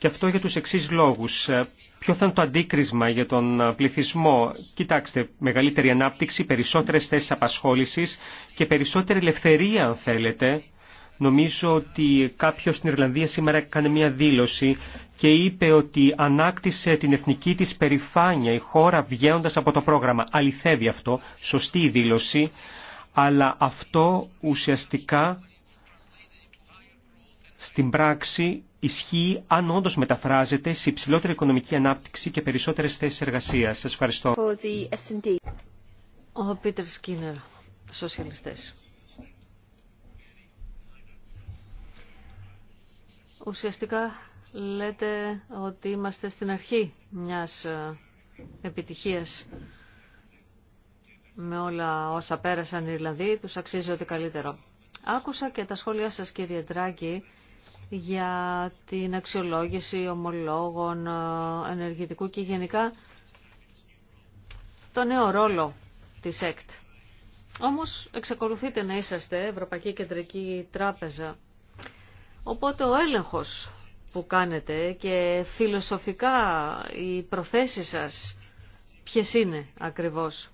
Και αυτό για τους εξής λόγους. Ε, ποιο θα είναι το αντίκρισμα για τον ε, πληθυσμό. Κοιτάξτε, μεγαλύτερη ανάπτυξη, περισσότερες θέσεις απασχόλησης και περισσότερη ελευθερία, αν θέλετε. Νομίζω ότι κάποιος στην Ιρλανδία σήμερα έκανε μια δήλωση και είπε ότι ανάκτησε την εθνική της περηφάνεια η χώρα βγαίνοντα από το πρόγραμμα. Αληθεύει αυτό, σωστή η δήλωση, αλλά αυτό ουσιαστικά στην πράξη ισχύει αν όντω μεταφράζεται σε υψηλότερη οικονομική ανάπτυξη και περισσότερε θέσει εργασία. Σα ευχαριστώ. Ο Πίτερ Σκίνερ, σοσιαλιστέ. Ουσιαστικά λέτε ότι είμαστε στην αρχή μιας ε, επιτυχίας με όλα όσα πέρασαν οι Ιρλανδοί, τους αξίζει ότι καλύτερο. Άκουσα και τα σχόλιά σας κύριε Τράγκη για την αξιολόγηση ομολόγων ε, ενεργητικού και γενικά το νέο ρόλο της ΕΚΤ. Όμως εξακολουθείτε να είσαστε Ευρωπαϊκή Κεντρική Τράπεζα. Οπότε ο έλεγχος που κάνετε και φιλοσοφικά οι προθέσεις σας ποιες είναι ακριβώς.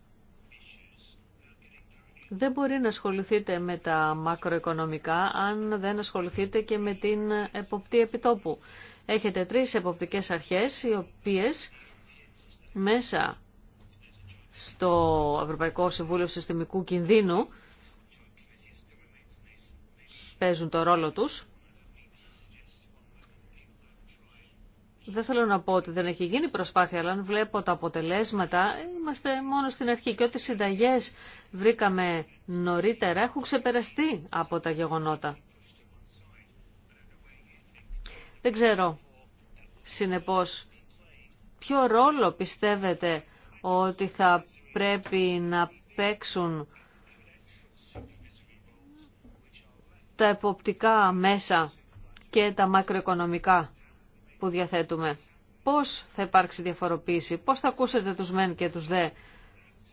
Δεν μπορεί να ασχοληθείτε με τα μακροοικονομικά αν δεν ασχοληθείτε και με την εποπτή επιτόπου. Έχετε τρεις εποπτικές αρχές οι οποίες μέσα στο Ευρωπαϊκό Συμβούλιο Συστημικού Κινδύνου παίζουν το ρόλο τους Δεν θέλω να πω ότι δεν έχει γίνει προσπάθεια, αλλά αν βλέπω τα αποτελέσματα, είμαστε μόνο στην αρχή και ό,τι συνταγές βρήκαμε νωρίτερα έχουν ξεπεραστεί από τα γεγονότα. Δεν ξέρω, συνεπώς, ποιο ρόλο πιστεύετε ότι θα πρέπει να παίξουν τα εποπτικά μέσα και τα μακροοικονομικά που διαθέτουμε. Πώς θα υπάρξει διαφοροποίηση, πώς θα ακούσετε τους μεν και τους δε,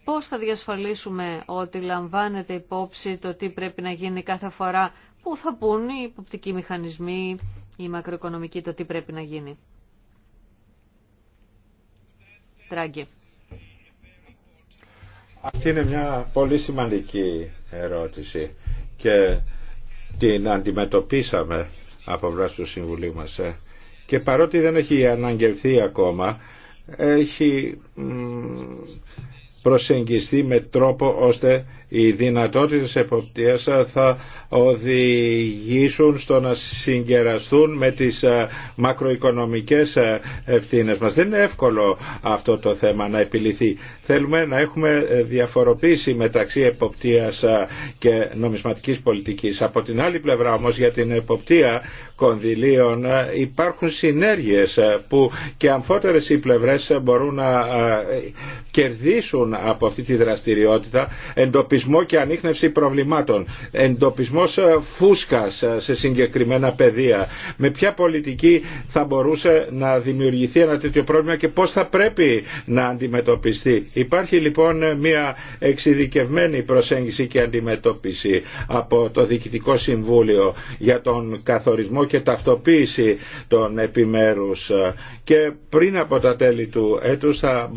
πώς θα διασφαλίσουμε ότι λαμβάνετε υπόψη το τι πρέπει να γίνει κάθε φορά, που θα πούν οι υποπτικοί μηχανισμοί, οι μακροοικονομικοί, το τι πρέπει να γίνει. Τράγκη. Αυτή είναι μια πολύ σημαντική ερώτηση και την αντιμετωπίσαμε από βράση του Συμβουλίου μας. Ε και παρότι δεν έχει αναγγελθεί ακόμα έχει προσεγγιστεί με τρόπο ώστε οι δυνατότητες εποπτείας θα οδηγήσουν στο να συγκεραστούν με τις ε, μακροοικονομικές ε, ευθύνες μας. Δεν είναι εύκολο αυτό το θέμα να επιληθεί. Θέλουμε να έχουμε ε, διαφοροποίηση μεταξύ εποπτείας και νομισματικής πολιτικής. Από την άλλη πλευρά όμως για την εποπτεία κονδυλίων υπάρχουν συνέργειες που και αμφότερες οι πλευρές μπορούν να κερδίσουν από αυτή τη δραστηριότητα εντοπισμό και ανείχνευση προβλημάτων, εντοπισμός ε, φούσκας ε, σε συγκεκριμένα πεδία. Με ποια πολιτική θα μπορούσε να δημιουργηθεί ένα τέτοιο πρόβλημα και πώς θα πρέπει να αντιμετωπιστεί. Υπάρχει λοιπόν μια εξειδικευμένη προσέγγιση και αντιμετώπιση από το Διοικητικό Συμβούλιο για τον καθορισμό και ταυτοποίηση των επιμέρους ε, και πριν από τα τέλη του έτους θα,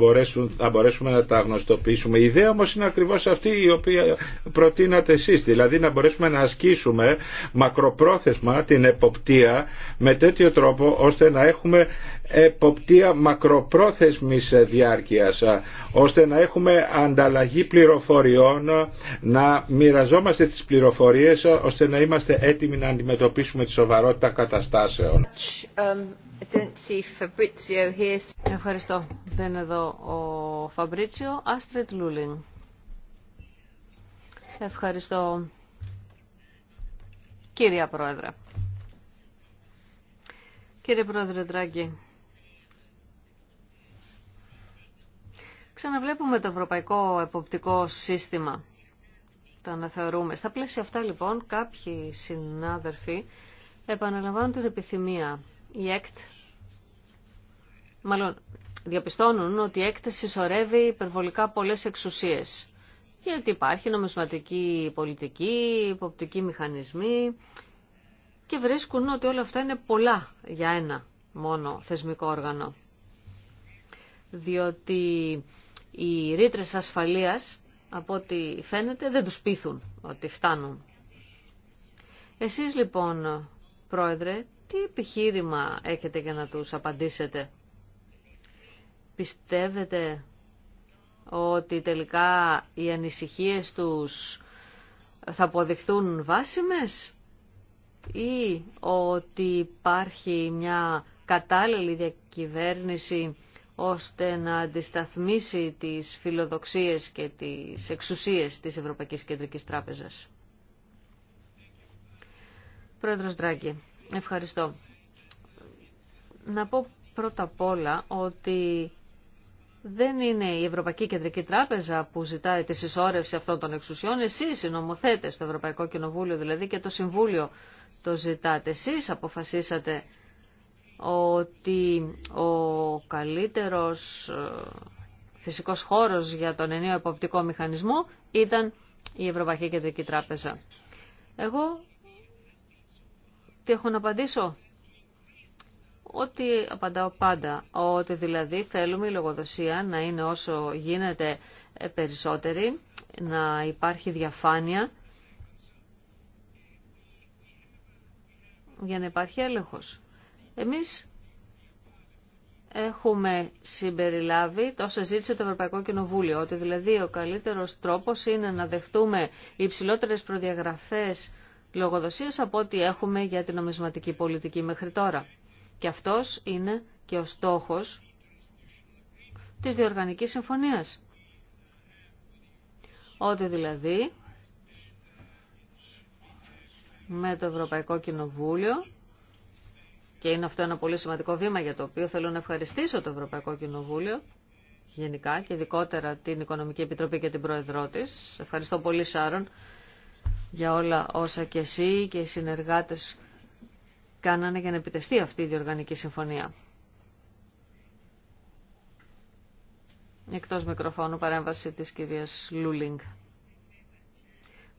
μπορέσουμε να τα γνωστοποιήσουμε. Η ιδέα όμως είναι ακριβώς αυτή η οποία προτείνατε εσείς, δηλαδή να μπορέσουμε να ασκήσουμε μακροπρόθεσμα την εποπτεία με τέτοιο τρόπο ώστε να έχουμε εποπτεία μακροπρόθεσμης διάρκειας ώστε να έχουμε ανταλλαγή πληροφοριών να μοιραζόμαστε τις πληροφορίες ώστε να είμαστε έτοιμοι να αντιμετωπίσουμε τη σοβαρότητα καταστάσεων. Ευχαριστώ. Δεν είναι εδώ ο Φαμπρίτσιο. Άστριτ Λούλιν. Ευχαριστώ. Κύρια Πρόεδρε. Κύριε Πρόεδρε Τράγκη, Ξαναβλέπουμε το ευρωπαϊκό εποπτικό σύστημα. Τα αναθεωρούμε. Στα πλαίσια αυτά λοιπόν κάποιοι συνάδελφοι επαναλαμβάνουν την επιθυμία. Η ΕΚΤ, μάλλον διαπιστώνουν ότι η ΕΚΤ συσσωρεύει υπερβολικά πολλές εξουσίες. Γιατί υπάρχει νομισματική πολιτική, υποπτική μηχανισμοί και βρίσκουν ότι όλα αυτά είναι πολλά για ένα μόνο θεσμικό όργανο. Διότι οι ρήτρε ασφαλείας, από ό,τι φαίνεται, δεν τους πείθουν ότι φτάνουν. Εσείς λοιπόν, Πρόεδρε, τι επιχείρημα έχετε για να τους απαντήσετε. Πιστεύετε ότι τελικά οι ανησυχίες τους θα αποδειχθούν βάσιμες ή ότι υπάρχει μια κατάλληλη διακυβέρνηση ώστε να αντισταθμίσει τις φιλοδοξίες και τις εξουσίες της Ευρωπαϊκής Κεντρικής Τράπεζας. Πρόεδρος Δράγκη, ευχαριστώ. Να πω πρώτα απ' όλα ότι δεν είναι η Ευρωπαϊκή Κεντρική Τράπεζα που ζητάει τη συσσόρευση αυτών των εξουσιών. Εσείς οι νομοθέτες, το Ευρωπαϊκό Κοινοβούλιο δηλαδή και το Συμβούλιο το ζητάτε. Εσείς αποφασίσατε ότι ο καλύτερος ε, φυσικός χώρος για τον ενίο εποπτικό μηχανισμό ήταν η Ευρωπαϊκή Κεντρική Τράπεζα. Εγώ τι έχω να απαντήσω. Ότι απαντάω πάντα. Ότι δηλαδή θέλουμε η λογοδοσία να είναι όσο γίνεται ε, περισσότερη, να υπάρχει διαφάνεια για να υπάρχει έλεγχος. Εμείς έχουμε συμπεριλάβει τόσο ζήτησε το Ευρωπαϊκό Κοινοβούλιο, ότι δηλαδή ο καλύτερος τρόπος είναι να δεχτούμε υψηλότερες προδιαγραφές λογοδοσίας από ό,τι έχουμε για την νομισματική πολιτική μέχρι τώρα. Και αυτός είναι και ο στόχος της διοργανικής συμφωνίας. Ότι δηλαδή με το Ευρωπαϊκό Κοινοβούλιο και είναι αυτό ένα πολύ σημαντικό βήμα για το οποίο θέλω να ευχαριστήσω το Ευρωπαϊκό Κοινοβούλιο γενικά και ειδικότερα την Οικονομική Επιτροπή και την Πρόεδρό τη. Ευχαριστώ πολύ Σάρων, για όλα όσα και εσύ και οι συνεργάτε κάνανε για να επιτευχθεί αυτή η διοργανική συμφωνία. Εκτός μικροφώνου παρέμβαση της κυρίας Λούλινγκ.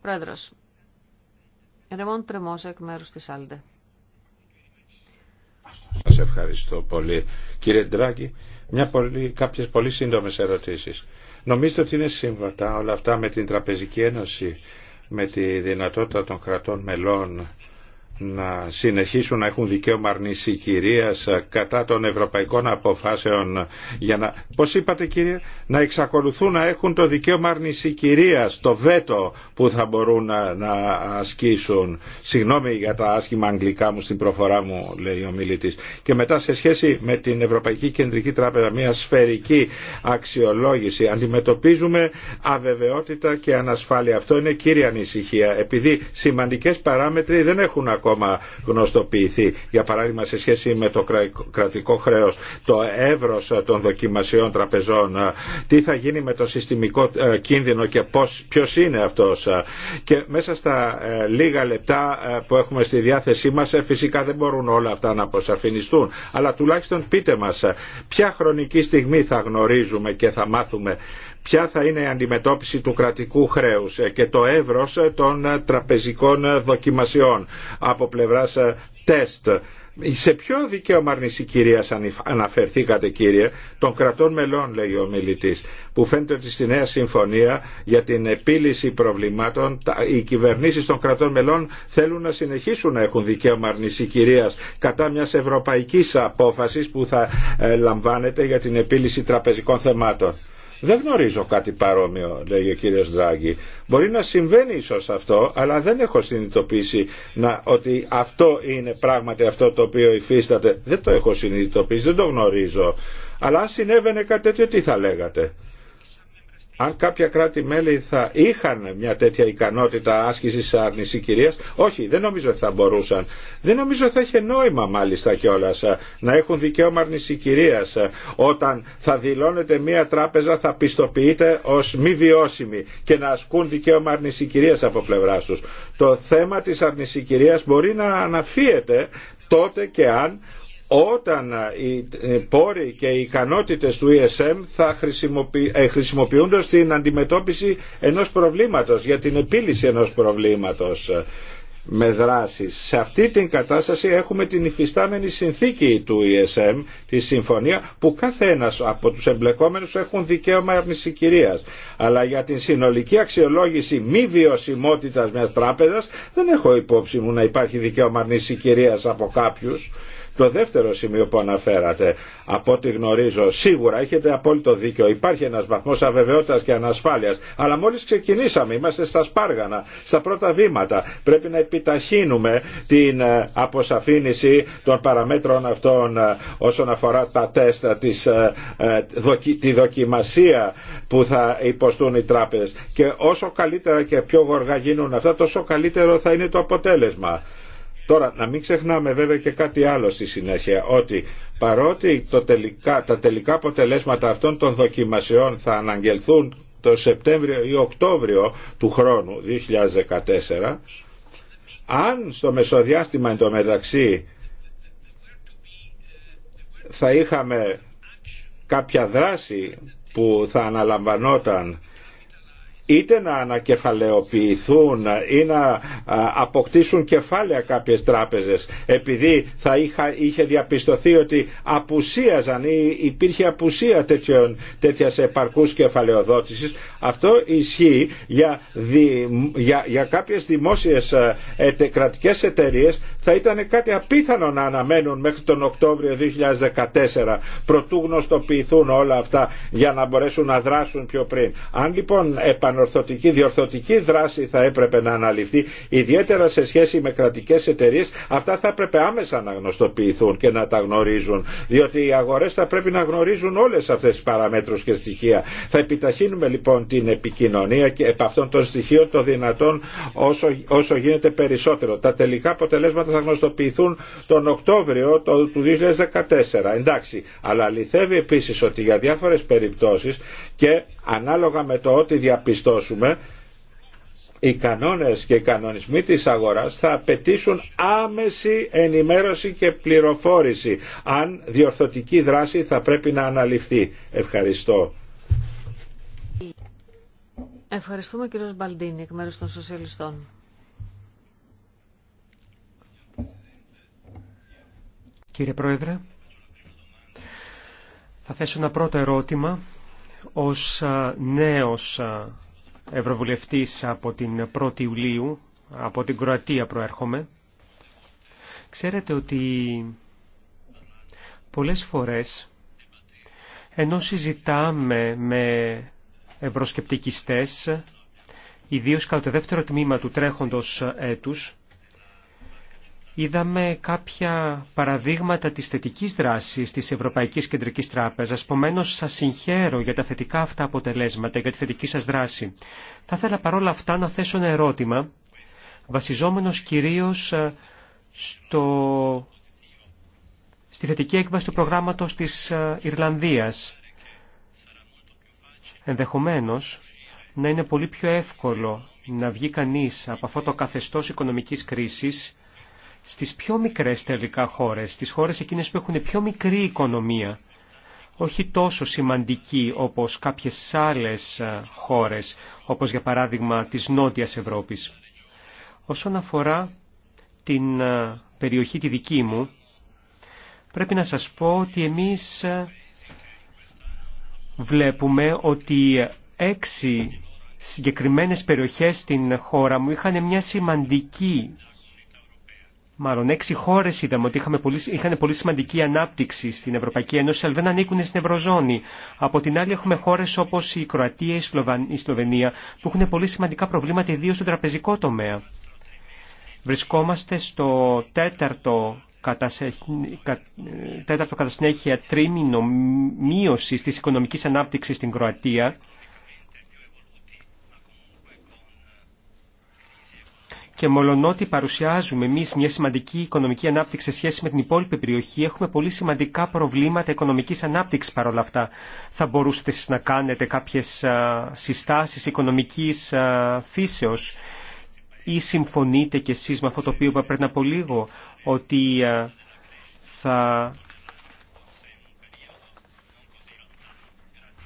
Πρόεδρος, Ρεμόν Τρεμόζα εκ μέρους της Άλντε. Σας ευχαριστώ πολύ. Κύριε Ντράγκη, μια πολύ, κάποιες πολύ σύντομες ερωτήσεις. Νομίζετε ότι είναι σύμβατα όλα αυτά με την Τραπεζική Ένωση, με τη δυνατότητα των κρατών μελών να συνεχίσουν να έχουν δικαίωμα αρνησή ε, κατά των ευρωπαϊκών αποφάσεων για να, πώς είπατε κύριε, να εξακολουθούν να έχουν το δικαίωμα αρνησή το βέτο που θα μπορούν να, να ασκήσουν. Συγγνώμη για τα άσχημα αγγλικά μου στην προφορά μου, λέει ο μιλητής. Και μετά σε σχέση με την Ευρωπαϊκή Κεντρική Τράπεζα, μια σφαιρική αξιολόγηση, αντιμετωπίζουμε αβεβαιότητα και ανασφάλεια. Αυτό είναι κύρια ανησυχία, επειδή σημαντικές παράμετροι δεν έχουν ακόμα ακόμα γνωστοποιηθεί. Για παράδειγμα σε σχέση με το κρατικό χρέο, το εύρο των δοκιμασιών τραπεζών, ε, τι θα γίνει με το συστημικό ε, κίνδυνο και ποιο είναι αυτό. Ε. Και μέσα στα λίγα λεπτά που έχουμε στη διάθεσή μα, φυσικά δεν μπορούν όλα αυτά να αποσαφινιστούν. Αλλά τουλάχιστον πείτε μα ποια χρονική στιγμή θα γνωρίζουμε και θα μάθουμε ποια θα είναι η αντιμετώπιση του κρατικού χρέους ε, και το εύρος ε, των ε, τραπεζικών δοκιμασιών από πλευράς τεστ. Σε ποιο δικαίωμα αρνησή κυρίας αναφερθήκατε κύριε, των κρατών μελών λέει ο μιλητής, που φαίνεται ότι στη νέα συμφωνία για την επίλυση προβλημάτων οι κυβερνήσεις των κρατών μελών θέλουν να συνεχίσουν να έχουν δικαίωμα αρνησή κυρίας κατά μιας ευρωπαϊκής απόφασης που θα λαμβάνεται για την επίλυση τραπεζικών θεμάτων. Δεν γνωρίζω κάτι παρόμοιο, λέει ο κύριος Δράγκη. Μπορεί να συμβαίνει ίσως αυτό, αλλά δεν έχω συνειδητοποιήσει να, ότι αυτό είναι πράγματι αυτό το οποίο υφίσταται. Δεν το έχω συνειδητοποιήσει, δεν το γνωρίζω. Αλλά αν συνέβαινε κάτι τέτοιο, τι θα λέγατε αν κάποια κράτη-μέλη θα είχαν μια τέτοια ικανότητα άσκησης άρνηση όχι, δεν νομίζω ότι θα μπορούσαν. Δεν νομίζω ότι θα είχε νόημα μάλιστα κιόλα να έχουν δικαίωμα άρνηση όταν θα δηλώνεται μια τράπεζα θα πιστοποιείται ως μη βιώσιμη και να ασκούν δικαίωμα άρνηση από πλευρά τους. Το θέμα της άρνηση μπορεί να αναφύεται τότε και αν όταν ε, οι ε, πόροι και οι ικανότητες του ESM θα ε, χρησιμοποιούνται στην αντιμετώπιση ενός προβλήματος, για την επίλυση ενός προβλήματος με δράσεις. Σε αυτή την κατάσταση έχουμε την υφιστάμενη συνθήκη του ESM, τη συμφωνία, που κάθε ένας από τους εμπλεκόμενους έχουν δικαίωμα αρνησικυρίας. Αλλά για την συνολική αξιολόγηση μη βιωσιμότητας μιας τράπεζας δεν έχω υπόψη μου να υπάρχει δικαίωμα αρνησικυρίας από κάποιους. Το δεύτερο σημείο που αναφέρατε, από ό,τι γνωρίζω, σίγουρα έχετε απόλυτο δίκιο. Υπάρχει ένα βαθμό αβεβαιότητα και ανασφάλεια. Αλλά μόλι ξεκινήσαμε, είμαστε στα σπάργανα, στα πρώτα βήματα. Πρέπει να επιταχύνουμε την ε, αποσαφήνιση των παραμέτρων αυτών ε, όσον αφορά τα τεστ, ε, τη δοκιμασία που θα υποστούν οι τράπεζε. Και όσο καλύτερα και πιο γοργά γίνουν αυτά, τόσο καλύτερο θα είναι το αποτέλεσμα. Τώρα να μην ξεχνάμε βέβαια και κάτι άλλο στη συνέχεια ότι παρότι το τελικά, τα τελικά αποτελέσματα αυτών των δοκιμασιών θα αναγγελθούν το Σεπτέμβριο ή Οκτώβριο του χρόνου 2014 αν στο μεσοδιάστημα εντωμεταξύ θα είχαμε κάποια δράση που θα αναλαμβανόταν είτε να ανακεφαλαιοποιηθούν ή να αποκτήσουν κεφάλαια κάποιες τράπεζες επειδή θα είχα, είχε διαπιστωθεί ότι απουσίαζαν ή υπήρχε απουσία τέτοιων, τέτοιας επαρκούς κεφαλαιοδότησης αυτό ισχύει για, δι, για, για κάποιες δημόσιες κρατικές εταιρείες θα ήταν κάτι απίθανο να αναμένουν μέχρι τον Οκτώβριο 2014 προτού γνωστοποιηθούν όλα αυτά για να μπορέσουν να δράσουν πιο πριν. Αν λοιπόν διορθωτική δράση θα έπρεπε να αναλυφθεί, ιδιαίτερα σε σχέση με κρατικές εταιρείες, αυτά θα έπρεπε άμεσα να γνωστοποιηθούν και να τα γνωρίζουν, διότι οι αγορές θα πρέπει να γνωρίζουν όλες αυτές τις παραμέτρους και στοιχεία. Θα επιταχύνουμε λοιπόν την επικοινωνία και επ' αυτών των στοιχείων το δυνατόν όσο, όσο γίνεται περισσότερο. Τα τελικά αποτελέσματα θα γνωστοποιηθούν τον Οκτώβριο του 2014. Εντάξει, αλλά αληθεύει επίσης ότι για διάφορες περιπτώσεις και ανάλογα με το ότι διαπιστώσουμε οι κανόνες και οι κανονισμοί της αγοράς θα απαιτήσουν άμεση ενημέρωση και πληροφόρηση αν διορθωτική δράση θα πρέπει να αναλυφθεί. Ευχαριστώ. Ευχαριστούμε κύριο Μπαλντίνη εκ μέρους των Σοσιαλιστών. Κύριε Πρόεδρε, θα θέσω ένα πρώτο ερώτημα ως νέος Ευρωβουλευτής από την 1η Ιουλίου, από την Κροατία προέρχομαι, ξέρετε ότι πολλές φορές ενώ συζητάμε με ευρωσκεπτικιστές, ιδίως κατά το δεύτερο τμήμα του τρέχοντος έτους, είδαμε κάποια παραδείγματα της θετικής δράσης της Ευρωπαϊκής Κεντρικής Τράπεζας. Πομένως σας συγχαίρω για τα θετικά αυτά αποτελέσματα, για τη θετική σας δράση. Θα ήθελα παρόλα αυτά να θέσω ένα ερώτημα, βασιζόμενος κυρίως ε, στο... στη θετική έκβαση του προγράμματος της ε, Ιρλανδίας. Ενδεχομένως να είναι πολύ πιο εύκολο να βγει κανείς από αυτό το καθεστώς οικονομικής κρίσης στις πιο μικρές τελικά χώρες, στις χώρες εκείνες που έχουν πιο μικρή οικονομία, όχι τόσο σημαντική όπως κάποιες άλλες ε, χώρες, όπως για παράδειγμα της Νότιας Ευρώπης. Όσον αφορά την ε, περιοχή τη δική μου, πρέπει να σας πω ότι εμείς ε, βλέπουμε ότι έξι συγκεκριμένες περιοχές στην χώρα μου είχαν μια σημαντική Μάλλον έξι χώρες είδαμε ότι πολύ, είχαν πολύ σημαντική ανάπτυξη στην Ευρωπαϊκή Ένωση, αλλά δεν ανήκουν στην Ευρωζώνη. Από την άλλη έχουμε χώρες όπως η Κροατία, η, η Σλοβενία, που έχουν πολύ σημαντικά προβλήματα, ιδίως στον τραπεζικό τομέα. Βρισκόμαστε στο τέταρτο κατά, τέταρτο κατά συνέχεια τρίμηνο μείωση της οικονομικής ανάπτυξης στην Κροατία και μολονότι παρουσιάζουμε εμεί μια σημαντική οικονομική ανάπτυξη σε σχέση με την υπόλοιπη περιοχή, έχουμε πολύ σημαντικά προβλήματα οικονομική ανάπτυξη παρόλα αυτά. Θα μπορούσατε να κάνετε κάποιε συστάσει οικονομική φύσεω ή συμφωνείτε κι εσεί με αυτό το οποίο είπα πριν από λίγο, ότι θα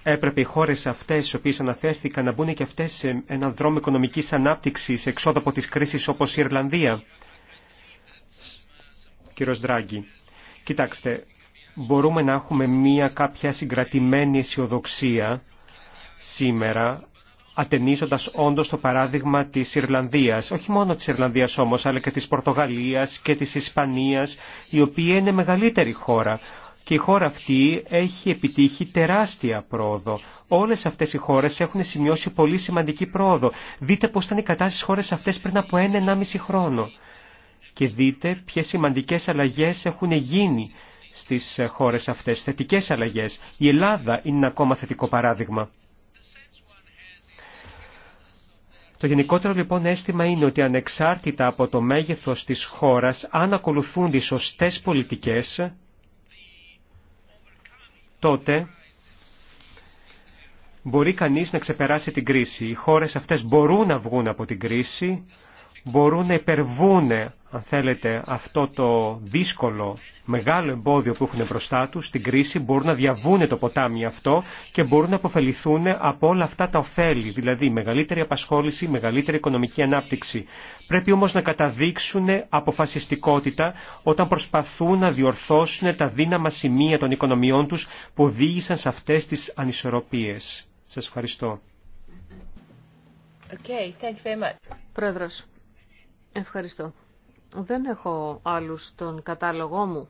έπρεπε οι χώρες αυτές, οι οποίες αναφέρθηκαν, να μπουν και αυτές σε έναν δρόμο οικονομικής ανάπτυξης εξόδου από τις κρίσεις όπως η Ιρλανδία. Κύριος Δράγκη, κοιτάξτε, μπορούμε να έχουμε μία κάποια συγκρατημένη αισιοδοξία σήμερα, ατενίζοντας όντως το παράδειγμα της Ιρλανδίας, όχι μόνο της Ιρλανδίας όμως, αλλά και της Πορτογαλίας και της Ισπανίας, η οποία είναι μεγαλύτερη χώρα και η χώρα αυτή έχει επιτύχει τεράστια πρόοδο. Όλες αυτές οι χώρες έχουν σημειώσει πολύ σημαντική πρόοδο. Δείτε πώς ήταν η κατάσταση στις χώρες αυτές πριν από ένα-ενάμιση χρόνο. Και δείτε ποιες σημαντικές αλλαγές έχουν γίνει στις χώρες αυτές, θετικές αλλαγές. Η Ελλάδα είναι ένα ακόμα θετικό παράδειγμα. Το γενικότερο λοιπόν αίσθημα είναι ότι ανεξάρτητα από το μέγεθος της χώρας, αν ακολουθούν τις σωστές πολιτικές, τότε μπορεί κανείς να ξεπεράσει την κρίση. Οι χώρες αυτές μπορούν να βγουν από την κρίση μπορούν να υπερβούν, αν θέλετε, αυτό το δύσκολο μεγάλο εμπόδιο που έχουν μπροστά του, στην κρίση, μπορούν να διαβούν το ποτάμι αυτό και μπορούν να αποφεληθούν από όλα αυτά τα ωφέλη, δηλαδή μεγαλύτερη απασχόληση, μεγαλύτερη οικονομική ανάπτυξη. Πρέπει όμω να καταδείξουν αποφασιστικότητα όταν προσπαθούν να διορθώσουν τα δύναμα σημεία των οικονομιών του που οδήγησαν σε αυτέ τι ανισορροπίε. Σα ευχαριστώ. Okay, thank you very much. Πρόεδρος, Ευχαριστώ. Δεν έχω άλλους στον κατάλογό μου.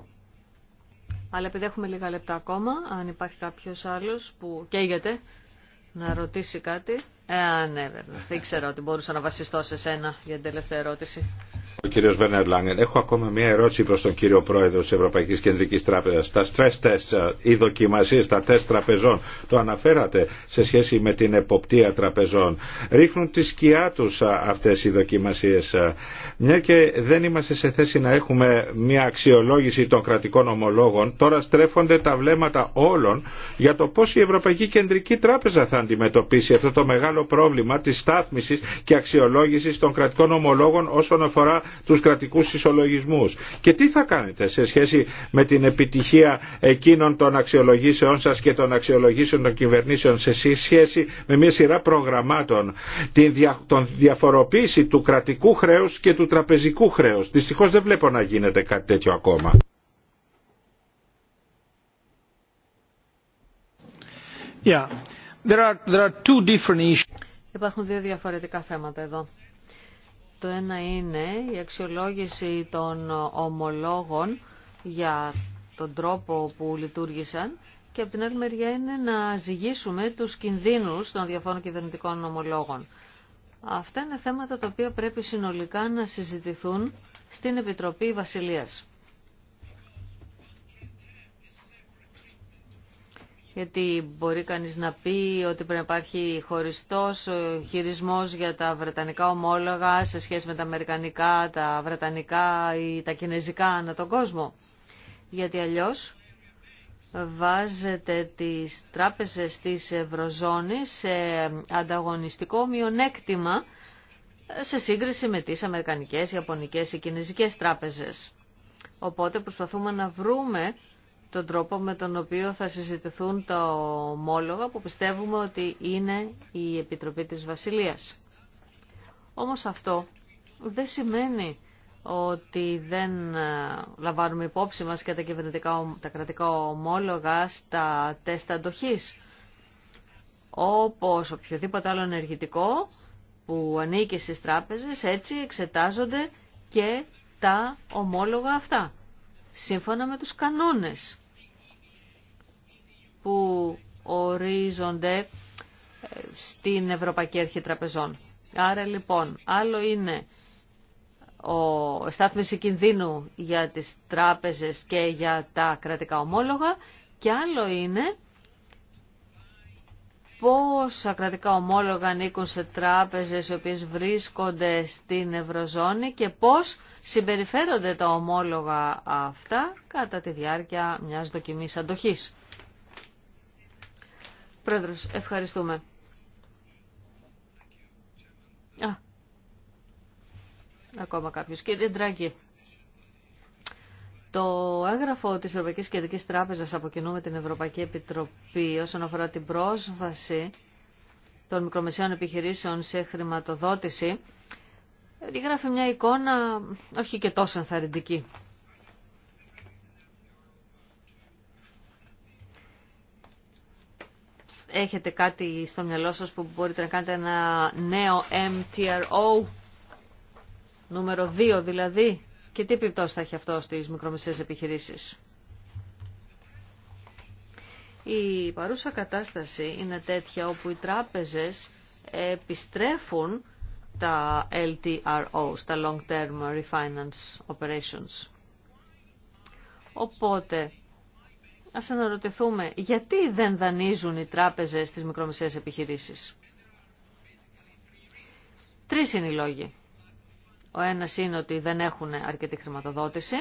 Αλλά επειδή έχουμε λίγα λεπτά ακόμα, αν υπάρχει κάποιος άλλος που καίγεται να ρωτήσει κάτι. Ε, ναι, βέβαια. Δεν ξέρω ότι μπορούσα να βασιστώ σε σένα για την τελευταία ερώτηση. Ο κύριο Βέρνερ Λάγκεν, έχω ακόμα μια ερώτηση προ τον κύριο Πρόεδρο τη Ευρωπαϊκή Κεντρική Τράπεζα, Τα stress tests, οι δοκιμασίε, τα τεστ τραπεζών, το αναφέρατε σε σχέση με την εποπτεία τραπεζών. Ρίχνουν τη σκιά του αυτέ οι δοκιμασίε Μια και δεν είμαστε σε θέση να έχουμε μια αξιολόγηση των κρατικών ομολόγων, τώρα στρέφονται τα βλέμματα όλων για το πώς η Ευρωπαϊκή Κεντρική Τράπεζα θα αντιμετωπίσει αυτό το μεγάλο πρόβλημα τη στάθμισης και αξιολόγηση των κρατικών ομολόγων όσον αφορά τους κρατικούς ισολογισμούς. Και τι θα κάνετε σε σχέση με την επιτυχία εκείνων των αξιολογήσεών σας και των αξιολογήσεων των κυβερνήσεων σε σχέση με μια σειρά προγραμμάτων, την τον διαφοροποίηση του κρατικού χρέους και του τραπεζικού χρέους. Δυστυχώς δεν βλέπω να γίνεται κάτι τέτοιο ακόμα. Yeah. Υπάρχουν δύο διαφορετικά θέματα εδώ. Το ένα είναι η αξιολόγηση των ομολόγων για τον τρόπο που λειτουργήσαν και από την άλλη μεριά είναι να ζυγίσουμε τους κινδύνους των διαφόρων κυβερνητικών ομολόγων. Αυτά είναι θέματα τα οποία πρέπει συνολικά να συζητηθούν στην Επιτροπή Βασιλείας. γιατί μπορεί κανείς να πει ότι πρέπει να υπάρχει χωριστός ε, χειρισμός για τα βρετανικά ομόλογα σε σχέση με τα αμερικανικά, τα βρετανικά ή τα κινέζικα ανά τον κόσμο. Γιατί αλλιώς βάζετε τις τράπεζες της Ευρωζώνης σε ανταγωνιστικό μειονέκτημα σε σύγκριση με τις αμερικανικές, ιαπωνικές ή κινέζικες τράπεζες. Οπότε προσπαθούμε να βρούμε τον τρόπο με τον οποίο θα συζητηθούν τα ομόλογα που πιστεύουμε ότι είναι η Επιτροπή της Βασιλείας. Όμως αυτό δεν σημαίνει ότι δεν ε, λαμβάνουμε υπόψη μας και τα, κυβερνητικά, τα κρατικά ομόλογα στα τεστ αντοχής. Όπως οποιοδήποτε άλλο ενεργητικό που ανήκει στις τράπεζες, έτσι εξετάζονται και τα ομόλογα αυτά, σύμφωνα με τους κανόνες που ορίζονται ε, στην Ευρωπαϊκή Αρχή Τραπεζών. Άρα λοιπόν, άλλο είναι ο στάθμιση κινδύνου για τις τράπεζες και για τα κρατικά ομόλογα και άλλο είναι πόσα κρατικά ομόλογα ανήκουν σε τράπεζες οι οποίες βρίσκονται στην Ευρωζώνη και πώς συμπεριφέρονται τα ομόλογα αυτά κατά τη διάρκεια μιας δοκιμής αντοχής. Πρόεδρος, ευχαριστούμε. Α, ακόμα κάποιος. Κύριε Ντράγκη, το έγγραφο της Ευρωπαϊκής Κεντρικής Τράπεζας από κοινού με την Ευρωπαϊκή Επιτροπή όσον αφορά την πρόσβαση των μικρομεσαίων επιχειρήσεων σε χρηματοδότηση, γράφει μια εικόνα όχι και τόσο ενθαρρυντική. έχετε κάτι στο μυαλό σας που μπορείτε να κάνετε ένα νέο MTRO, νούμερο 2 δηλαδή, και τι επιπτώσει θα έχει αυτό στις μικρομεσαίες επιχειρήσεις. Η παρούσα κατάσταση είναι τέτοια όπου οι τράπεζες επιστρέφουν τα LTRO, τα Long Term Refinance Operations. Οπότε, Ας αναρωτηθούμε γιατί δεν δανείζουν οι τράπεζες στις μικρομεσαίες επιχειρήσεις. Τρεις είναι οι λόγοι. Ο ένας είναι ότι δεν έχουν αρκετή χρηματοδότηση,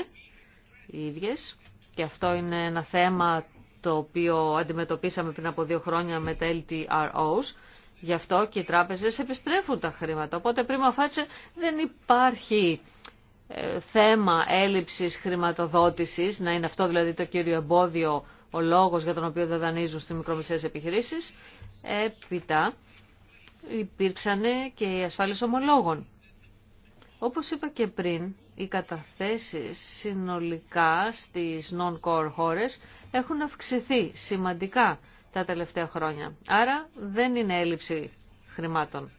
οι ίδιες, και αυτό είναι ένα θέμα το οποίο αντιμετωπίσαμε πριν από δύο χρόνια με τα LTROs, γι' αυτό και οι τράπεζες επιστρέφουν τα χρήματα. Οπότε πριν φάτσε δεν υπάρχει ε, θέμα έλλειψης χρηματοδότησης, να είναι αυτό δηλαδή το κύριο εμπόδιο, ο λόγος για τον οποίο δεν δανείζουν στις μικρομεσαίες επιχειρήσεις, έπειτα υπήρξαν και οι ασφάλειες ομολόγων. Όπως είπα και πριν, οι καταθέσεις συνολικά στις non-core χώρες έχουν αυξηθεί σημαντικά τα τελευταία χρόνια. Άρα δεν είναι έλλειψη χρημάτων.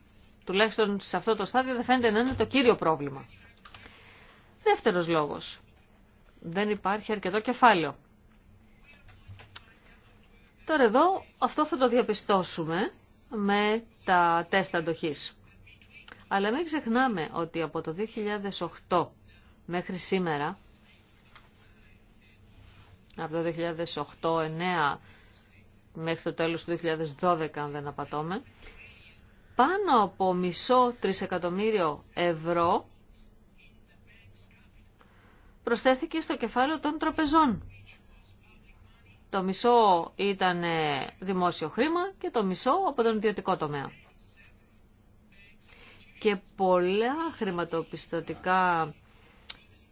Τουλάχιστον σε αυτό το στάδιο δεν φαίνεται να είναι το κύριο πρόβλημα. Δεύτερος λόγος. Δεν υπάρχει αρκετό κεφάλαιο. Τώρα εδώ αυτό θα το διαπιστώσουμε με τα τεστ αντοχής. Αλλά μην ξεχνάμε ότι από το 2008 μέχρι σήμερα, από το 2008-2009 μέχρι το τέλος του 2012 αν δεν απατώμε, πάνω από μισό τρισεκατομμύριο ευρώ προσθέθηκε στο κεφάλαιο των τραπεζών. Το μισό ήταν ε, δημόσιο χρήμα και το μισό από τον ιδιωτικό τομέα. Και πολλά χρηματοπιστωτικά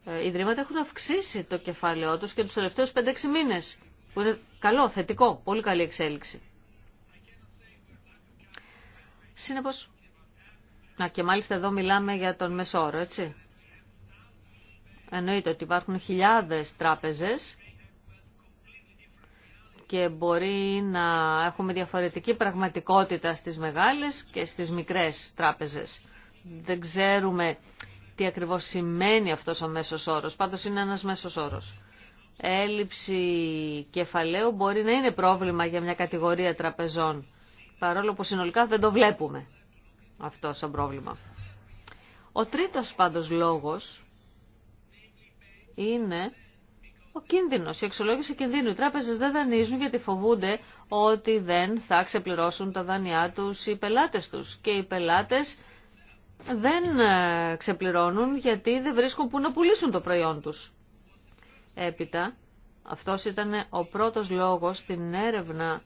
ε, ιδρύματα έχουν αυξήσει το κεφάλαιό τους και τους τελευταίους 5-6 μήνες, που είναι καλό, θετικό, πολύ καλή εξέλιξη. Συνεπώς, να και μάλιστα εδώ μιλάμε για τον μεσόρο, έτσι. Εννοείται ότι υπάρχουν χιλιάδες τράπεζες και μπορεί να έχουμε διαφορετική πραγματικότητα στις μεγάλες και στις μικρές τράπεζες. Δεν ξέρουμε τι ακριβώς σημαίνει αυτός ο μέσος όρος, πάντως είναι ένας μέσος όρος. Έλλειψη κεφαλαίου μπορεί να είναι πρόβλημα για μια κατηγορία τραπεζών, παρόλο που συνολικά δεν το βλέπουμε αυτό σαν πρόβλημα. Ο τρίτος πάντως λόγος είναι ο κίνδυνο, η εξολόγηση κινδύνου. Οι τράπεζε δεν δανείζουν γιατί φοβούνται ότι δεν θα ξεπληρώσουν τα δάνειά τους οι πελάτες τους. Και οι πελάτες δεν ε, ξεπληρώνουν γιατί δεν βρίσκουν που να πουλήσουν το προϊόν τους. Έπειτα, αυτός ήταν ο πρώτος λόγος στην έρευνα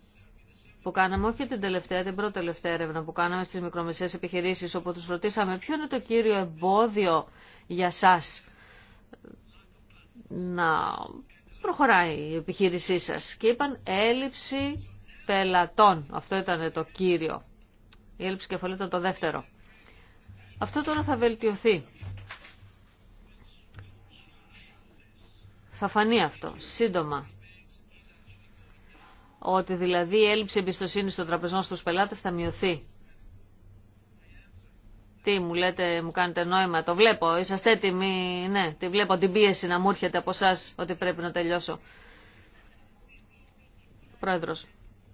που κάναμε, όχι την τελευταία, την πρώτη τελευταία έρευνα που κάναμε στι μικρομεσαίες επιχειρήσει όπου του ρωτήσαμε ποιο είναι το κύριο εμπόδιο για σας να προχωράει η επιχείρησή σας. Και είπαν έλλειψη πελατών. Αυτό ήταν το κύριο. Η έλλειψη κεφαλή ήταν το δεύτερο. Αυτό τώρα θα βελτιωθεί. Θα φανεί αυτό σύντομα. Ότι δηλαδή η έλλειψη εμπιστοσύνη των τραπεζών στους πελάτες θα μειωθεί. Τι μου λέτε, μου κάνετε νόημα, το βλέπω, είσαστε έτοιμοι, ναι, τη βλέπω την πίεση να μου έρχεται από εσά ότι πρέπει να τελειώσω. Πρόεδρος,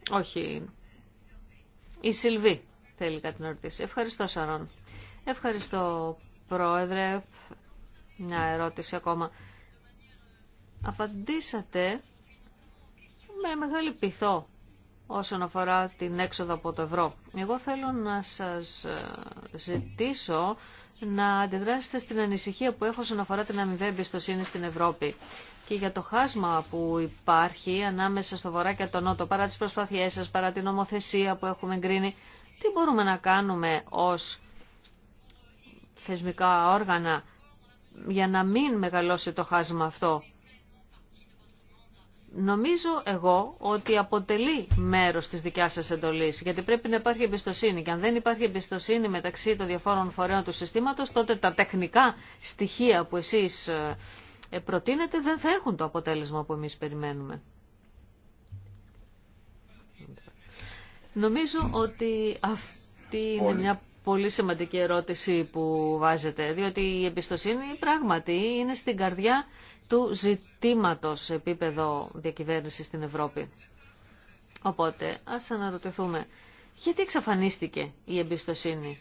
όχι, η Σιλβή θέλει κάτι να ρωτήσει. Ευχαριστώ Σαρών. Ευχαριστώ Πρόεδρε. Μια ερώτηση ακόμα. Αφαντήσατε. με μεγάλη πειθό όσον αφορά την έξοδο από το ευρώ. Εγώ θέλω να σας ε, ζητήσω να αντιδράσετε στην ανησυχία που έχω όσον αφορά την αμοιβή εμπιστοσύνη στην Ευρώπη και για το χάσμα που υπάρχει ανάμεσα στο βορρά και το νότο, παρά τις προσπάθειές σας, παρά την ομοθεσία που έχουμε εγκρίνει, τι μπορούμε να κάνουμε ως θεσμικά όργανα για να μην μεγαλώσει το χάσμα αυτό Νομίζω εγώ ότι αποτελεί μέρος της δικιάς σας εντολής, γιατί πρέπει να υπάρχει εμπιστοσύνη. Και αν δεν υπάρχει εμπιστοσύνη μεταξύ των διαφόρων φορέων του συστήματος, τότε τα τεχνικά στοιχεία που εσείς ε, ε, προτείνετε δεν θα έχουν το αποτέλεσμα που εμείς περιμένουμε. Νομίζω ότι αυτή είναι μια πολύ σημαντική ερώτηση που βάζετε, διότι η εμπιστοσύνη πράγματι είναι στην καρδιά του ζητήματος σε επίπεδο διακυβέρνησης στην Ευρώπη. Οπότε, ας αναρωτηθούμε, γιατί εξαφανίστηκε η εμπιστοσύνη.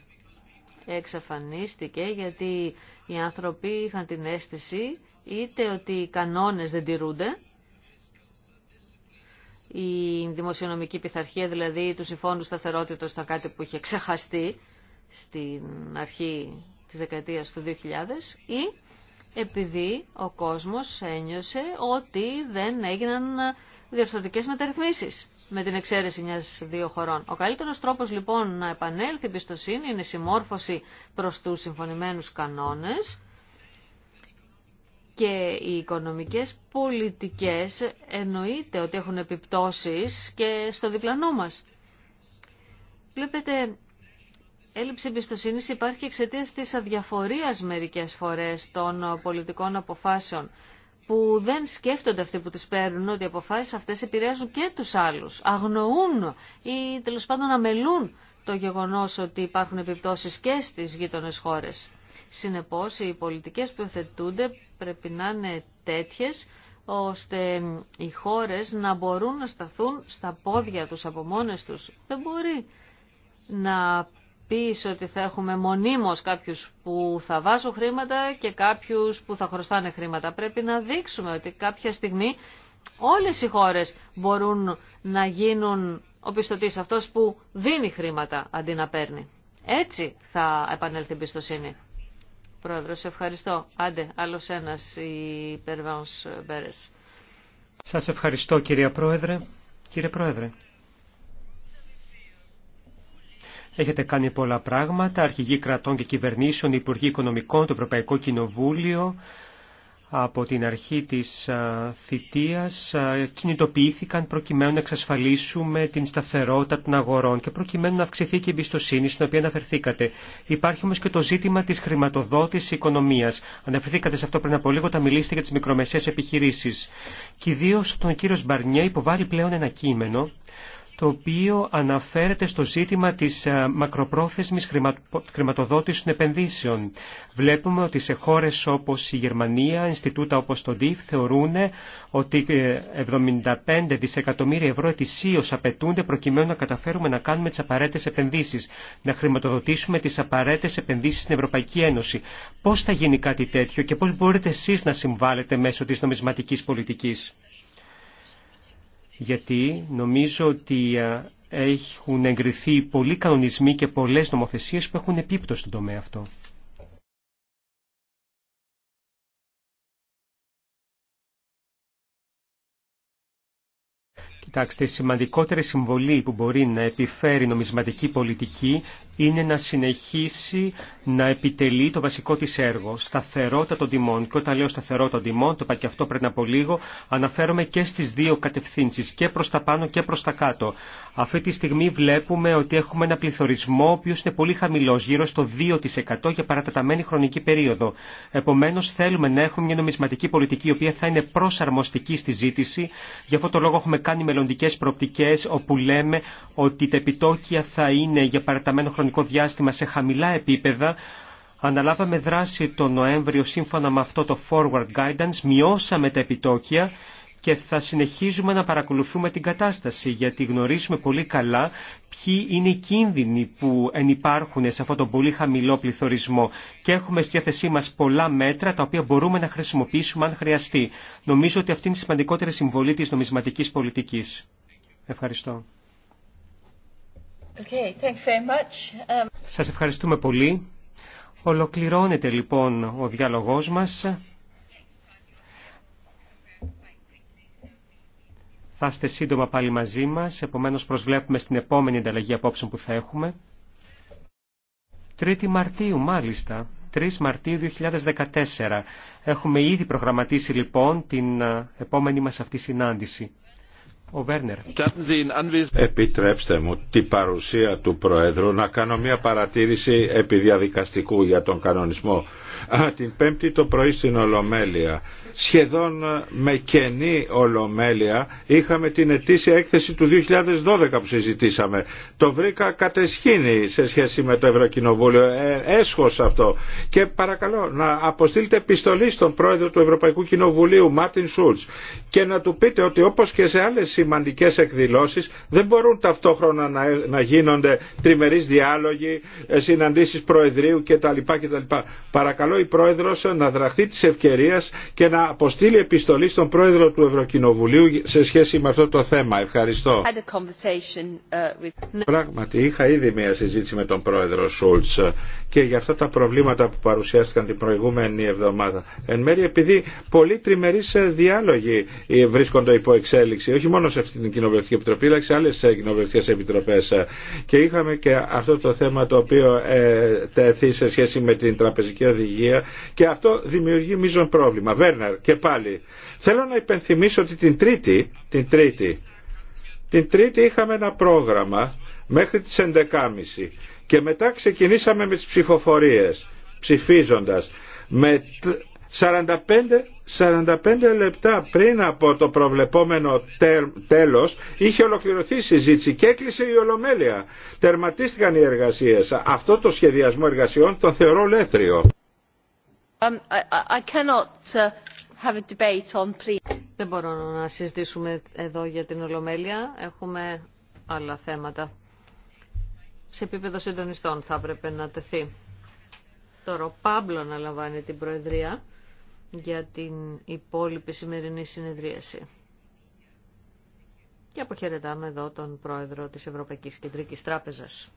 Εξαφανίστηκε γιατί οι άνθρωποι είχαν την αίσθηση είτε ότι οι κανόνες δεν τηρούνται, η δημοσιονομική πειθαρχία, δηλαδή του συμφώνου σταθερότητα ήταν κάτι που είχε ξεχαστεί στην αρχή της δεκαετίας του 2000 ή επειδή ο κόσμος ένιωσε ότι δεν έγιναν διορθωτικές μεταρρυθμίσεις με την εξαίρεση μιας δύο χωρών. Ο καλύτερος τρόπος λοιπόν να επανέλθει η πιστοσύνη είναι η συμμόρφωση προς τους συμφωνημένους κανόνες και οι οικονομικές πολιτικές εννοείται ότι έχουν επιπτώσεις και στο διπλανό μας. Βλέπετε, έλλειψη εμπιστοσύνη υπάρχει εξαιτία τη αδιαφορία μερικέ φορέ των πολιτικών αποφάσεων που δεν σκέφτονται αυτοί που τις παίρνουν ότι οι αποφάσεις αυτές επηρεάζουν και τους άλλους. Αγνοούν ή τέλο πάντων αμελούν το γεγονός ότι υπάρχουν επιπτώσεις και στις γείτονες χώρες. Συνεπώς οι πολιτικές που υιοθετούνται πρέπει να είναι τέτοιες ώστε οι χώρες να μπορούν να σταθούν στα πόδια τους από μόνες τους. Δεν μπορεί να προειδοποίηση ότι θα έχουμε μονίμως κάποιους που θα βάζουν χρήματα και κάποιους που θα χρωστάνε χρήματα. Πρέπει να δείξουμε ότι κάποια στιγμή όλες οι χώρες μπορούν να γίνουν ο πιστωτής αυτός που δίνει χρήματα αντί να παίρνει. Έτσι θα επανέλθει η πιστοσυνη Πρόεδρος, ευχαριστώ. Άντε, άλλος ένας η Περβάνς Μπέρες. Σας ευχαριστώ κυρία Πρόεδρε. Κύριε Πρόεδρε. Έχετε κάνει πολλά πράγματα, αρχηγοί κρατών και κυβερνήσεων, υπουργοί οικονομικών, το Ευρωπαϊκό Κοινοβούλιο, από την αρχή της θητείας κινητοποιήθηκαν προκειμένου να εξασφαλίσουμε την σταθερότητα των αγορών και προκειμένου να αυξηθεί και η εμπιστοσύνη στην οποία αναφερθήκατε. Υπάρχει όμως και το ζήτημα της χρηματοδότησης οικονομίας. Αναφερθήκατε σε αυτό πριν από λίγο, τα μιλήσετε για τις μικρομεσαίες επιχειρήσεις. Και ιδίω τον κύριο Μπαρνιέ υποβάλλει πλέον ένα κείμενο το οποίο αναφέρεται στο ζήτημα της ε, μακροπρόθεσμης χρηματοδότησης των επενδύσεων. Βλέπουμε ότι σε χώρες όπως η Γερμανία, Ινστιτούτα όπως το ΔΙΦ θεωρούν ότι 75 ε, δισεκατομμύρια ευρώ ετησίως απαιτούνται προκειμένου να καταφέρουμε να κάνουμε τις απαραίτητες επενδύσεις, να χρηματοδοτήσουμε τις απαραίτητες επενδύσεις στην Ευρωπαϊκή Ένωση. Πώς θα γίνει κάτι τέτοιο και πώς μπορείτε εσείς να συμβάλλετε μέσω της νομισματικής πολιτικής γιατί νομίζω ότι ε, έχουν εγκριθεί πολλοί κανονισμοί και πολλές νομοθεσίες που έχουν επίπτωση στον τομέα αυτό. Κοιτάξτε, η σημαντικότερη συμβολή που μπορεί να επιφέρει νομισματική πολιτική είναι να συνεχίσει να επιτελεί το βασικό της έργο, σταθερότητα των τιμών. Και όταν λέω σταθερότητα των τιμών, το είπα και αυτό πριν από λίγο, αναφέρομαι και στις δύο κατευθύνσεις, και προς τα πάνω και προς τα κάτω. Αυτή τη στιγμή βλέπουμε ότι έχουμε ένα πληθωρισμό, ο οποίος είναι πολύ χαμηλός, γύρω στο 2% για παραταταμένη χρονική περίοδο. Επομένως, θέλουμε να έχουμε μια νομισματική πολιτική, η οποία θα είναι προσαρμοστική στη ζήτηση. Γι' αυτό λόγο έχουμε κάνει μελλοντικές προπτικές όπου λέμε ότι τα επιτόκια θα είναι για παραταμένο χρονικό διάστημα σε χαμηλά επίπεδα, Αναλάβαμε δράση τον Νοέμβριο σύμφωνα με αυτό το forward guidance, μειώσαμε τα επιτόκια και θα συνεχίζουμε να παρακολουθούμε την κατάσταση γιατί γνωρίζουμε πολύ καλά ποιοι είναι οι κίνδυνοι που ενυπάρχουν σε αυτόν τον πολύ χαμηλό πληθωρισμό και έχουμε στη διάθεσή μας πολλά μέτρα τα οποία μπορούμε να χρησιμοποιήσουμε αν χρειαστεί. Νομίζω ότι αυτή είναι η σημαντικότερη συμβολή της νομισματικής πολιτικής. Ευχαριστώ. Okay, thank you very much. Σας ευχαριστούμε πολύ. Ολοκληρώνεται λοιπόν ο διάλογός μας. Θα είστε σύντομα πάλι μαζί μας, επομένως προσβλέπουμε στην επόμενη ανταλλαγή απόψεων που θα έχουμε. 3η Μαρτίου, μάλιστα. 3 Μαρτίου 2014. Έχουμε ήδη προγραμματίσει λοιπόν την ε, επόμενη μας αυτή συνάντηση. Ο Βέρνερ. Επιτρέψτε μου την παρουσία του Προέδρου να κάνω μια παρατήρηση επί διαδικαστικού για τον κανονισμό την Πέμπτη το πρωί στην Ολομέλεια. Σχεδόν ε, με κενή Ολομέλεια είχαμε την ετήσια έκθεση του 2012 που συζητήσαμε. Το βρήκα κατεσχήνη σε σχέση με το Ευρωκοινοβούλιο. Ε, έσχος αυτό. Και παρακαλώ να αποστείλετε επιστολή στον πρόεδρο του Ευρωπαϊκού Κοινοβουλίου, Μάρτιν Σούλτς, και να του πείτε ότι όπως και σε άλλες σημαντικές εκδηλώσεις δεν μπορούν ταυτόχρονα να, γίνονται τριμερείς διάλογοι, ε, συναντήσεις προεδρίου κτλ. Παρακαλώ παρακαλώ η Πρόεδρος να δραχθεί της ευκαιρίας και να αποστείλει επιστολή στον Πρόεδρο του Ευρωκοινοβουλίου σε σχέση με αυτό το θέμα. Ευχαριστώ. Uh, ναι. Πράγματι είχα ήδη μια συζήτηση με τον Πρόεδρο Σούλτς και για αυτά τα προβλήματα που παρουσιάστηκαν την προηγούμενη εβδομάδα. Εν μέρει επειδή πολλοί τριμερεί ε, διάλογοι ε, βρίσκονται υπό εξέλιξη, όχι μόνο σε αυτή την Κοινοβουλευτική Επιτροπή, αλλά και σε άλλε κοινοβουλευτικέ επιτροπέ. Και είχαμε και αυτό το θέμα το οποίο ε, σε σχέση με την τραπεζική οδηγία και αυτό δημιουργεί μείζον πρόβλημα. Βέρναρ και πάλι. Θέλω να υπενθυμίσω ότι την Τρίτη, την Τρίτη, την Τρίτη είχαμε ένα πρόγραμμα μέχρι τις 11.30 και μετά ξεκινήσαμε με τις ψηφοφορίες ψηφίζοντας με 45, 45 λεπτά πριν από το προβλεπόμενο τέρ, τέλος είχε ολοκληρωθεί η συζήτηση και έκλεισε η Ολομέλεια. Τερματίστηκαν οι εργασίες. Αυτό το σχεδιασμό εργασιών τον θεωρώ λέθριο. Δεν μπορώ να συζητήσουμε εδώ για την Ολομέλεια. Έχουμε άλλα θέματα. Σε επίπεδο συντονιστών θα έπρεπε να τεθεί. Τώρα ο Πάμπλο να λαμβάνει την Προεδρία για την υπόλοιπη σημερινή συνεδρίαση. Και αποχαιρετάμε εδώ τον Πρόεδρο της Ευρωπαϊκής Κεντρικής Τράπεζας.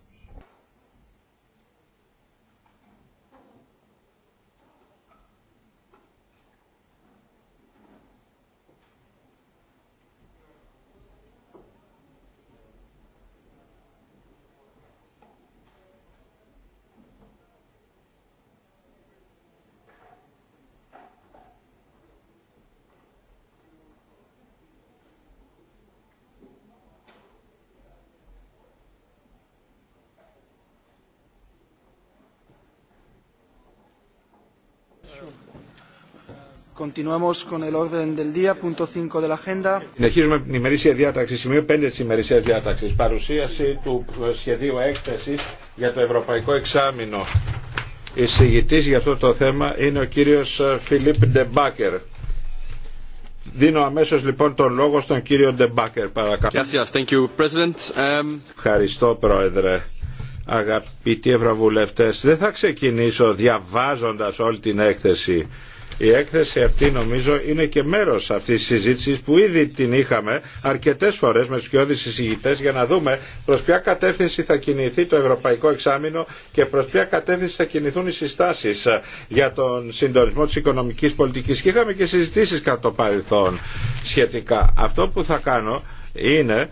Continuamos con el orden del día, punto 5 de la agenda. Συνεχίζουμε την ημερήσια διάταξη, σημείο 5 της ημερήσιας διάταξης. Παρουσίαση του σχεδίου έκθεση για το Ευρωπαϊκό Εξάμεινο. Εισηγητή για αυτό το θέμα είναι ο κύριος ε, Φιλίπ Ντεμπάκερ. Δίνω αμέσως λοιπόν τον λόγο στον κύριο Ντεμπάκερ, παρακαλώ. Yes, yes, thank you, President. Um... Ευχαριστώ, Πρόεδρε αγαπητοί ευρωβουλευτές δεν θα ξεκινήσω διαβάζοντας όλη την έκθεση η έκθεση αυτή νομίζω είναι και μέρος αυτής της συζήτησης που ήδη την είχαμε αρκετές φορές με τους κοιόδης συζητητές για να δούμε προς ποια κατεύθυνση θα κινηθεί το Ευρωπαϊκό Εξάμεινο και προς ποια κατεύθυνση θα κινηθούν οι συστάσεις για τον συντονισμό της οικονομικής πολιτικής. Και είχαμε και συζητήσεις κατά το παρελθόν σχετικά. Αυτό που θα κάνω είναι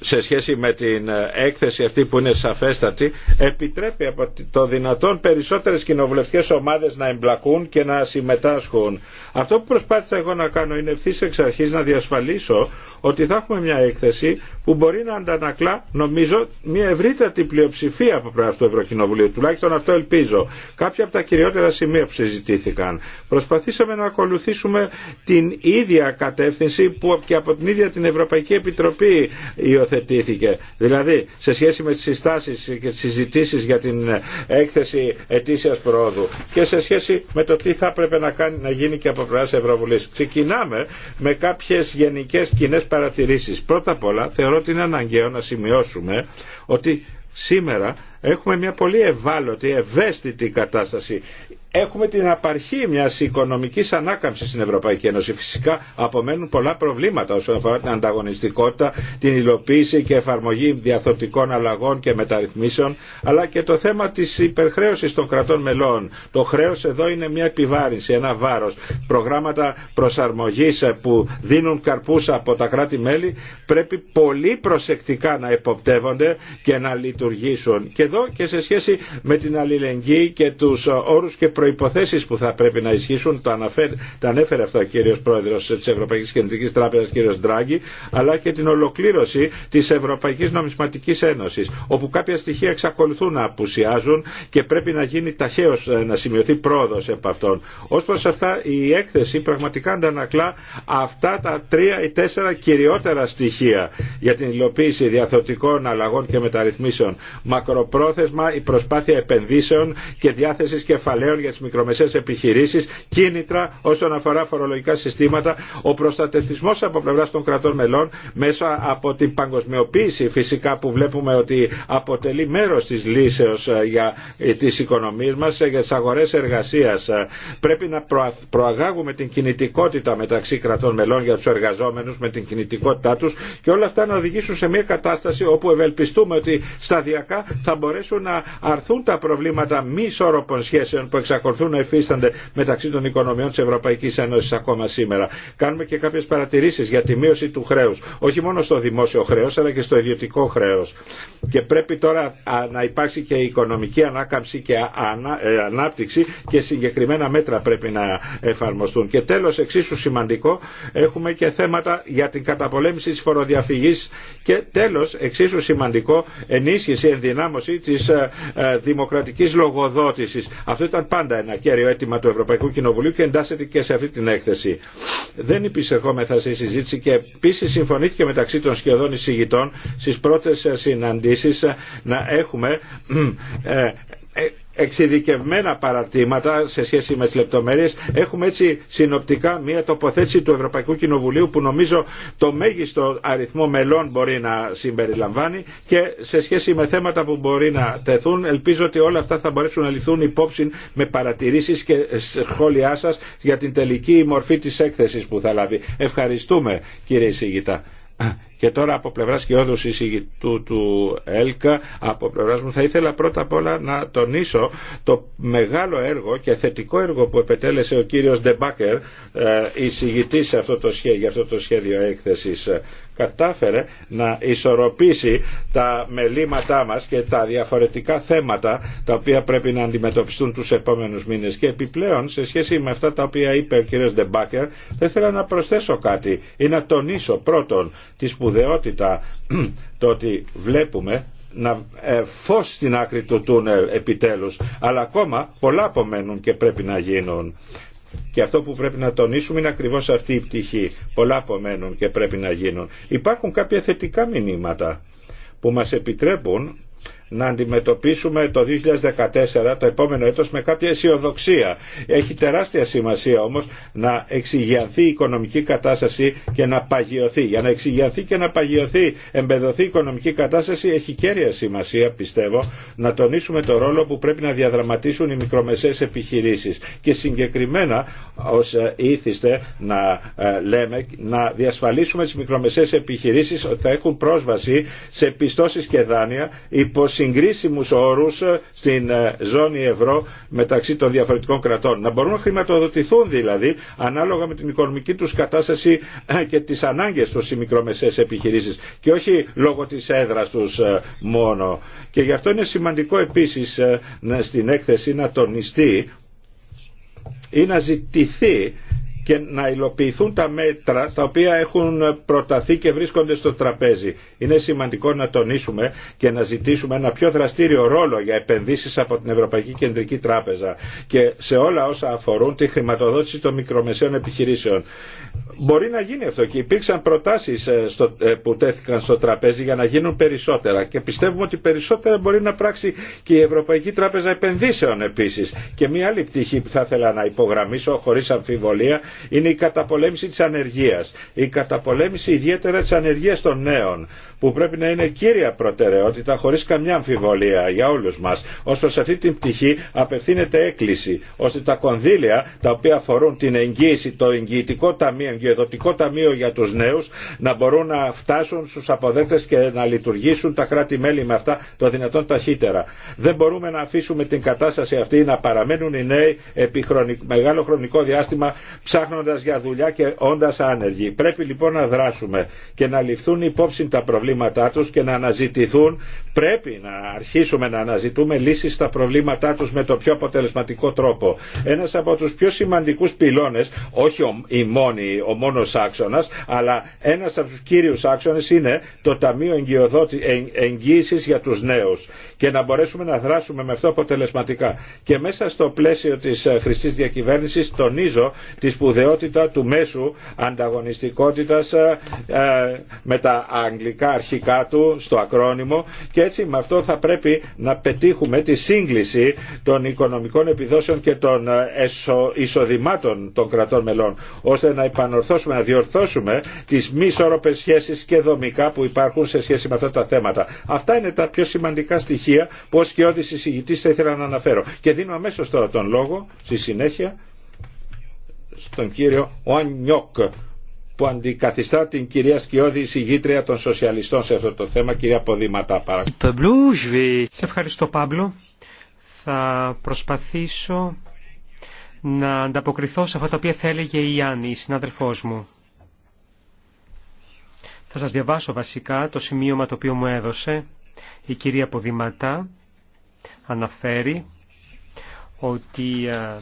σε σχέση με την ε, έκθεση αυτή που είναι σαφέστατη επιτρέπει από το δυνατόν περισσότερες κοινοβουλευτικές ομάδες να εμπλακούν και να συμμετάσχουν. Αυτό που προσπάθησα εγώ να κάνω είναι ευθύ εξ αρχής να διασφαλίσω ότι θα έχουμε μια έκθεση που μπορεί να αντανακλά νομίζω μια ευρύτατη πλειοψηφία από πλευρά του Ευρωκοινοβουλίου. Τουλάχιστον αυτό ελπίζω. Κάποια από τα κυριότερα σημεία που συζητήθηκαν. Προσπαθήσαμε να ακολουθήσουμε την ίδια κατεύθυνση που και από την ίδια την Ευρωπαϊκή Επιτροπή Δηλαδή, σε σχέση με τις συστάσει και τις συζητήσει για την έκθεση ετήσια προόδου και σε σχέση με το τι θα έπρεπε να, κάνει, να γίνει και από πλευρά Ευρωβουλή. Ξεκινάμε με κάποιες γενικές κοινέ παρατηρήσεις. Πρώτα απ' όλα, θεωρώ ότι είναι αναγκαίο να σημειώσουμε ότι σήμερα έχουμε μια πολύ ευάλωτη, ευαίσθητη κατάσταση έχουμε την απαρχή μιας οικονομικής ανάκαμψης στην Ευρωπαϊκή Ένωση. Φυσικά απομένουν πολλά προβλήματα όσον αφορά την ανταγωνιστικότητα, την υλοποίηση και εφαρμογή διαθωτικών αλλαγών και μεταρρυθμίσεων, αλλά και το θέμα της υπερχρέωσης των κρατών μελών. Το χρέος εδώ είναι μια επιβάρυνση, ένα βάρος. Προγράμματα προσαρμογής που δίνουν καρπούς από τα κράτη-μέλη πρέπει πολύ προσεκτικά να εποπτεύονται και να λειτουργήσουν. Και εδώ και σε σχέση με την αλληλεγγύη και τους όρους και προϋποθέσεις που θα πρέπει να ισχύσουν, το, αναφέρ, το ανέφερε αυτό ο κύριος Πρόεδρος της Ευρωπαϊκής Κεντρικής Τράπεζας, κύριος Ντράγκη, αλλά και την ολοκλήρωση της Ευρωπαϊκής Νομισματικής Ένωσης, όπου κάποια στοιχεία εξακολουθούν να απουσιάζουν και πρέπει να γίνει ταχαίως ε, να σημειωθεί πρόοδος επ' αυτών. Ως προς αυτά η έκθεση πραγματικά αντανακλά αυτά τα τρία ή τέσσερα κυριότερα στοιχεία για την υλοποίηση διαθωτικών αλλαγών και μεταρρυθμίσεων. Μακροπρόθεσμα η προσπάθεια επενδύσεων και διάθεσης κεφαλαίων για τι μικρομεσαίες επιχειρήσεις, κίνητρα όσον αφορά φορολογικά συστήματα, ο προστατευτισμός από πλευρά των κρατών μελών μέσα από την παγκοσμιοποίηση φυσικά που βλέπουμε ότι αποτελεί μέρο τη λύσεω ε, για ε, τι οικονομίες μα ε, για τι αγορέ εργασία. Πρέπει να προαγάγουμε την κινητικότητα μεταξύ κρατών μελών για του εργαζόμενου, με την κινητικότητά του και όλα αυτά να οδηγήσουν σε μια κατάσταση όπου ευελπιστούμε ότι σταδιακά θα μπορέσουν να αρθούν τα προβλήματα μη ισόρροπων σχέσεων που εξακολουθούν εξακολουθούν να εφίστανται μεταξύ των οικονομιών τη Ευρωπαϊκή Ένωση ακόμα σήμερα. Κάνουμε και κάποιε παρατηρήσει για τη μείωση του χρέου, όχι μόνο στο δημόσιο χρέο, αλλά και στο ιδιωτικό χρέο. Και πρέπει τώρα να υπάρξει και οικονομική ανάκαμψη και ε, ανάπτυξη και συγκεκριμένα μέτρα πρέπει να εφαρμοστούν. Και τέλο, εξίσου σημαντικό έχουμε και θέματα για την καταπολέμηση τη φοροδιαφυγή. και τέλο, εξίσου σημαντικό ενίσχυση, ενδυνάμωση της ε, ε, δημοκρατική λογοδότηση. Αυτό ήταν πάντα ένα κέριο αίτημα του Ευρωπαϊκού Κοινοβουλίου και εντάσσεται και σε αυτή την έκθεση. Δεν υπησερχόμεθα σε συζήτηση και επίση συμφωνήθηκε μεταξύ των σχεδόν εισηγητών στι πρώτε συναντήσει να έχουμε ε, ε, εξειδικευμένα παρατήματα σε σχέση με τις λεπτομέρειες. Έχουμε έτσι συνοπτικά μια τοποθέτηση του Ευρωπαϊκού Κοινοβουλίου που νομίζω το μέγιστο αριθμό μελών μπορεί να συμπεριλαμβάνει και σε σχέση με θέματα που μπορεί να τεθούν ελπίζω ότι όλα αυτά θα μπορέσουν να ληφθούν υπόψη με παρατηρήσεις και σχόλιά σας για την τελική μορφή της έκθεσης που θα λάβει. Ευχαριστούμε κύριε Σίγητα. Και τώρα από πλευρά και όντω εισηγητού του ΕΛΚΑ, από πλευρά μου θα ήθελα πρώτα απ' όλα να τονίσω το μεγάλο έργο και θετικό έργο που επετέλεσε ο κύριος Ντεμπάκερ ε, εισηγητή σε αυτό το σχέδιο, για αυτό το σχέδιο έκθεσης κατάφερε να ισορροπήσει τα μελήματά μας και τα διαφορετικά θέματα τα οποία πρέπει να αντιμετωπιστούν τους επόμενους μήνες. Και επιπλέον σε σχέση με αυτά τα οποία είπε ο κ. Ντεμπάκερ θα ήθελα να προσθέσω κάτι ή να τονίσω πρώτον τη σπουδαιότητα το ότι βλέπουμε να ε, φως στην άκρη του τούνελ επιτέλους αλλά ακόμα πολλά απομένουν και πρέπει να γίνουν και αυτό που πρέπει να τονίσουμε είναι ακριβώς αυτή η πτυχή. Πολλά απομένουν και πρέπει να γίνουν. Υπάρχουν κάποια θετικά μηνύματα που μας επιτρέπουν να αντιμετωπίσουμε το 2014, το επόμενο έτος, με κάποια αισιοδοξία. Έχει τεράστια σημασία όμως να εξηγιανθεί η οικονομική κατάσταση και να παγιωθεί. Για να εξηγιανθεί και να παγιωθεί, εμπεδοθεί η οικονομική κατάσταση, έχει κέρια σημασία, πιστεύω, να τονίσουμε το ρόλο που πρέπει να διαδραματίσουν οι μικρομεσαίες επιχειρήσεις. Και συγκεκριμένα, ως ε, ήθιστε να ε, λέμε, να διασφαλίσουμε τις μικρομεσαίες επιχειρήσεις ότι θα έχουν πρόσβαση σε πιστώσεις και δάνεια συγκρίσιμους όρους ε, στην ε, ζώνη ευρώ μεταξύ των διαφορετικών κρατών. Να μπορούν να χρηματοδοτηθούν δηλαδή ανάλογα με την οικονομική τους κατάσταση ε, και τις ανάγκες τους οι μικρομεσαίες επιχειρήσεις και όχι λόγω της έδρας τους μόνο. Και γι' αυτό είναι σημαντικό επίσης στην έκθεση να τονιστεί ή να ζητηθεί και να υλοποιηθούν τα μέτρα τα οποία έχουν προταθεί και βρίσκονται στο τραπέζι. Είναι σημαντικό να τονίσουμε και να ζητήσουμε ένα πιο δραστήριο ρόλο για επενδύσεις από την Ευρωπαϊκή Κεντρική Τράπεζα και σε όλα όσα αφορούν τη χρηματοδότηση των μικρομεσαίων επιχειρήσεων. Μπορεί να γίνει αυτό και υπήρξαν προτάσεις ε, ε, που τέθηκαν στο τραπέζι για να γίνουν περισσότερα και πιστεύουμε ότι περισσότερα μπορεί να πράξει και η Ευρωπαϊκή Τράπεζα Επενδύσεων επίσης. Και μια άλλη πτυχή που θα ήθελα να υπογραμμίσω χωρίς αμφιβολία είναι η καταπολέμηση της ανεργίας. Η καταπολέμηση ιδιαίτερα της ανεργίας των νέων που πρέπει να είναι κύρια προτεραιότητα χωρίς καμιά αμφιβολία για όλους μας. Ως προς αυτή την πτυχή απευθύνεται έκκληση ώστε τα κονδύλια τα οποία αφορούν την εγγύηση, το εγγυητικό ταμείο, εγγυοδοτικό ταμείο για τους νέους να μπορούν να φτάσουν στους αποδέκτες και να λειτουργήσουν τα κράτη-μέλη με αυτά το δυνατόν ταχύτερα. Δεν μπορούμε να αφήσουμε την κατάσταση αυτή να παραμένουν οι νέοι επί μεγάλο χρονικό διάστημα ψάχνοντας για δουλειά και όντας άνεργοι. Πρέπει λοιπόν να δράσουμε και να ληφθούν υπόψη τα προβλήματά τους και να αναζητηθούν, πρέπει να αρχίσουμε να αναζητούμε λύσεις στα προβλήματά τους με το πιο αποτελεσματικό τρόπο. Ένας από τους πιο σημαντικούς πυλώνες, όχι ο, η μόνη, ο μόνος άξονας, αλλά ένας από τους κύριους άξονες είναι το Ταμείο Εγγύησης για τους Νέους και να μπορέσουμε να δράσουμε με αυτό αποτελεσματικά. Και μέσα στο πλαίσιο της ε, χρηστής διακυβέρνησης τονίζω τη σπουδαιότητα του μέσου ανταγωνιστικότητας ε, ε, με τα αγγλικά αρχικά του στο ακρόνιμο και έτσι με αυτό θα πρέπει να πετύχουμε τη σύγκληση των οικονομικών επιδόσεων και των εισοδημάτων των κρατών μελών ώστε να επανορθώσουμε, να διορθώσουμε τις μη σχέσεις και δομικά που υπάρχουν σε σχέση με αυτά τα θέματα. Αυτά είναι τα πιο σημαντικά στοιχεία στοιχεία που ως και ό,τι θα ήθελα να αναφέρω. Και δίνω αμέσως τώρα τον λόγο στη συνέχεια στον κύριο Ονιόκ που αντικαθιστά την κυρία Σκιώδη εισηγήτρια των σοσιαλιστών σε αυτό το θέμα. Κυρία Ποδήματα, παρακαλώ. Σε ευχαριστώ, Πάμπλο. Θα προσπαθήσω να ανταποκριθώ σε αυτά τα οποία θα έλεγε η Ιάννη, η συνάδελφός μου. Θα σας διαβάσω βασικά το σημείωμα το οποίο μου έδωσε η κυρία Ποδηματά αναφέρει ότι ε,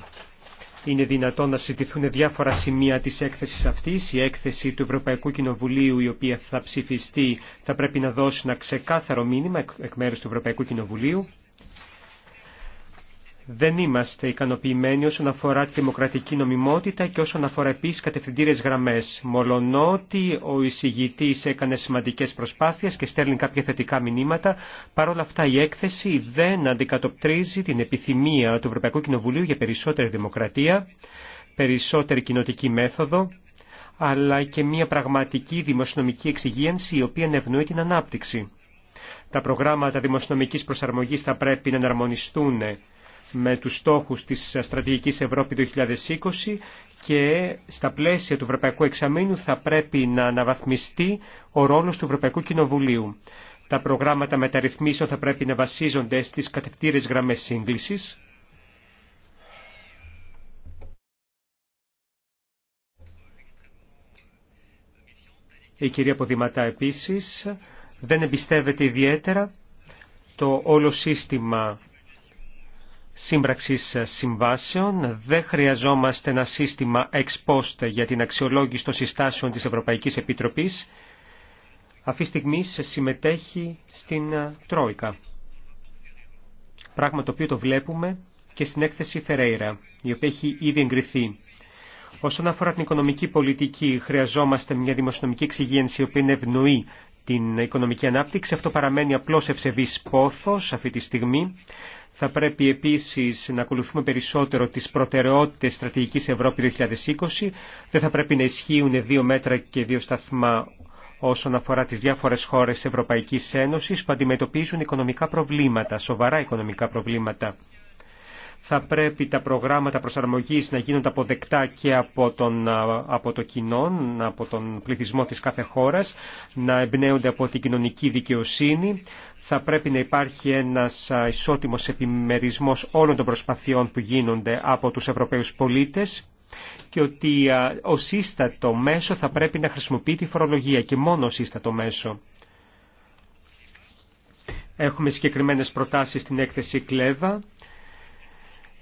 είναι δυνατόν να συζητηθούν διάφορα σημεία της έκθεσης αυτής. Η έκθεση του Ευρωπαϊκού Κοινοβουλίου, η οποία θα ψηφιστεί, θα πρέπει να δώσει ένα ξεκάθαρο μήνυμα εκ μέρους του Ευρωπαϊκού Κοινοβουλίου δεν είμαστε ικανοποιημένοι όσον αφορά τη δημοκρατική νομιμότητα και όσον αφορά επίσης κατευθυντήρες γραμμές. Μολονότι ο εισηγητής έκανε σημαντικές προσπάθειες και στέλνει κάποια θετικά μηνύματα, παρόλα αυτά η έκθεση δεν αντικατοπτρίζει την επιθυμία του Ευρωπαϊκού Κοινοβουλίου για περισσότερη δημοκρατία, περισσότερη κοινοτική μέθοδο, αλλά και μια πραγματική δημοσιονομική εξυγίανση η οποία ευνοεί την ανάπτυξη. Τα προγράμματα δημοσιονομικής προσαρμογής θα πρέπει να εναρμονιστούν με τους στόχους της Στρατηγικής Ευρώπη 2020 και στα πλαίσια του Ευρωπαϊκού Εξαμήνου θα πρέπει να αναβαθμιστεί ο ρόλος του Ευρωπαϊκού Κοινοβουλίου. Τα προγράμματα μεταρρυθμίσεων θα πρέπει να βασίζονται στις κατευθύνσεις γραμμές σύγκλησης. Η κυρία Ποδηματά επίσης δεν εμπιστεύεται ιδιαίτερα το όλο σύστημα σύμπραξης συμβάσεων, δεν χρειαζόμαστε ένα σύστημα ex post για την αξιολόγηση των συστάσεων της Ευρωπαϊκής Επιτροπής. Αυτή τη στιγμή συμμετέχει στην Τρόικα. Πράγμα το οποίο το βλέπουμε και στην έκθεση Φερέιρα, η οποία έχει ήδη εγκριθεί. Όσον αφορά την οικονομική πολιτική, χρειαζόμαστε μια δημοσιονομική εξυγένση η οποία ευνοεί την οικονομική ανάπτυξη. Αυτό παραμένει απλώς ευσεβής πόθος αυτή τη στιγμή. Θα πρέπει επίσης να ακολουθούμε περισσότερο τις προτεραιότητες στρατηγικής Ευρώπη 2020. Δεν θα πρέπει να ισχύουν δύο μέτρα και δύο σταθμά όσον αφορά τις διάφορες χώρες Ευρωπαϊκής Ένωσης που αντιμετωπίζουν οικονομικά προβλήματα, σοβαρά οικονομικά προβλήματα θα πρέπει τα προγράμματα προσαρμογής να γίνονται αποδεκτά και από, τον, από το κοινό, από τον πληθυσμό της κάθε χώρας, να εμπνέονται από την κοινωνική δικαιοσύνη. Θα πρέπει να υπάρχει ένας ισότιμος επιμερισμός όλων των προσπαθειών που γίνονται από τους Ευρωπαίους πολίτες και ότι ο σύστατο μέσο θα πρέπει να χρησιμοποιεί τη φορολογία και μόνο ο σύστατο μέσο. Έχουμε συγκεκριμένες προτάσεις στην έκθεση Κλέβα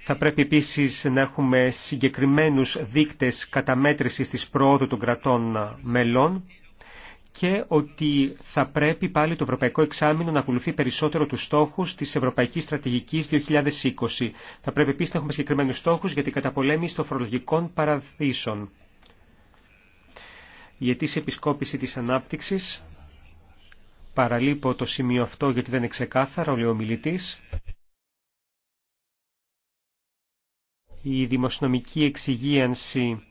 θα πρέπει επίσης να έχουμε συγκεκριμένους δείκτες καταμέτρησης της πρόοδου των κρατών μελών και ότι θα πρέπει πάλι το Ευρωπαϊκό Εξάμεινο να ακολουθεί περισσότερο τους στόχους της Ευρωπαϊκής Στρατηγικής 2020. Θα πρέπει επίσης να έχουμε συγκεκριμένους στόχους για την καταπολέμηση των φορολογικών παραδείσων. Η ετήσια επισκόπηση της ανάπτυξης. Παραλείπω το σημείο αυτό γιατί δεν είναι ο Λεωμιλητής... η δημοσιονομική εξυγίανση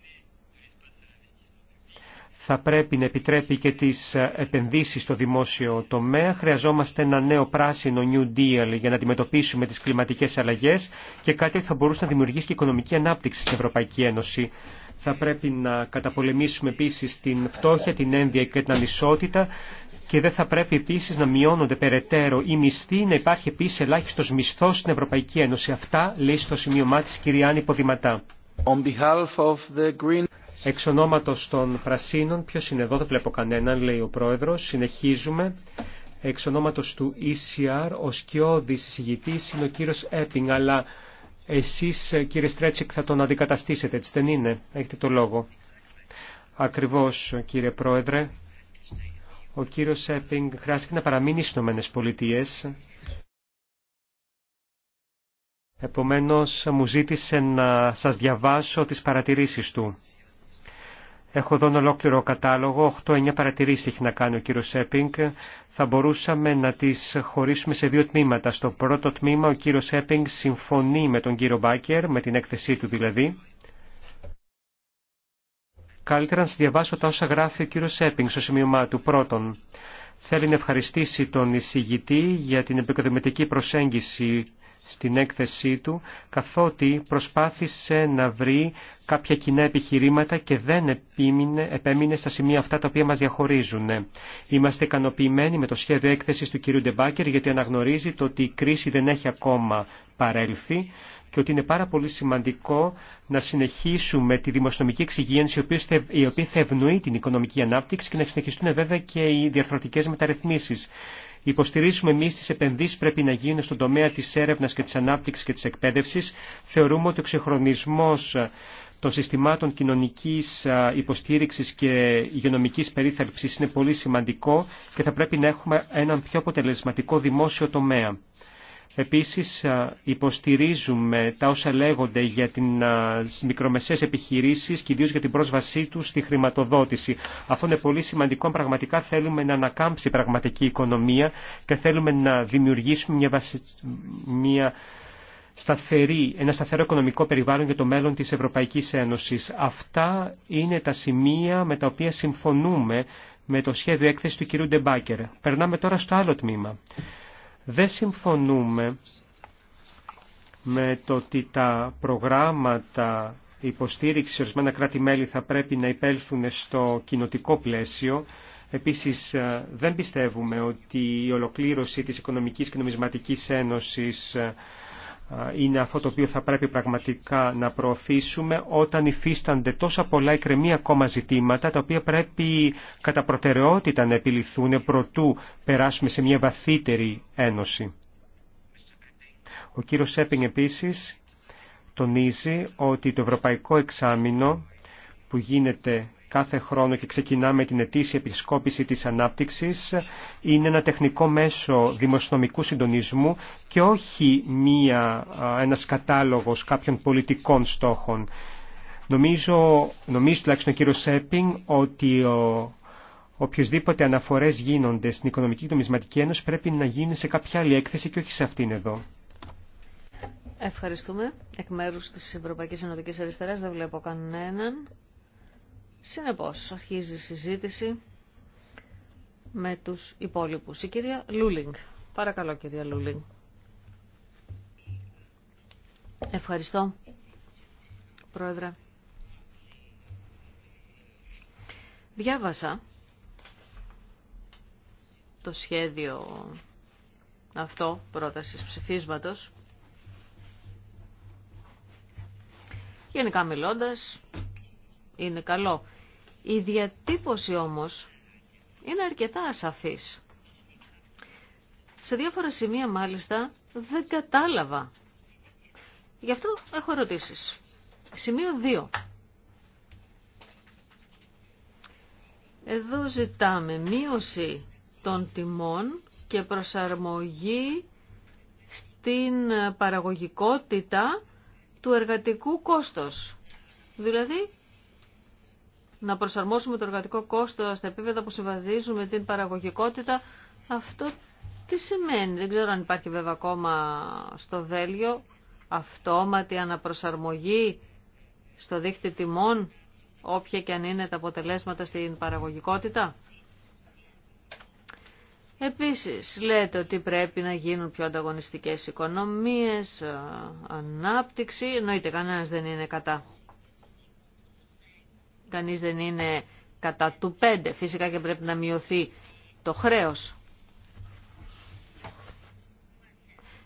θα πρέπει να επιτρέπει και τις επενδύσεις στο δημόσιο τομέα. Χρειαζόμαστε ένα νέο πράσινο New Deal για να αντιμετωπίσουμε τις κλιματικές αλλαγές και κάτι που θα μπορούσε να δημιουργήσει και οικονομική ανάπτυξη στην Ευρωπαϊκή Ένωση. Θα πρέπει να καταπολεμήσουμε επίσης την φτώχεια, την ένδια και την ανισότητα και δεν θα πρέπει επίση να μειώνονται περαιτέρω οι μισθοί, να υπάρχει επίση ελάχιστο μισθό στην Ευρωπαϊκή Ένωση. Αυτά λέει στο σημείωμά τη κυρία Άννη Ποδηματά. Green... Εξ ονόματο των Πρασίνων, ποιο είναι εδώ, δεν βλέπω κανέναν, λέει ο Πρόεδρο. Συνεχίζουμε. Εξ ονόματο του ECR, ο σκιώδη συζητητή είναι ο κύριο Έπινγκ, αλλά εσεί, κύριε Στρέτσικ θα τον αντικαταστήσετε, έτσι δεν είναι, έχετε το λόγο. Ακριβώς κύριε Πρόεδρε, ο κύριος Σέπινγκ χρειάστηκε να παραμείνει στι Ηνωμένες Πολιτείες. Επομένως, μου ζήτησε να σας διαβάσω τις παρατηρήσεις του. Έχω εδώ ένα ολόκληρο κατάλογο, 8-9 παρατηρήσεις έχει να κάνει ο κύριος Σέπινγκ. Θα μπορούσαμε να τις χωρίσουμε σε δύο τμήματα. Στο πρώτο τμήμα ο κύριος Σέπινγκ συμφωνεί με τον κύριο Μπάκερ, με την έκθεσή του δηλαδή. Καλύτερα να σα διαβάσω τα όσα γράφει ο κύριο Σέπινγκ στο σημείωμά του. Πρώτον, θέλει να ευχαριστήσει τον εισηγητή για την επικοδομητική προσέγγιση στην έκθεσή του, καθότι προσπάθησε να βρει κάποια κοινά επιχειρήματα και δεν επέμεινε στα σημεία αυτά τα οποία μας διαχωρίζουν. Είμαστε ικανοποιημένοι με το σχέδιο έκθεσης του κυρίου Ντεμπάκερ, γιατί αναγνωρίζει το ότι η κρίση δεν έχει ακόμα παρέλθει και ότι είναι πάρα πολύ σημαντικό να συνεχίσουμε τη δημοσιονομική εξυγίανση η οποία θα ευνοεί την οικονομική ανάπτυξη και να συνεχιστούν βέβαια και οι διαρθρωτικές μεταρρυθμίσεις. Υποστηρίζουμε εμεί τι επενδύσει πρέπει να γίνουν στον τομέα τη έρευνα και τη ανάπτυξη και τη εκπαίδευση. Θεωρούμε ότι ο ξεχρονισμό ε, των συστημάτων κοινωνική ε, υποστήριξη και υγειονομική περίθαλψης είναι πολύ σημαντικό και θα πρέπει να έχουμε έναν πιο αποτελεσματικό δημόσιο τομέα. Επίσης υποστηρίζουμε τα όσα λέγονται για την μικρομεσαίες επιχειρήσεις και ιδίως για την πρόσβασή τους στη χρηματοδότηση. Αυτό είναι πολύ σημαντικό. Πραγματικά θέλουμε να ανακάμψει η πραγματική οικονομία και θέλουμε να δημιουργήσουμε μια, βασι... μια σταθερή, ένα σταθερό οικονομικό περιβάλλον για το μέλλον της Ευρωπαϊκής Ένωσης. Αυτά είναι τα σημεία με τα οποία συμφωνούμε με το σχέδιο έκθεση του κ. Ντεμπάκερ. Περνάμε τώρα στο άλλο τμήμα. Δεν συμφωνούμε με το ότι τα προγραμματα υποστήριξης υποστήριξη ορισμένα κράτη-μέλη θα πρέπει να υπέλθουν στο κοινοτικό πλαίσιο. Επίσης ε, δεν πιστεύουμε ότι η ολοκλήρωση της Οικονομικής και Νομισματικής Ένωσης ε, είναι αυτό το οποίο θα πρέπει πραγματικά να προωθήσουμε όταν υφίστανται τόσα πολλά εκκρεμή ακόμα ζητήματα τα οποία πρέπει κατά προτεραιότητα να επιληθούν προτού περάσουμε σε μια βαθύτερη ένωση. Ο κύριος Σέπινγκ επίσης τονίζει ότι το ευρωπαϊκό εξάμεινο που γίνεται κάθε χρόνο και ξεκινάμε την ετήσια επισκόπηση της ανάπτυξης είναι ένα τεχνικό μέσο δημοσιονομικού συντονισμού και όχι μία, ένας κατάλογος κάποιων πολιτικών στόχων. Νομίζω, νομίζω τουλάχιστον ο κύριο Σέπινγκ ότι ο, οποιοδήποτε αναφορές γίνονται στην Οικονομική και Νομισματική Ένωση πρέπει να γίνει σε κάποια άλλη έκθεση και όχι σε αυτήν εδώ. Ευχαριστούμε. Εκ μέρου τη Ευρωπαϊκή Ενωτικής Αριστερά δεν βλέπω κανέναν. Συνεπώς, αρχίζει η συζήτηση με τους υπόλοιπους. Η κυρία Λούλινγκ. Παρακαλώ, κυρία Λούλινγκ. Ευχαριστώ, Πρόεδρε. Διάβασα το σχέδιο αυτό πρότασης ψηφίσματος. Γενικά μιλώντας, είναι καλό η διατύπωση όμως είναι αρκετά ασαφής. Σε διάφορα σημεία μάλιστα δεν κατάλαβα. Γι' αυτό έχω ερωτήσεις. Σημείο 2. Εδώ ζητάμε μείωση των τιμών και προσαρμογή στην παραγωγικότητα του εργατικού κόστος. Δηλαδή να προσαρμόσουμε το εργατικό κόστος στα επίπεδα που συμβαδίζουν με την παραγωγικότητα, αυτό τι σημαίνει. Δεν ξέρω αν υπάρχει βέβαια ακόμα στο Βέλγιο αυτόματη αναπροσαρμογή στο δίχτυ τιμών, όποια και αν είναι τα αποτελέσματα στην παραγωγικότητα. Επίσης, λέτε ότι πρέπει να γίνουν πιο ανταγωνιστικές οικονομίες, ε, ανάπτυξη, εννοείται κανένας δεν είναι κατά. Κανείς δεν είναι κατά του πέντε Φυσικά και πρέπει να μειωθεί το χρέος.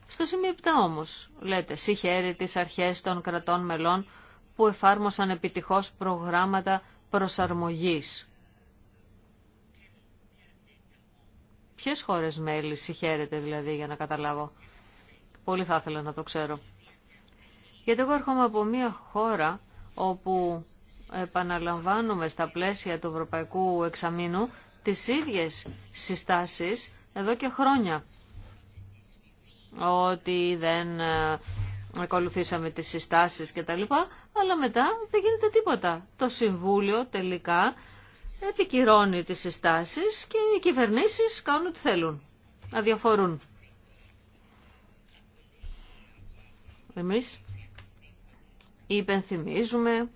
Στο σημείο 7 όμως, λέτε, συγχαίρει τις αρχές των κρατών μελών που εφάρμοσαν επιτυχώς προγράμματα προσαρμογής. Ποιες χώρες μέλη συγχαίρεται δηλαδή για να καταλάβω. Πολύ θα ήθελα να το ξέρω. Γιατί εγώ έρχομαι από μια χώρα όπου επαναλαμβάνουμε στα πλαίσια του Ευρωπαϊκού Εξαμήνου τις ίδιες συστάσεις εδώ και χρόνια. Ότι δεν ε, ακολουθήσαμε τις συστάσεις και τα λοιπά, αλλά μετά δεν γίνεται τίποτα. Το Συμβούλιο τελικά επικυρώνει τις συστάσεις και οι κυβερνήσεις κάνουν ό,τι θέλουν. Αδιαφορούν. Εμείς υπενθυμίζουμε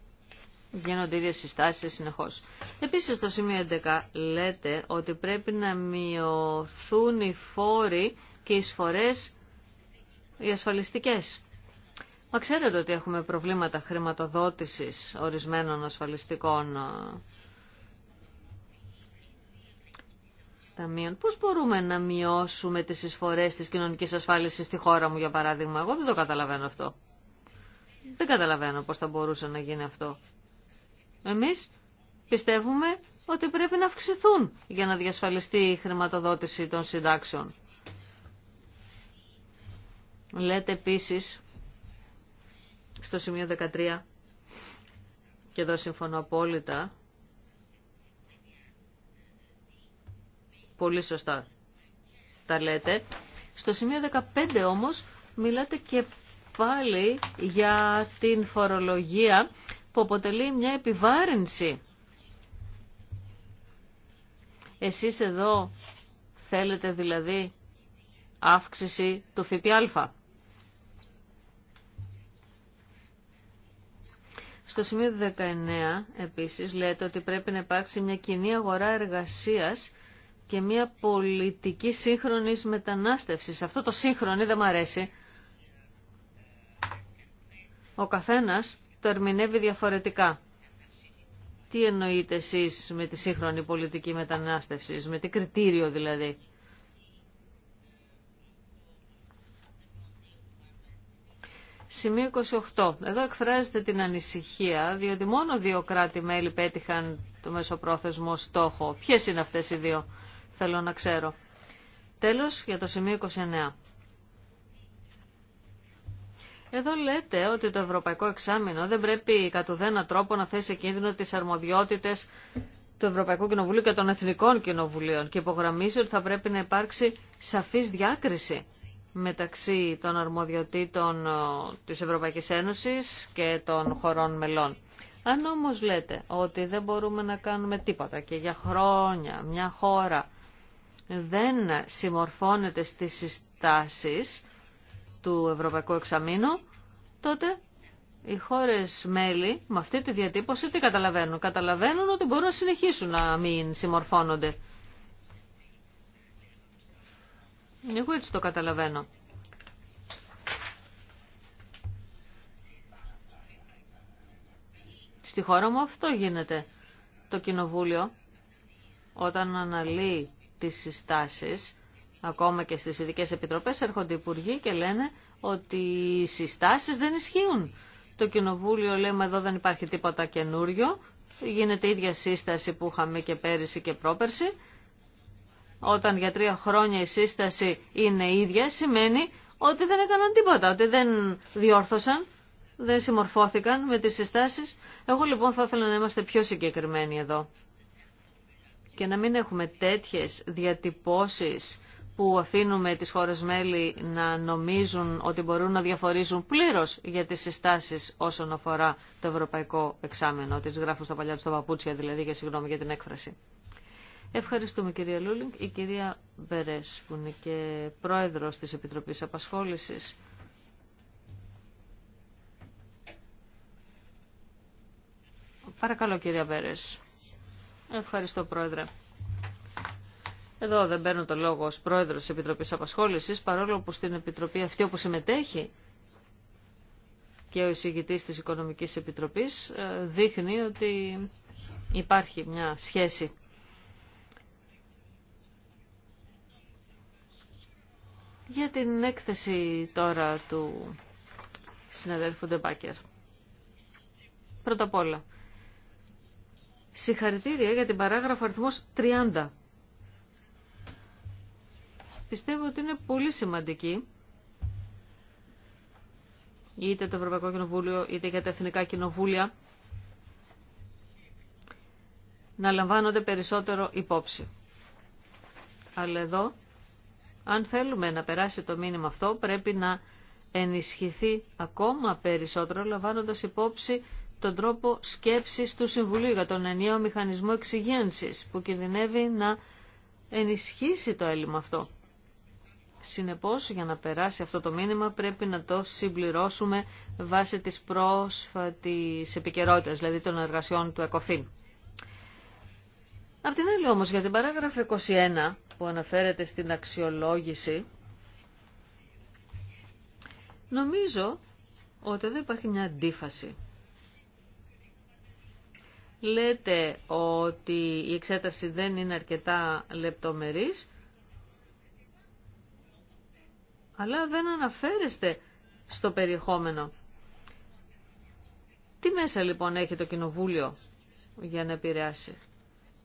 γίνονται ίδιες συστάσεις συνεχώς. Επίσης στο σημείο 11 λέτε ότι πρέπει να μειωθούν οι φόροι και οι σφορέ οι ασφαλιστικέ. Μα ξέρετε ότι έχουμε προβλήματα χρηματοδότησης ορισμένων ασφαλιστικών ε, ταμείων. Πώς μπορούμε να μειώσουμε τις εισφορές της κοινωνικής ασφάλισης στη χώρα μου, για παράδειγμα. Εγώ δεν το καταλαβαίνω αυτό. Δεν καταλαβαίνω πώς θα μπορούσε να γίνει αυτό. Εμείς πιστεύουμε ότι πρέπει να αυξηθούν για να διασφαλιστεί η χρηματοδότηση των συντάξεων. Λέτε επίσης στο σημείο 13 και εδώ συμφωνώ απόλυτα πολύ σωστά τα λέτε στο σημείο 15 όμως μιλάτε και πάλι για την φορολογία που αποτελεί μια επιβάρυνση. Εσείς εδώ θέλετε δηλαδή αύξηση του ΦΠΑ. Στο σημείο 19 επίσης λέτε ότι πρέπει να υπάρξει μια κοινή αγορά εργασίας και μια πολιτική σύγχρονης μετανάστευσης. Αυτό το σύγχρονη δεν μου αρέσει. Ο καθένας το ερμηνεύει διαφορετικά. Τι εννοείτε εσείς με τη σύγχρονη πολιτική μετανάστευση, με τι κριτήριο δηλαδή. Σημείο 28. Εδώ εκφράζεται την ανησυχία, διότι μόνο δύο κράτη-μέλη πέτυχαν το μεσοπρόθεσμο στόχο. Ποιες είναι αυτές οι δύο, θέλω να ξέρω. Τέλος, για το σημείο 29. Εδώ λέτε ότι το Ευρωπαϊκό Εξάμεινο δεν πρέπει κατ' ουδένα τρόπο να θέσει κίνδυνο τις αρμοδιότητες του Ευρωπαϊκού Κοινοβουλίου και των Εθνικών Κοινοβουλίων και υπογραμμίζει ότι θα πρέπει να υπάρξει σαφής διάκριση μεταξύ των αρμοδιοτήτων ε, της Ευρωπαϊκής Ένωσης και των χωρών μελών. Αν όμως λέτε ότι δεν μπορούμε να κάνουμε τίποτα και για χρόνια μια χώρα δεν συμμορφώνεται στις συστάσεις, του Ευρωπαϊκού Εξαμήνου, τότε οι χώρες μέλη με αυτή τη διατύπωση τι καταλαβαίνουν. Καταλαβαίνουν ότι μπορούν να συνεχίσουν να μην συμμορφώνονται. Εγώ έτσι το καταλαβαίνω. Στη χώρα μου αυτό γίνεται. Το κοινοβούλιο όταν αναλύει τις συστάσεις ακόμα και στις ειδικές επιτροπές, έρχονται υπουργοί και λένε ότι οι συστάσεις δεν ισχύουν. Το Κοινοβούλιο λέμε εδώ δεν υπάρχει τίποτα καινούριο, γίνεται η ίδια σύσταση που είχαμε και πέρυσι και πρόπερσι. Όταν για τρία χρόνια η σύσταση είναι ίδια, σημαίνει ότι δεν έκαναν τίποτα, ότι δεν διόρθωσαν, δεν συμμορφώθηκαν με τις συστάσεις. Εγώ λοιπόν θα ήθελα να είμαστε πιο συγκεκριμένοι εδώ και να μην έχουμε τέτοιες διατυπώσεις που αφήνουμε τις χώρες μέλη να νομίζουν ότι μπορούν να διαφορίζουν πλήρως για τις συστάσεις όσον αφορά το ευρωπαϊκό εξάμενο, ότι τις γράφουν στα παλιά του τα παπούτσια δηλαδή, για συγγνώμη για την έκφραση. Ευχαριστούμε κυρία Λούλινγκ. Η κυρία Μπερές που είναι και πρόεδρος της Επιτροπής Απασχόλησης. Παρακαλώ κυρία Μπερές. Ευχαριστώ πρόεδρε. Εδώ δεν παίρνω το λόγο ως πρόεδρος της Επιτροπής Απασχόλησης, παρόλο που στην Επιτροπή αυτή όπου συμμετέχει και ο εισηγητής της Οικονομικής Επιτροπής ε, δείχνει ότι υπάρχει μια σχέση. Για την έκθεση τώρα του συναδέλφου Ντεμπάκερ. Πρώτα απ' όλα, συγχαρητήρια για την παράγραφο αριθμός 30 Πιστεύω ότι είναι πολύ σημαντική είτε το Ευρωπαϊκό Κοινοβούλιο είτε για τα Εθνικά Κοινοβούλια να λαμβάνονται περισσότερο υπόψη. Αλλά εδώ, αν θέλουμε να περάσει το μήνυμα αυτό, πρέπει να ενισχυθεί ακόμα περισσότερο, λαμβάνοντας υπόψη τον τρόπο σκέψης του Συμβουλίου για τον ενιαίο μηχανισμό εξυγένσης, που κινδυνεύει να ενισχύσει το έλλειμμα αυτό. Συνεπώς, για να περάσει αυτό το μήνυμα πρέπει να το συμπληρώσουμε βάσει της πρόσφατης επικαιρότητα, δηλαδή των εργασιών του ΕΚΟΦΗΜ. Απ' την άλλη όμως, για την παράγραφο 21 που αναφέρεται στην αξιολόγηση, νομίζω ότι εδώ υπάρχει μια αντίφαση. Λέτε ότι η εξέταση δεν είναι αρκετά λεπτομερής, αλλά δεν αναφέρεστε στο περιεχόμενο. Τι μέσα λοιπόν έχει το Κοινοβούλιο για να επηρεάσει.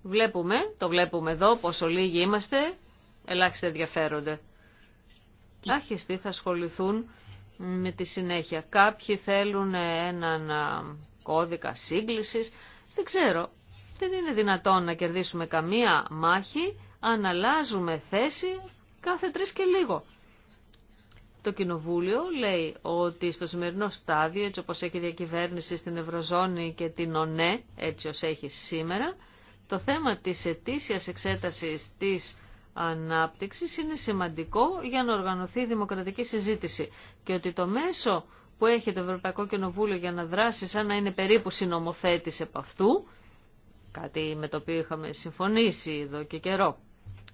Βλέπουμε, το βλέπουμε εδώ, πόσο λίγοι είμαστε, ελάχιστα ενδιαφέρονται. Άχιστοι θα ασχοληθούν με τη συνέχεια. Κάποιοι θέλουν έναν κώδικα σύγκλησης. Δεν ξέρω, δεν είναι δυνατόν να κερδίσουμε καμία μάχη αν αλλάζουμε θέση κάθε τρεις και λίγο. Το Κοινοβούλιο λέει ότι στο σημερινό στάδιο, έτσι όπως έχει διακυβέρνηση στην Ευρωζώνη και την ΟΝΕ, έτσι ως έχει σήμερα, το θέμα της ετήσιας εξέτασης της ανάπτυξης είναι σημαντικό για να οργανωθεί η δημοκρατική συζήτηση και ότι το μέσο που έχει το Ευρωπαϊκό Κοινοβούλιο για να δράσει σαν να είναι περίπου συνομοθέτης επ' αυτού, κάτι με το οποίο είχαμε συμφωνήσει εδώ και καιρό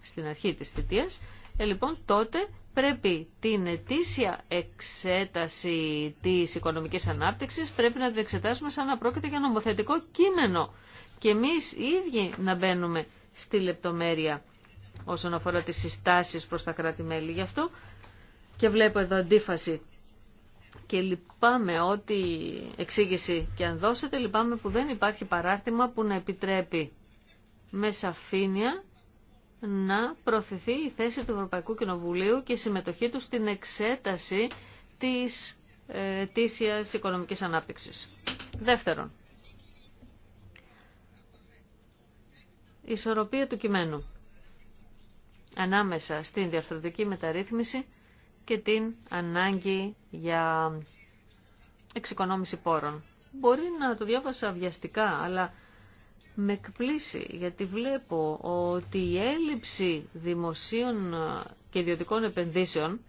στην αρχή της θητείας, ε, λοιπόν, τότε πρέπει την ετήσια εξέταση της οικονομικής ανάπτυξης πρέπει να την εξετάσουμε σαν να πρόκειται για νομοθετικό κείμενο και εμείς οι ίδιοι να μπαίνουμε στη λεπτομέρεια όσον αφορά τις συστάσεις προς τα κράτη-μέλη. Γι' αυτό και βλέπω εδώ αντίφαση και λυπάμαι ότι εξήγηση και αν δώσετε λυπάμαι που δεν υπάρχει παράρτημα που να επιτρέπει με σαφήνεια να προωθηθεί η θέση του Ευρωπαϊκού Κοινοβουλίου και η συμμετοχή του στην εξέταση της ετήσιας οικονομικής ανάπτυξης. Δεύτερον, η ισορροπία του κειμένου ανάμεσα στην διαρθρωτική μεταρρύθμιση και την ανάγκη για εξοικονόμηση πόρων. Μπορεί να το διάβασα βιαστικά, αλλά με εκπλήσει γιατί βλέπω ότι η έλλειψη δημοσίων ε, και ιδιωτικών επενδύσεων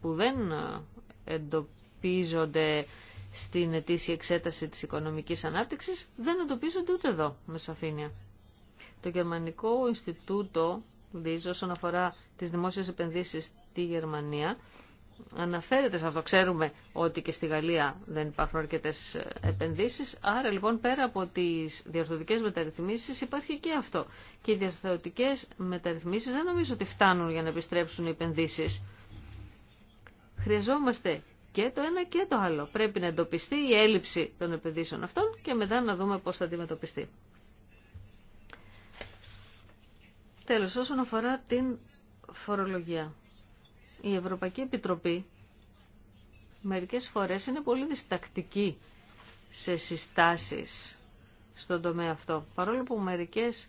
που δεν ε, εντοπίζονται στην ετήσια εξέταση της οικονομικής ανάπτυξης δεν εντοπίζονται ούτε εδώ με σαφήνεια. Το Γερμανικό Ινστιτούτο, δηλαδή όσον αφορά τις δημόσιες επενδύσεις στη Γερμανία, αναφέρεται σε αυτό. Ξέρουμε ότι και στη Γαλλία δεν υπάρχουν αρκετέ επενδύσεις. Άρα λοιπόν πέρα από τις διορθωτικές μεταρρυθμίσεις υπάρχει και αυτό. Και οι διορθωτικές μεταρρυθμίσεις δεν νομίζω ότι φτάνουν για να επιστρέψουν οι επενδύσεις. Χρειαζόμαστε και το ένα και το άλλο. Πρέπει να εντοπιστεί η έλλειψη των επενδύσεων αυτών και μετά να δούμε πώς θα αντιμετωπιστεί. Τέλος, όσον αφορά την φορολογία η Ευρωπαϊκή Επιτροπή μερικές φορές είναι πολύ διστακτική σε συστάσεις στον τομέα αυτό. Παρόλο που μερικές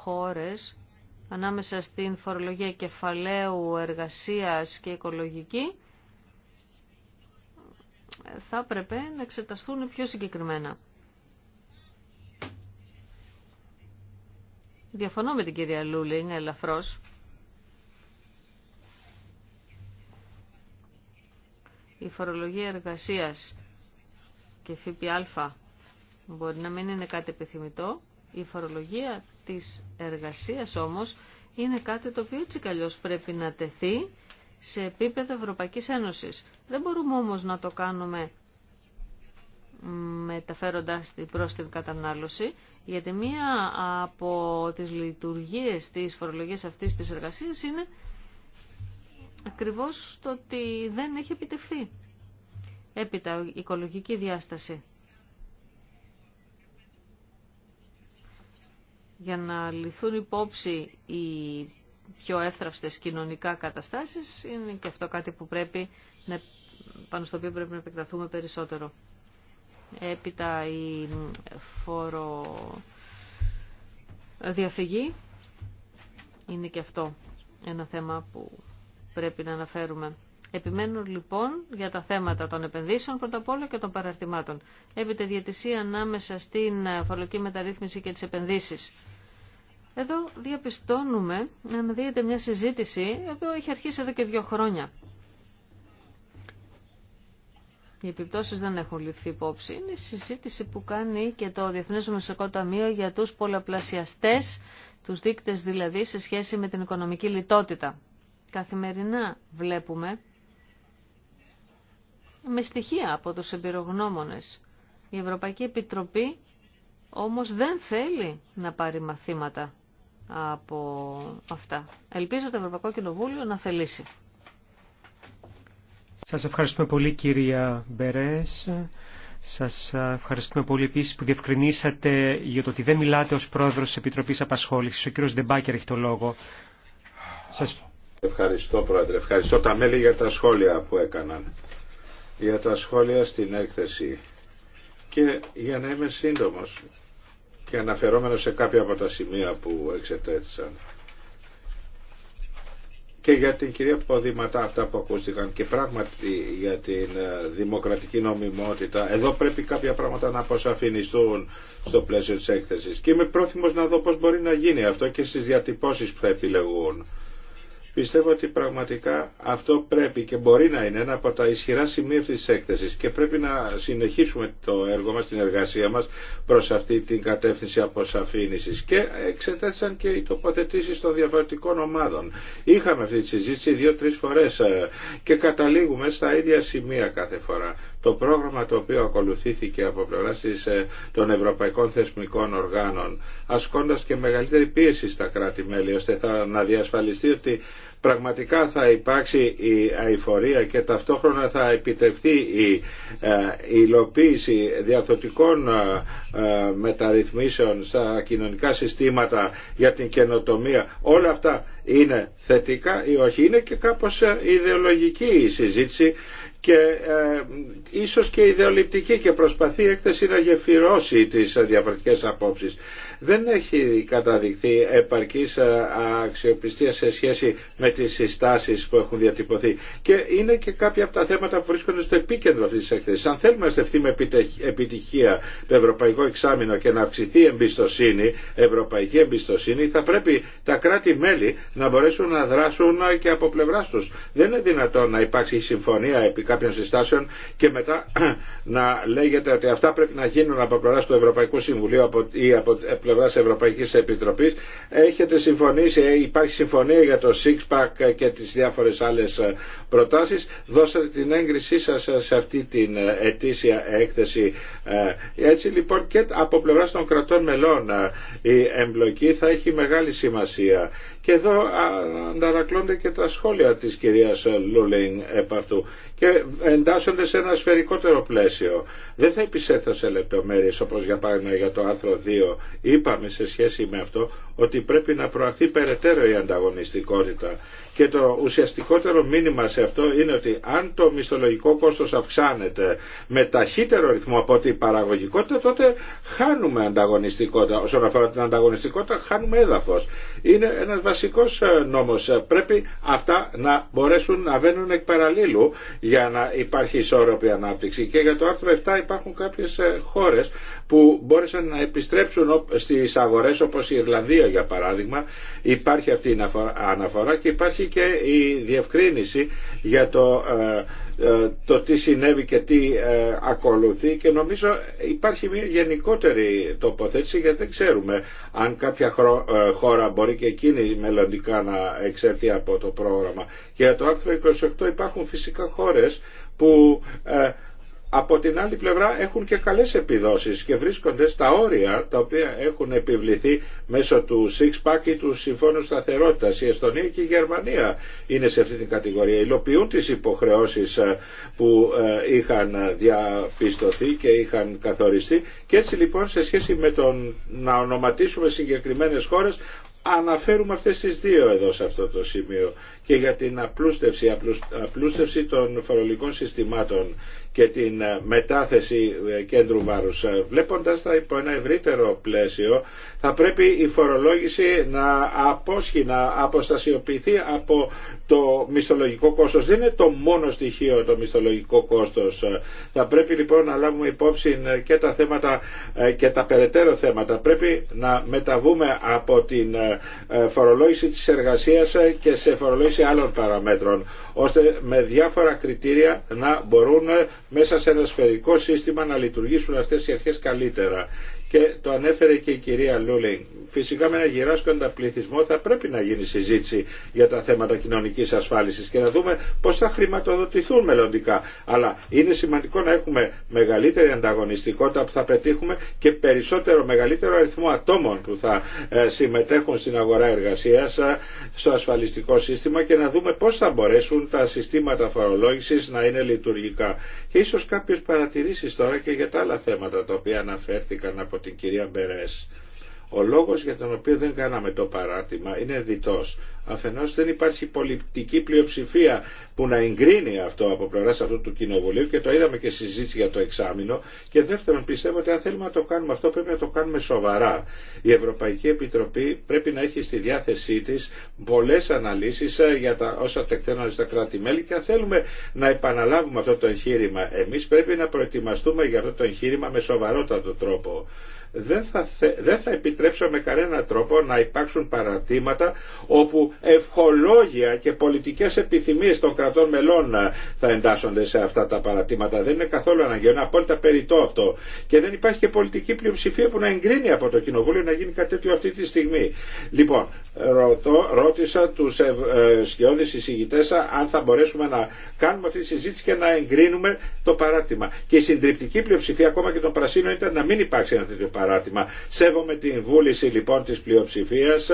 χώρες ανάμεσα στην φορολογία κεφαλαίου, εργασίας και οικολογική θα έπρεπε να εξεταστούν πιο συγκεκριμένα. Διαφωνώ με την κυρία Λούλινγκ ελαφρώς η φορολογία εργασίας και ΦΠΑ μπορεί να μην είναι κάτι επιθυμητό, η φορολογία της εργασίας όμως είναι κάτι το οποίο έτσι καλώ πρέπει να τεθεί σε επίπεδο Ευρωπαϊκής Ένωσης. Δεν μπορούμε όμως να το κάνουμε μεταφέροντας την προς την κατανάλωση, γιατί μία από τις λειτουργίες της φορολογίας αυτής της εργασίας είναι ακριβώς το ότι δεν έχει επιτευχθεί. Έπειτα, οικολογική διάσταση. Για να λυθούν υπόψη οι πιο εύθραυστες κοινωνικά καταστάσεις, είναι και αυτό κάτι που πρέπει να, πάνω στο οποίο πρέπει να επεκταθούμε περισσότερο. Έπειτα η φόρο διαφυγή είναι και αυτό ένα θέμα που πρέπει να αναφέρουμε. Επιμένουν λοιπόν για τα θέματα των επενδύσεων πρώτα απ' όλα και των παραρτημάτων. Έπειτα διατησία ανάμεσα στην ε, φορολογική μεταρρύθμιση και τις επενδύσεις. Εδώ διαπιστώνουμε να δείτε μια συζήτηση η οποία έχει αρχίσει εδώ και δύο χρόνια. Οι επιπτώσεις δεν έχουν ληφθεί υπόψη. Είναι η συζήτηση που κάνει και το Διεθνές Μεσοκό Ταμείο για τους πολλαπλασιαστές, τους δείκτες δηλαδή σε σχέση με την οικονομική λιτότητα καθημερινά βλέπουμε με στοιχεία από τους εμπειρογνώμονες. Η Ευρωπαϊκή Επιτροπή όμως δεν θέλει να πάρει μαθήματα από αυτά. Ελπίζω το Ευρωπαϊκό Κοινοβούλιο να θελήσει. Σας ευχαριστούμε πολύ κυρία Μπερές. Σας ευχαριστούμε πολύ επίσης που διευκρινίσατε για το ότι δεν μιλάτε ως πρόεδρος της Επιτροπής Απασχόλησης. Ο κύριος Δεμπάκερ έχει το λόγο. Σας Ευχαριστώ Πρόεδρε, ευχαριστώ τα μέλη για τα σχόλια που έκαναν. Για τα σχόλια στην έκθεση. Και για να είμαι σύντομος και αναφερόμενο σε κάποια από τα σημεία που εξετέθησαν. Και για την κυρία Ποδήματα αυτά που ακούστηκαν και πράγματι για την ε, δημοκρατική νομιμότητα. Εδώ πρέπει κάποια πράγματα να αποσαφινιστούν στο πλαίσιο της έκθεσης. Και είμαι πρόθυμος να δω πώς μπορεί να γίνει αυτό και στις διατυπώσεις που θα επιλεγούν Πιστεύω ότι πραγματικά αυτό πρέπει και μπορεί να είναι ένα από τα ισχυρά σημεία αυτής της έκθεσης και πρέπει να συνεχίσουμε το έργο μας, την εργασία μας προς αυτή την κατεύθυνση αποσαφήνισης και εξετέθησαν και οι τοποθετήσεις των διαφορετικών ομάδων. Είχαμε αυτή τη συζήτηση δύο-τρεις φορές ε, και καταλήγουμε στα ίδια σημεία κάθε φορά. Το πρόγραμμα το οποίο ακολουθήθηκε από πλευρά ε, των ευρωπαϊκών θεσμικών οργάνων ασκώντας και μεγαλύτερη πίεση στα κράτη-μέλη ώστε να διασφαλιστεί ότι πραγματικά θα υπάρξει η αηφορία και ταυτόχρονα θα επιτευχθεί η ε, υλοποίηση διαθωτικών ε, ε, μεταρρυθμίσεων στα κοινωνικά συστήματα για την καινοτομία. Όλα αυτά είναι θετικά ή όχι. Είναι και κάπως ιδεολογική η συζήτηση και ίσως και ιδεολειπτική και προσπαθεί η έκθεση να γεφυρώσει τις διαφορετικές απόψεις δεν έχει καταδειχθεί επαρκής ε, αξιοπιστία σε σχέση με τις συστάσεις που έχουν διατυπωθεί. Και είναι και κάποια από τα θέματα που βρίσκονται στο επίκεντρο αυτής της έκθεσης. Αν θέλουμε να στεφθεί με επιτυχία το ευρωπαϊκό εξάμεινο και να αυξηθεί η εμπιστοσύνη, ευρωπαϊκή εμπιστοσύνη, θα πρέπει τα κράτη-μέλη να μπορέσουν να δράσουν και από πλευρά τους. Δεν είναι δυνατόν να υπάρξει συμφωνία επί κάποιων συστάσεων και μετά να λέγεται ότι αυτά πρέπει να γίνουν από πλευρά του Ευρωπαϊκού Συμβουλίου ή από ε, πλευρά Ευρωπαϊκή Επιτροπή. Έχετε συμφωνήσει, ε, υπάρχει συμφωνία για το six και τι διάφορε άλλε προτάσει. Δώσατε την έγκρισή σα ε, σε αυτή την ε, ετήσια έκθεση. Έτσι λοιπόν και από πλευρά των κρατών μελών η εμπλοκή θα έχει μεγάλη σημασία. Και εδώ αντανακλώνται και τα σχόλια της κυρίας Λούλινγκ επ' αυτού και εντάσσονται σε ένα σφαιρικότερο πλαίσιο. Δεν θα επισέθω σε λεπτομέρειες όπως για παράδειγμα για το άρθρο 2. Είπαμε σε σχέση με αυτό ότι πρέπει να προαχθεί περαιτέρω η ανταγωνιστικότητα και το ουσιαστικότερο μήνυμα σε αυτό είναι ότι αν το μισθολογικό κόστος αυξάνεται με ταχύτερο ρυθμό από την παραγωγικότητα, τότε χάνουμε ανταγωνιστικότητα. Όσον αφορά την ανταγωνιστικότητα, χάνουμε έδαφος. Είναι ένας βασικός ε, νόμος. Πρέπει αυτά να μπορέσουν να βαίνουν εκ για να υπάρχει ισόρροπη ανάπτυξη. Και για το άρθρο 7 υπάρχουν κάποιες ε, χώρες που μπόρεσαν να επιστρέψουν στις αγορές όπως η Ιρλανδία για παράδειγμα υπάρχει αυτή η αναφορά και υπάρχει και η διευκρίνηση για το, ε, ε, το τι συνέβη και τι ε, ακολουθεί και νομίζω υπάρχει μια γενικότερη τοποθέτηση γιατί δεν ξέρουμε αν κάποια χώρα μπορεί και εκείνη μελλοντικά να εξέλθει από το πρόγραμμα και για το άρθρο 28 υπάρχουν φυσικά χώρες που από την άλλη πλευρά έχουν και καλές επιδόσεις και βρίσκονται στα όρια τα οποία έχουν επιβληθεί μέσω του Six Pack ή του Συμφώνου Σταθερότητας. Η Εστονία και η Γερμανία είναι σε αυτή την κατηγορία. Υλοποιούν τις υποχρεώσεις ε, που ε, είχαν διαπιστωθεί και είχαν καθοριστεί και έτσι λοιπόν σε σχέση με το να ονοματίσουμε συγκεκριμένες χώρες αναφέρουμε αυτές τις δύο εδώ σε αυτό το σημείο και για την απλούστευση, απλούστευση των φορολογικών συστημάτων και την ε, μετάθεση ε, κέντρου βάρους. Ε, βλέποντας τα υπό ένα ευρύτερο πλαίσιο θα πρέπει η φορολόγηση να απόσχει, να αποστασιοποιηθεί από το μισθολογικό κόστος. Δεν είναι το μόνο στοιχείο το μισθολογικό κόστος. Θα πρέπει λοιπόν να λάβουμε υπόψη και τα θέματα και τα περαιτέρω θέματα. Πρέπει να μεταβούμε από την φορολόγηση της εργασίας και σε φορολόγηση άλλων παραμέτρων ώστε με διάφορα κριτήρια να μπορούν μέσα σε ένα σφαιρικό σύστημα να λειτουργήσουν αυτές οι αρχές καλύτερα και το ανέφερε και η κυρία Λούλινγκ. Φυσικά με ένα γυράσκοντα πληθυσμό θα πρέπει να γίνει συζήτηση για τα θέματα κοινωνικής ασφάλισης και να δούμε πώς θα χρηματοδοτηθούν μελλοντικά. Αλλά είναι σημαντικό να έχουμε μεγαλύτερη ανταγωνιστικότητα που θα πετύχουμε και περισσότερο μεγαλύτερο αριθμό ατόμων που θα ε, συμμετέχουν στην αγορά εργασίας ε, στο ασφαλιστικό σύστημα και να δούμε πώς θα μπορέσουν τα συστήματα φορολόγησης να είναι λειτουργικά. Και ίσως κάποιες παρατηρήσεις τώρα και για τα άλλα θέματα τα οποία αναφέρθηκαν από την κυρία Μπερές ο λόγος για τον οποίο δεν κάναμε το παράρτημα είναι διτός. Αφενός δεν υπάρχει πολιτική πλειοψηφία που να εγκρίνει αυτό από πλευράς αυτού του Κοινοβουλίου και το είδαμε και στη συζήτηση για το εξάμεινο και δεύτερον πιστεύω ότι αν θέλουμε να το κάνουμε αυτό πρέπει να το κάνουμε σοβαρά. Η Ευρωπαϊκή Επιτροπή πρέπει να έχει στη διάθεσή της πολλές αναλύσεις ε, για τα όσα τεκταίνουν στα κράτη-μέλη και αν θέλουμε να επαναλάβουμε αυτό το εγχείρημα εμείς πρέπει να προετοιμαστούμε για αυτό το εγχείρημα με σοβαρότατο τρόπο δεν θα, θε, δεν θα επιτρέψω με κανένα τρόπο να υπάρξουν παρατήματα όπου ευχολόγια και πολιτικές επιθυμίες των κρατών μελών ε, θα εντάσσονται σε αυτά τα παρατήματα. Δεν είναι καθόλου αναγκαίο, είναι απόλυτα περιττό αυτό. Και δεν υπάρχει και πολιτική πλειοψηφία που να εγκρίνει από το Κοινοβούλιο να γίνει κάτι τέτοιο αυτή τη στιγμή. Λοιπόν, ρωτώ, ρώτησα τους ευ, ε, αν θα μπορέσουμε να κάνουμε αυτή τη συζήτηση και να εγκρίνουμε το παράτημα. Και η συντριπτική πλειοψηφία ακόμα και των πρασίνων ήταν να μην υπάρξει ένα τέτοιο παράτημα παράρτημα. Σέβομαι την βούληση λοιπόν της πλειοψηφίας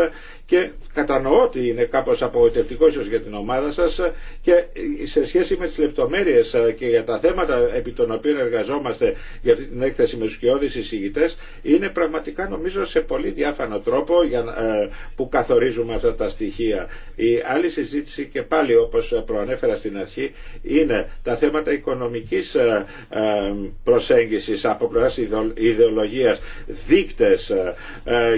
και κατανοώ ότι είναι κάπως απογοητευτικό ίσως για την ομάδα σας και σε σχέση με τις λεπτομέρειες και για τα θέματα επί των οποίων εργαζόμαστε για αυτή την έκθεση με τους κοιόδης εισηγητές είναι πραγματικά νομίζω σε πολύ διάφανο τρόπο για, ε, που καθορίζουμε αυτά τα στοιχεία. Η άλλη συζήτηση και πάλι όπως προανέφερα στην αρχή είναι τα θέματα οικονομικής ε, ε, προσέγγισης από πλευράς ιδεολογίας δείκτες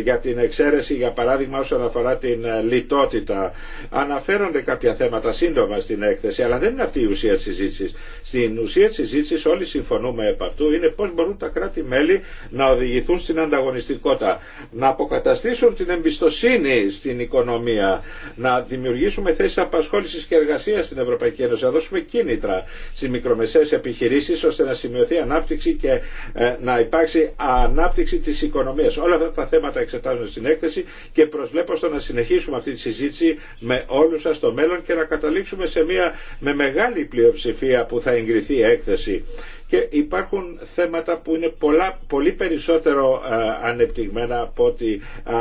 για την εξαίρεση για παράδειγμα όσον αφορά αφορά την ε, λιτότητα. Αναφέρονται κάποια θέματα σύντομα στην έκθεση, αλλά δεν είναι αυτή η ουσία τη συζήτηση. Στην ουσία της όλοι συμφωνούμε επ' αυτού είναι πώ μπορούν τα κράτη-μέλη να οδηγηθούν στην ανταγωνιστικότητα, να αποκαταστήσουν την εμπιστοσύνη στην οικονομία, να δημιουργήσουμε θέσει απασχόληση και εργασία στην Ευρωπαϊκή Ένωση, να δώσουμε κίνητρα στι μικρομεσαίες επιχειρήσει ώστε να σημειωθεί ανάπτυξη και ε, να υπάρξει ανάπτυξη τη οικονομία. Όλα αυτά τα θέματα εξετάζονται στην έκθεση και προσβλέπω στο να συνεχίσουμε αυτή τη συζήτηση με όλους σας στο μέλλον και να καταλήξουμε σε μια με μεγάλη πλειοψηφία που θα εγκριθεί έκθεση και υπάρχουν θέματα που είναι πολλά, πολύ περισσότερο ε, ανεπτυγμένα από, ε,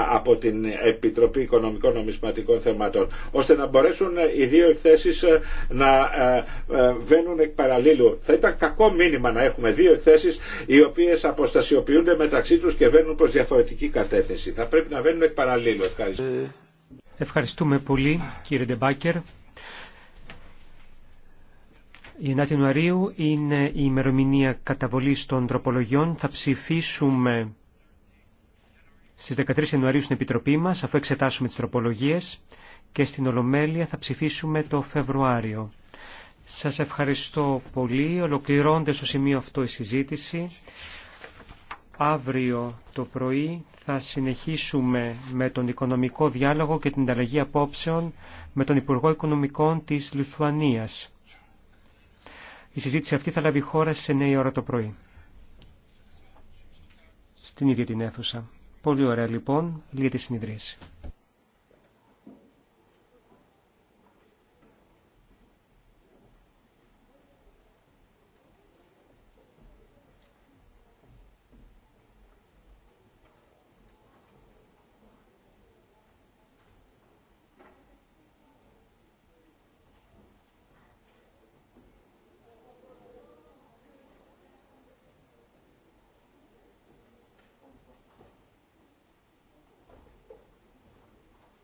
από την Επιτροπή Οικονομικών Νομισματικών Θεμάτων ώστε να μπορέσουν ε, οι δύο εκθέσεις να βαίνουν εκ παραλίλου. Θα ήταν κακό μήνυμα να έχουμε δύο εκθέσεις οι οποίες αποστασιοποιούνται μεταξύ τους και βαίνουν προς διαφορετική κατεύθυνση. Θα πρέπει να βαίνουν εκ παραλίλου. Ευχαριστούμε πολύ κύριε Ντεμπάκερ. Η 9 Ιανουαρίου είναι η ημερομηνία καταβολής των τροπολογιών. Θα ψηφίσουμε στις 13 Ιανουαρίου στην Επιτροπή μας, αφού εξετάσουμε τις τροπολογίες, και στην Ολομέλεια θα ψηφίσουμε το Φεβρουάριο. Σας ευχαριστώ πολύ. Ολοκληρώνται στο σημείο αυτό η συζήτηση. Αύριο το πρωί θα συνεχίσουμε με τον οικονομικό διάλογο και την ανταλλαγή απόψεων με τον Υπουργό Οικονομικών της Λιθουανίας. Η συζήτηση αυτή θα λάβει χώρα σε 9 ώρα το πρωί. Στην ίδια την αίθουσα. Πολύ ωραία λοιπόν, λίγη τη συνειδρίαση.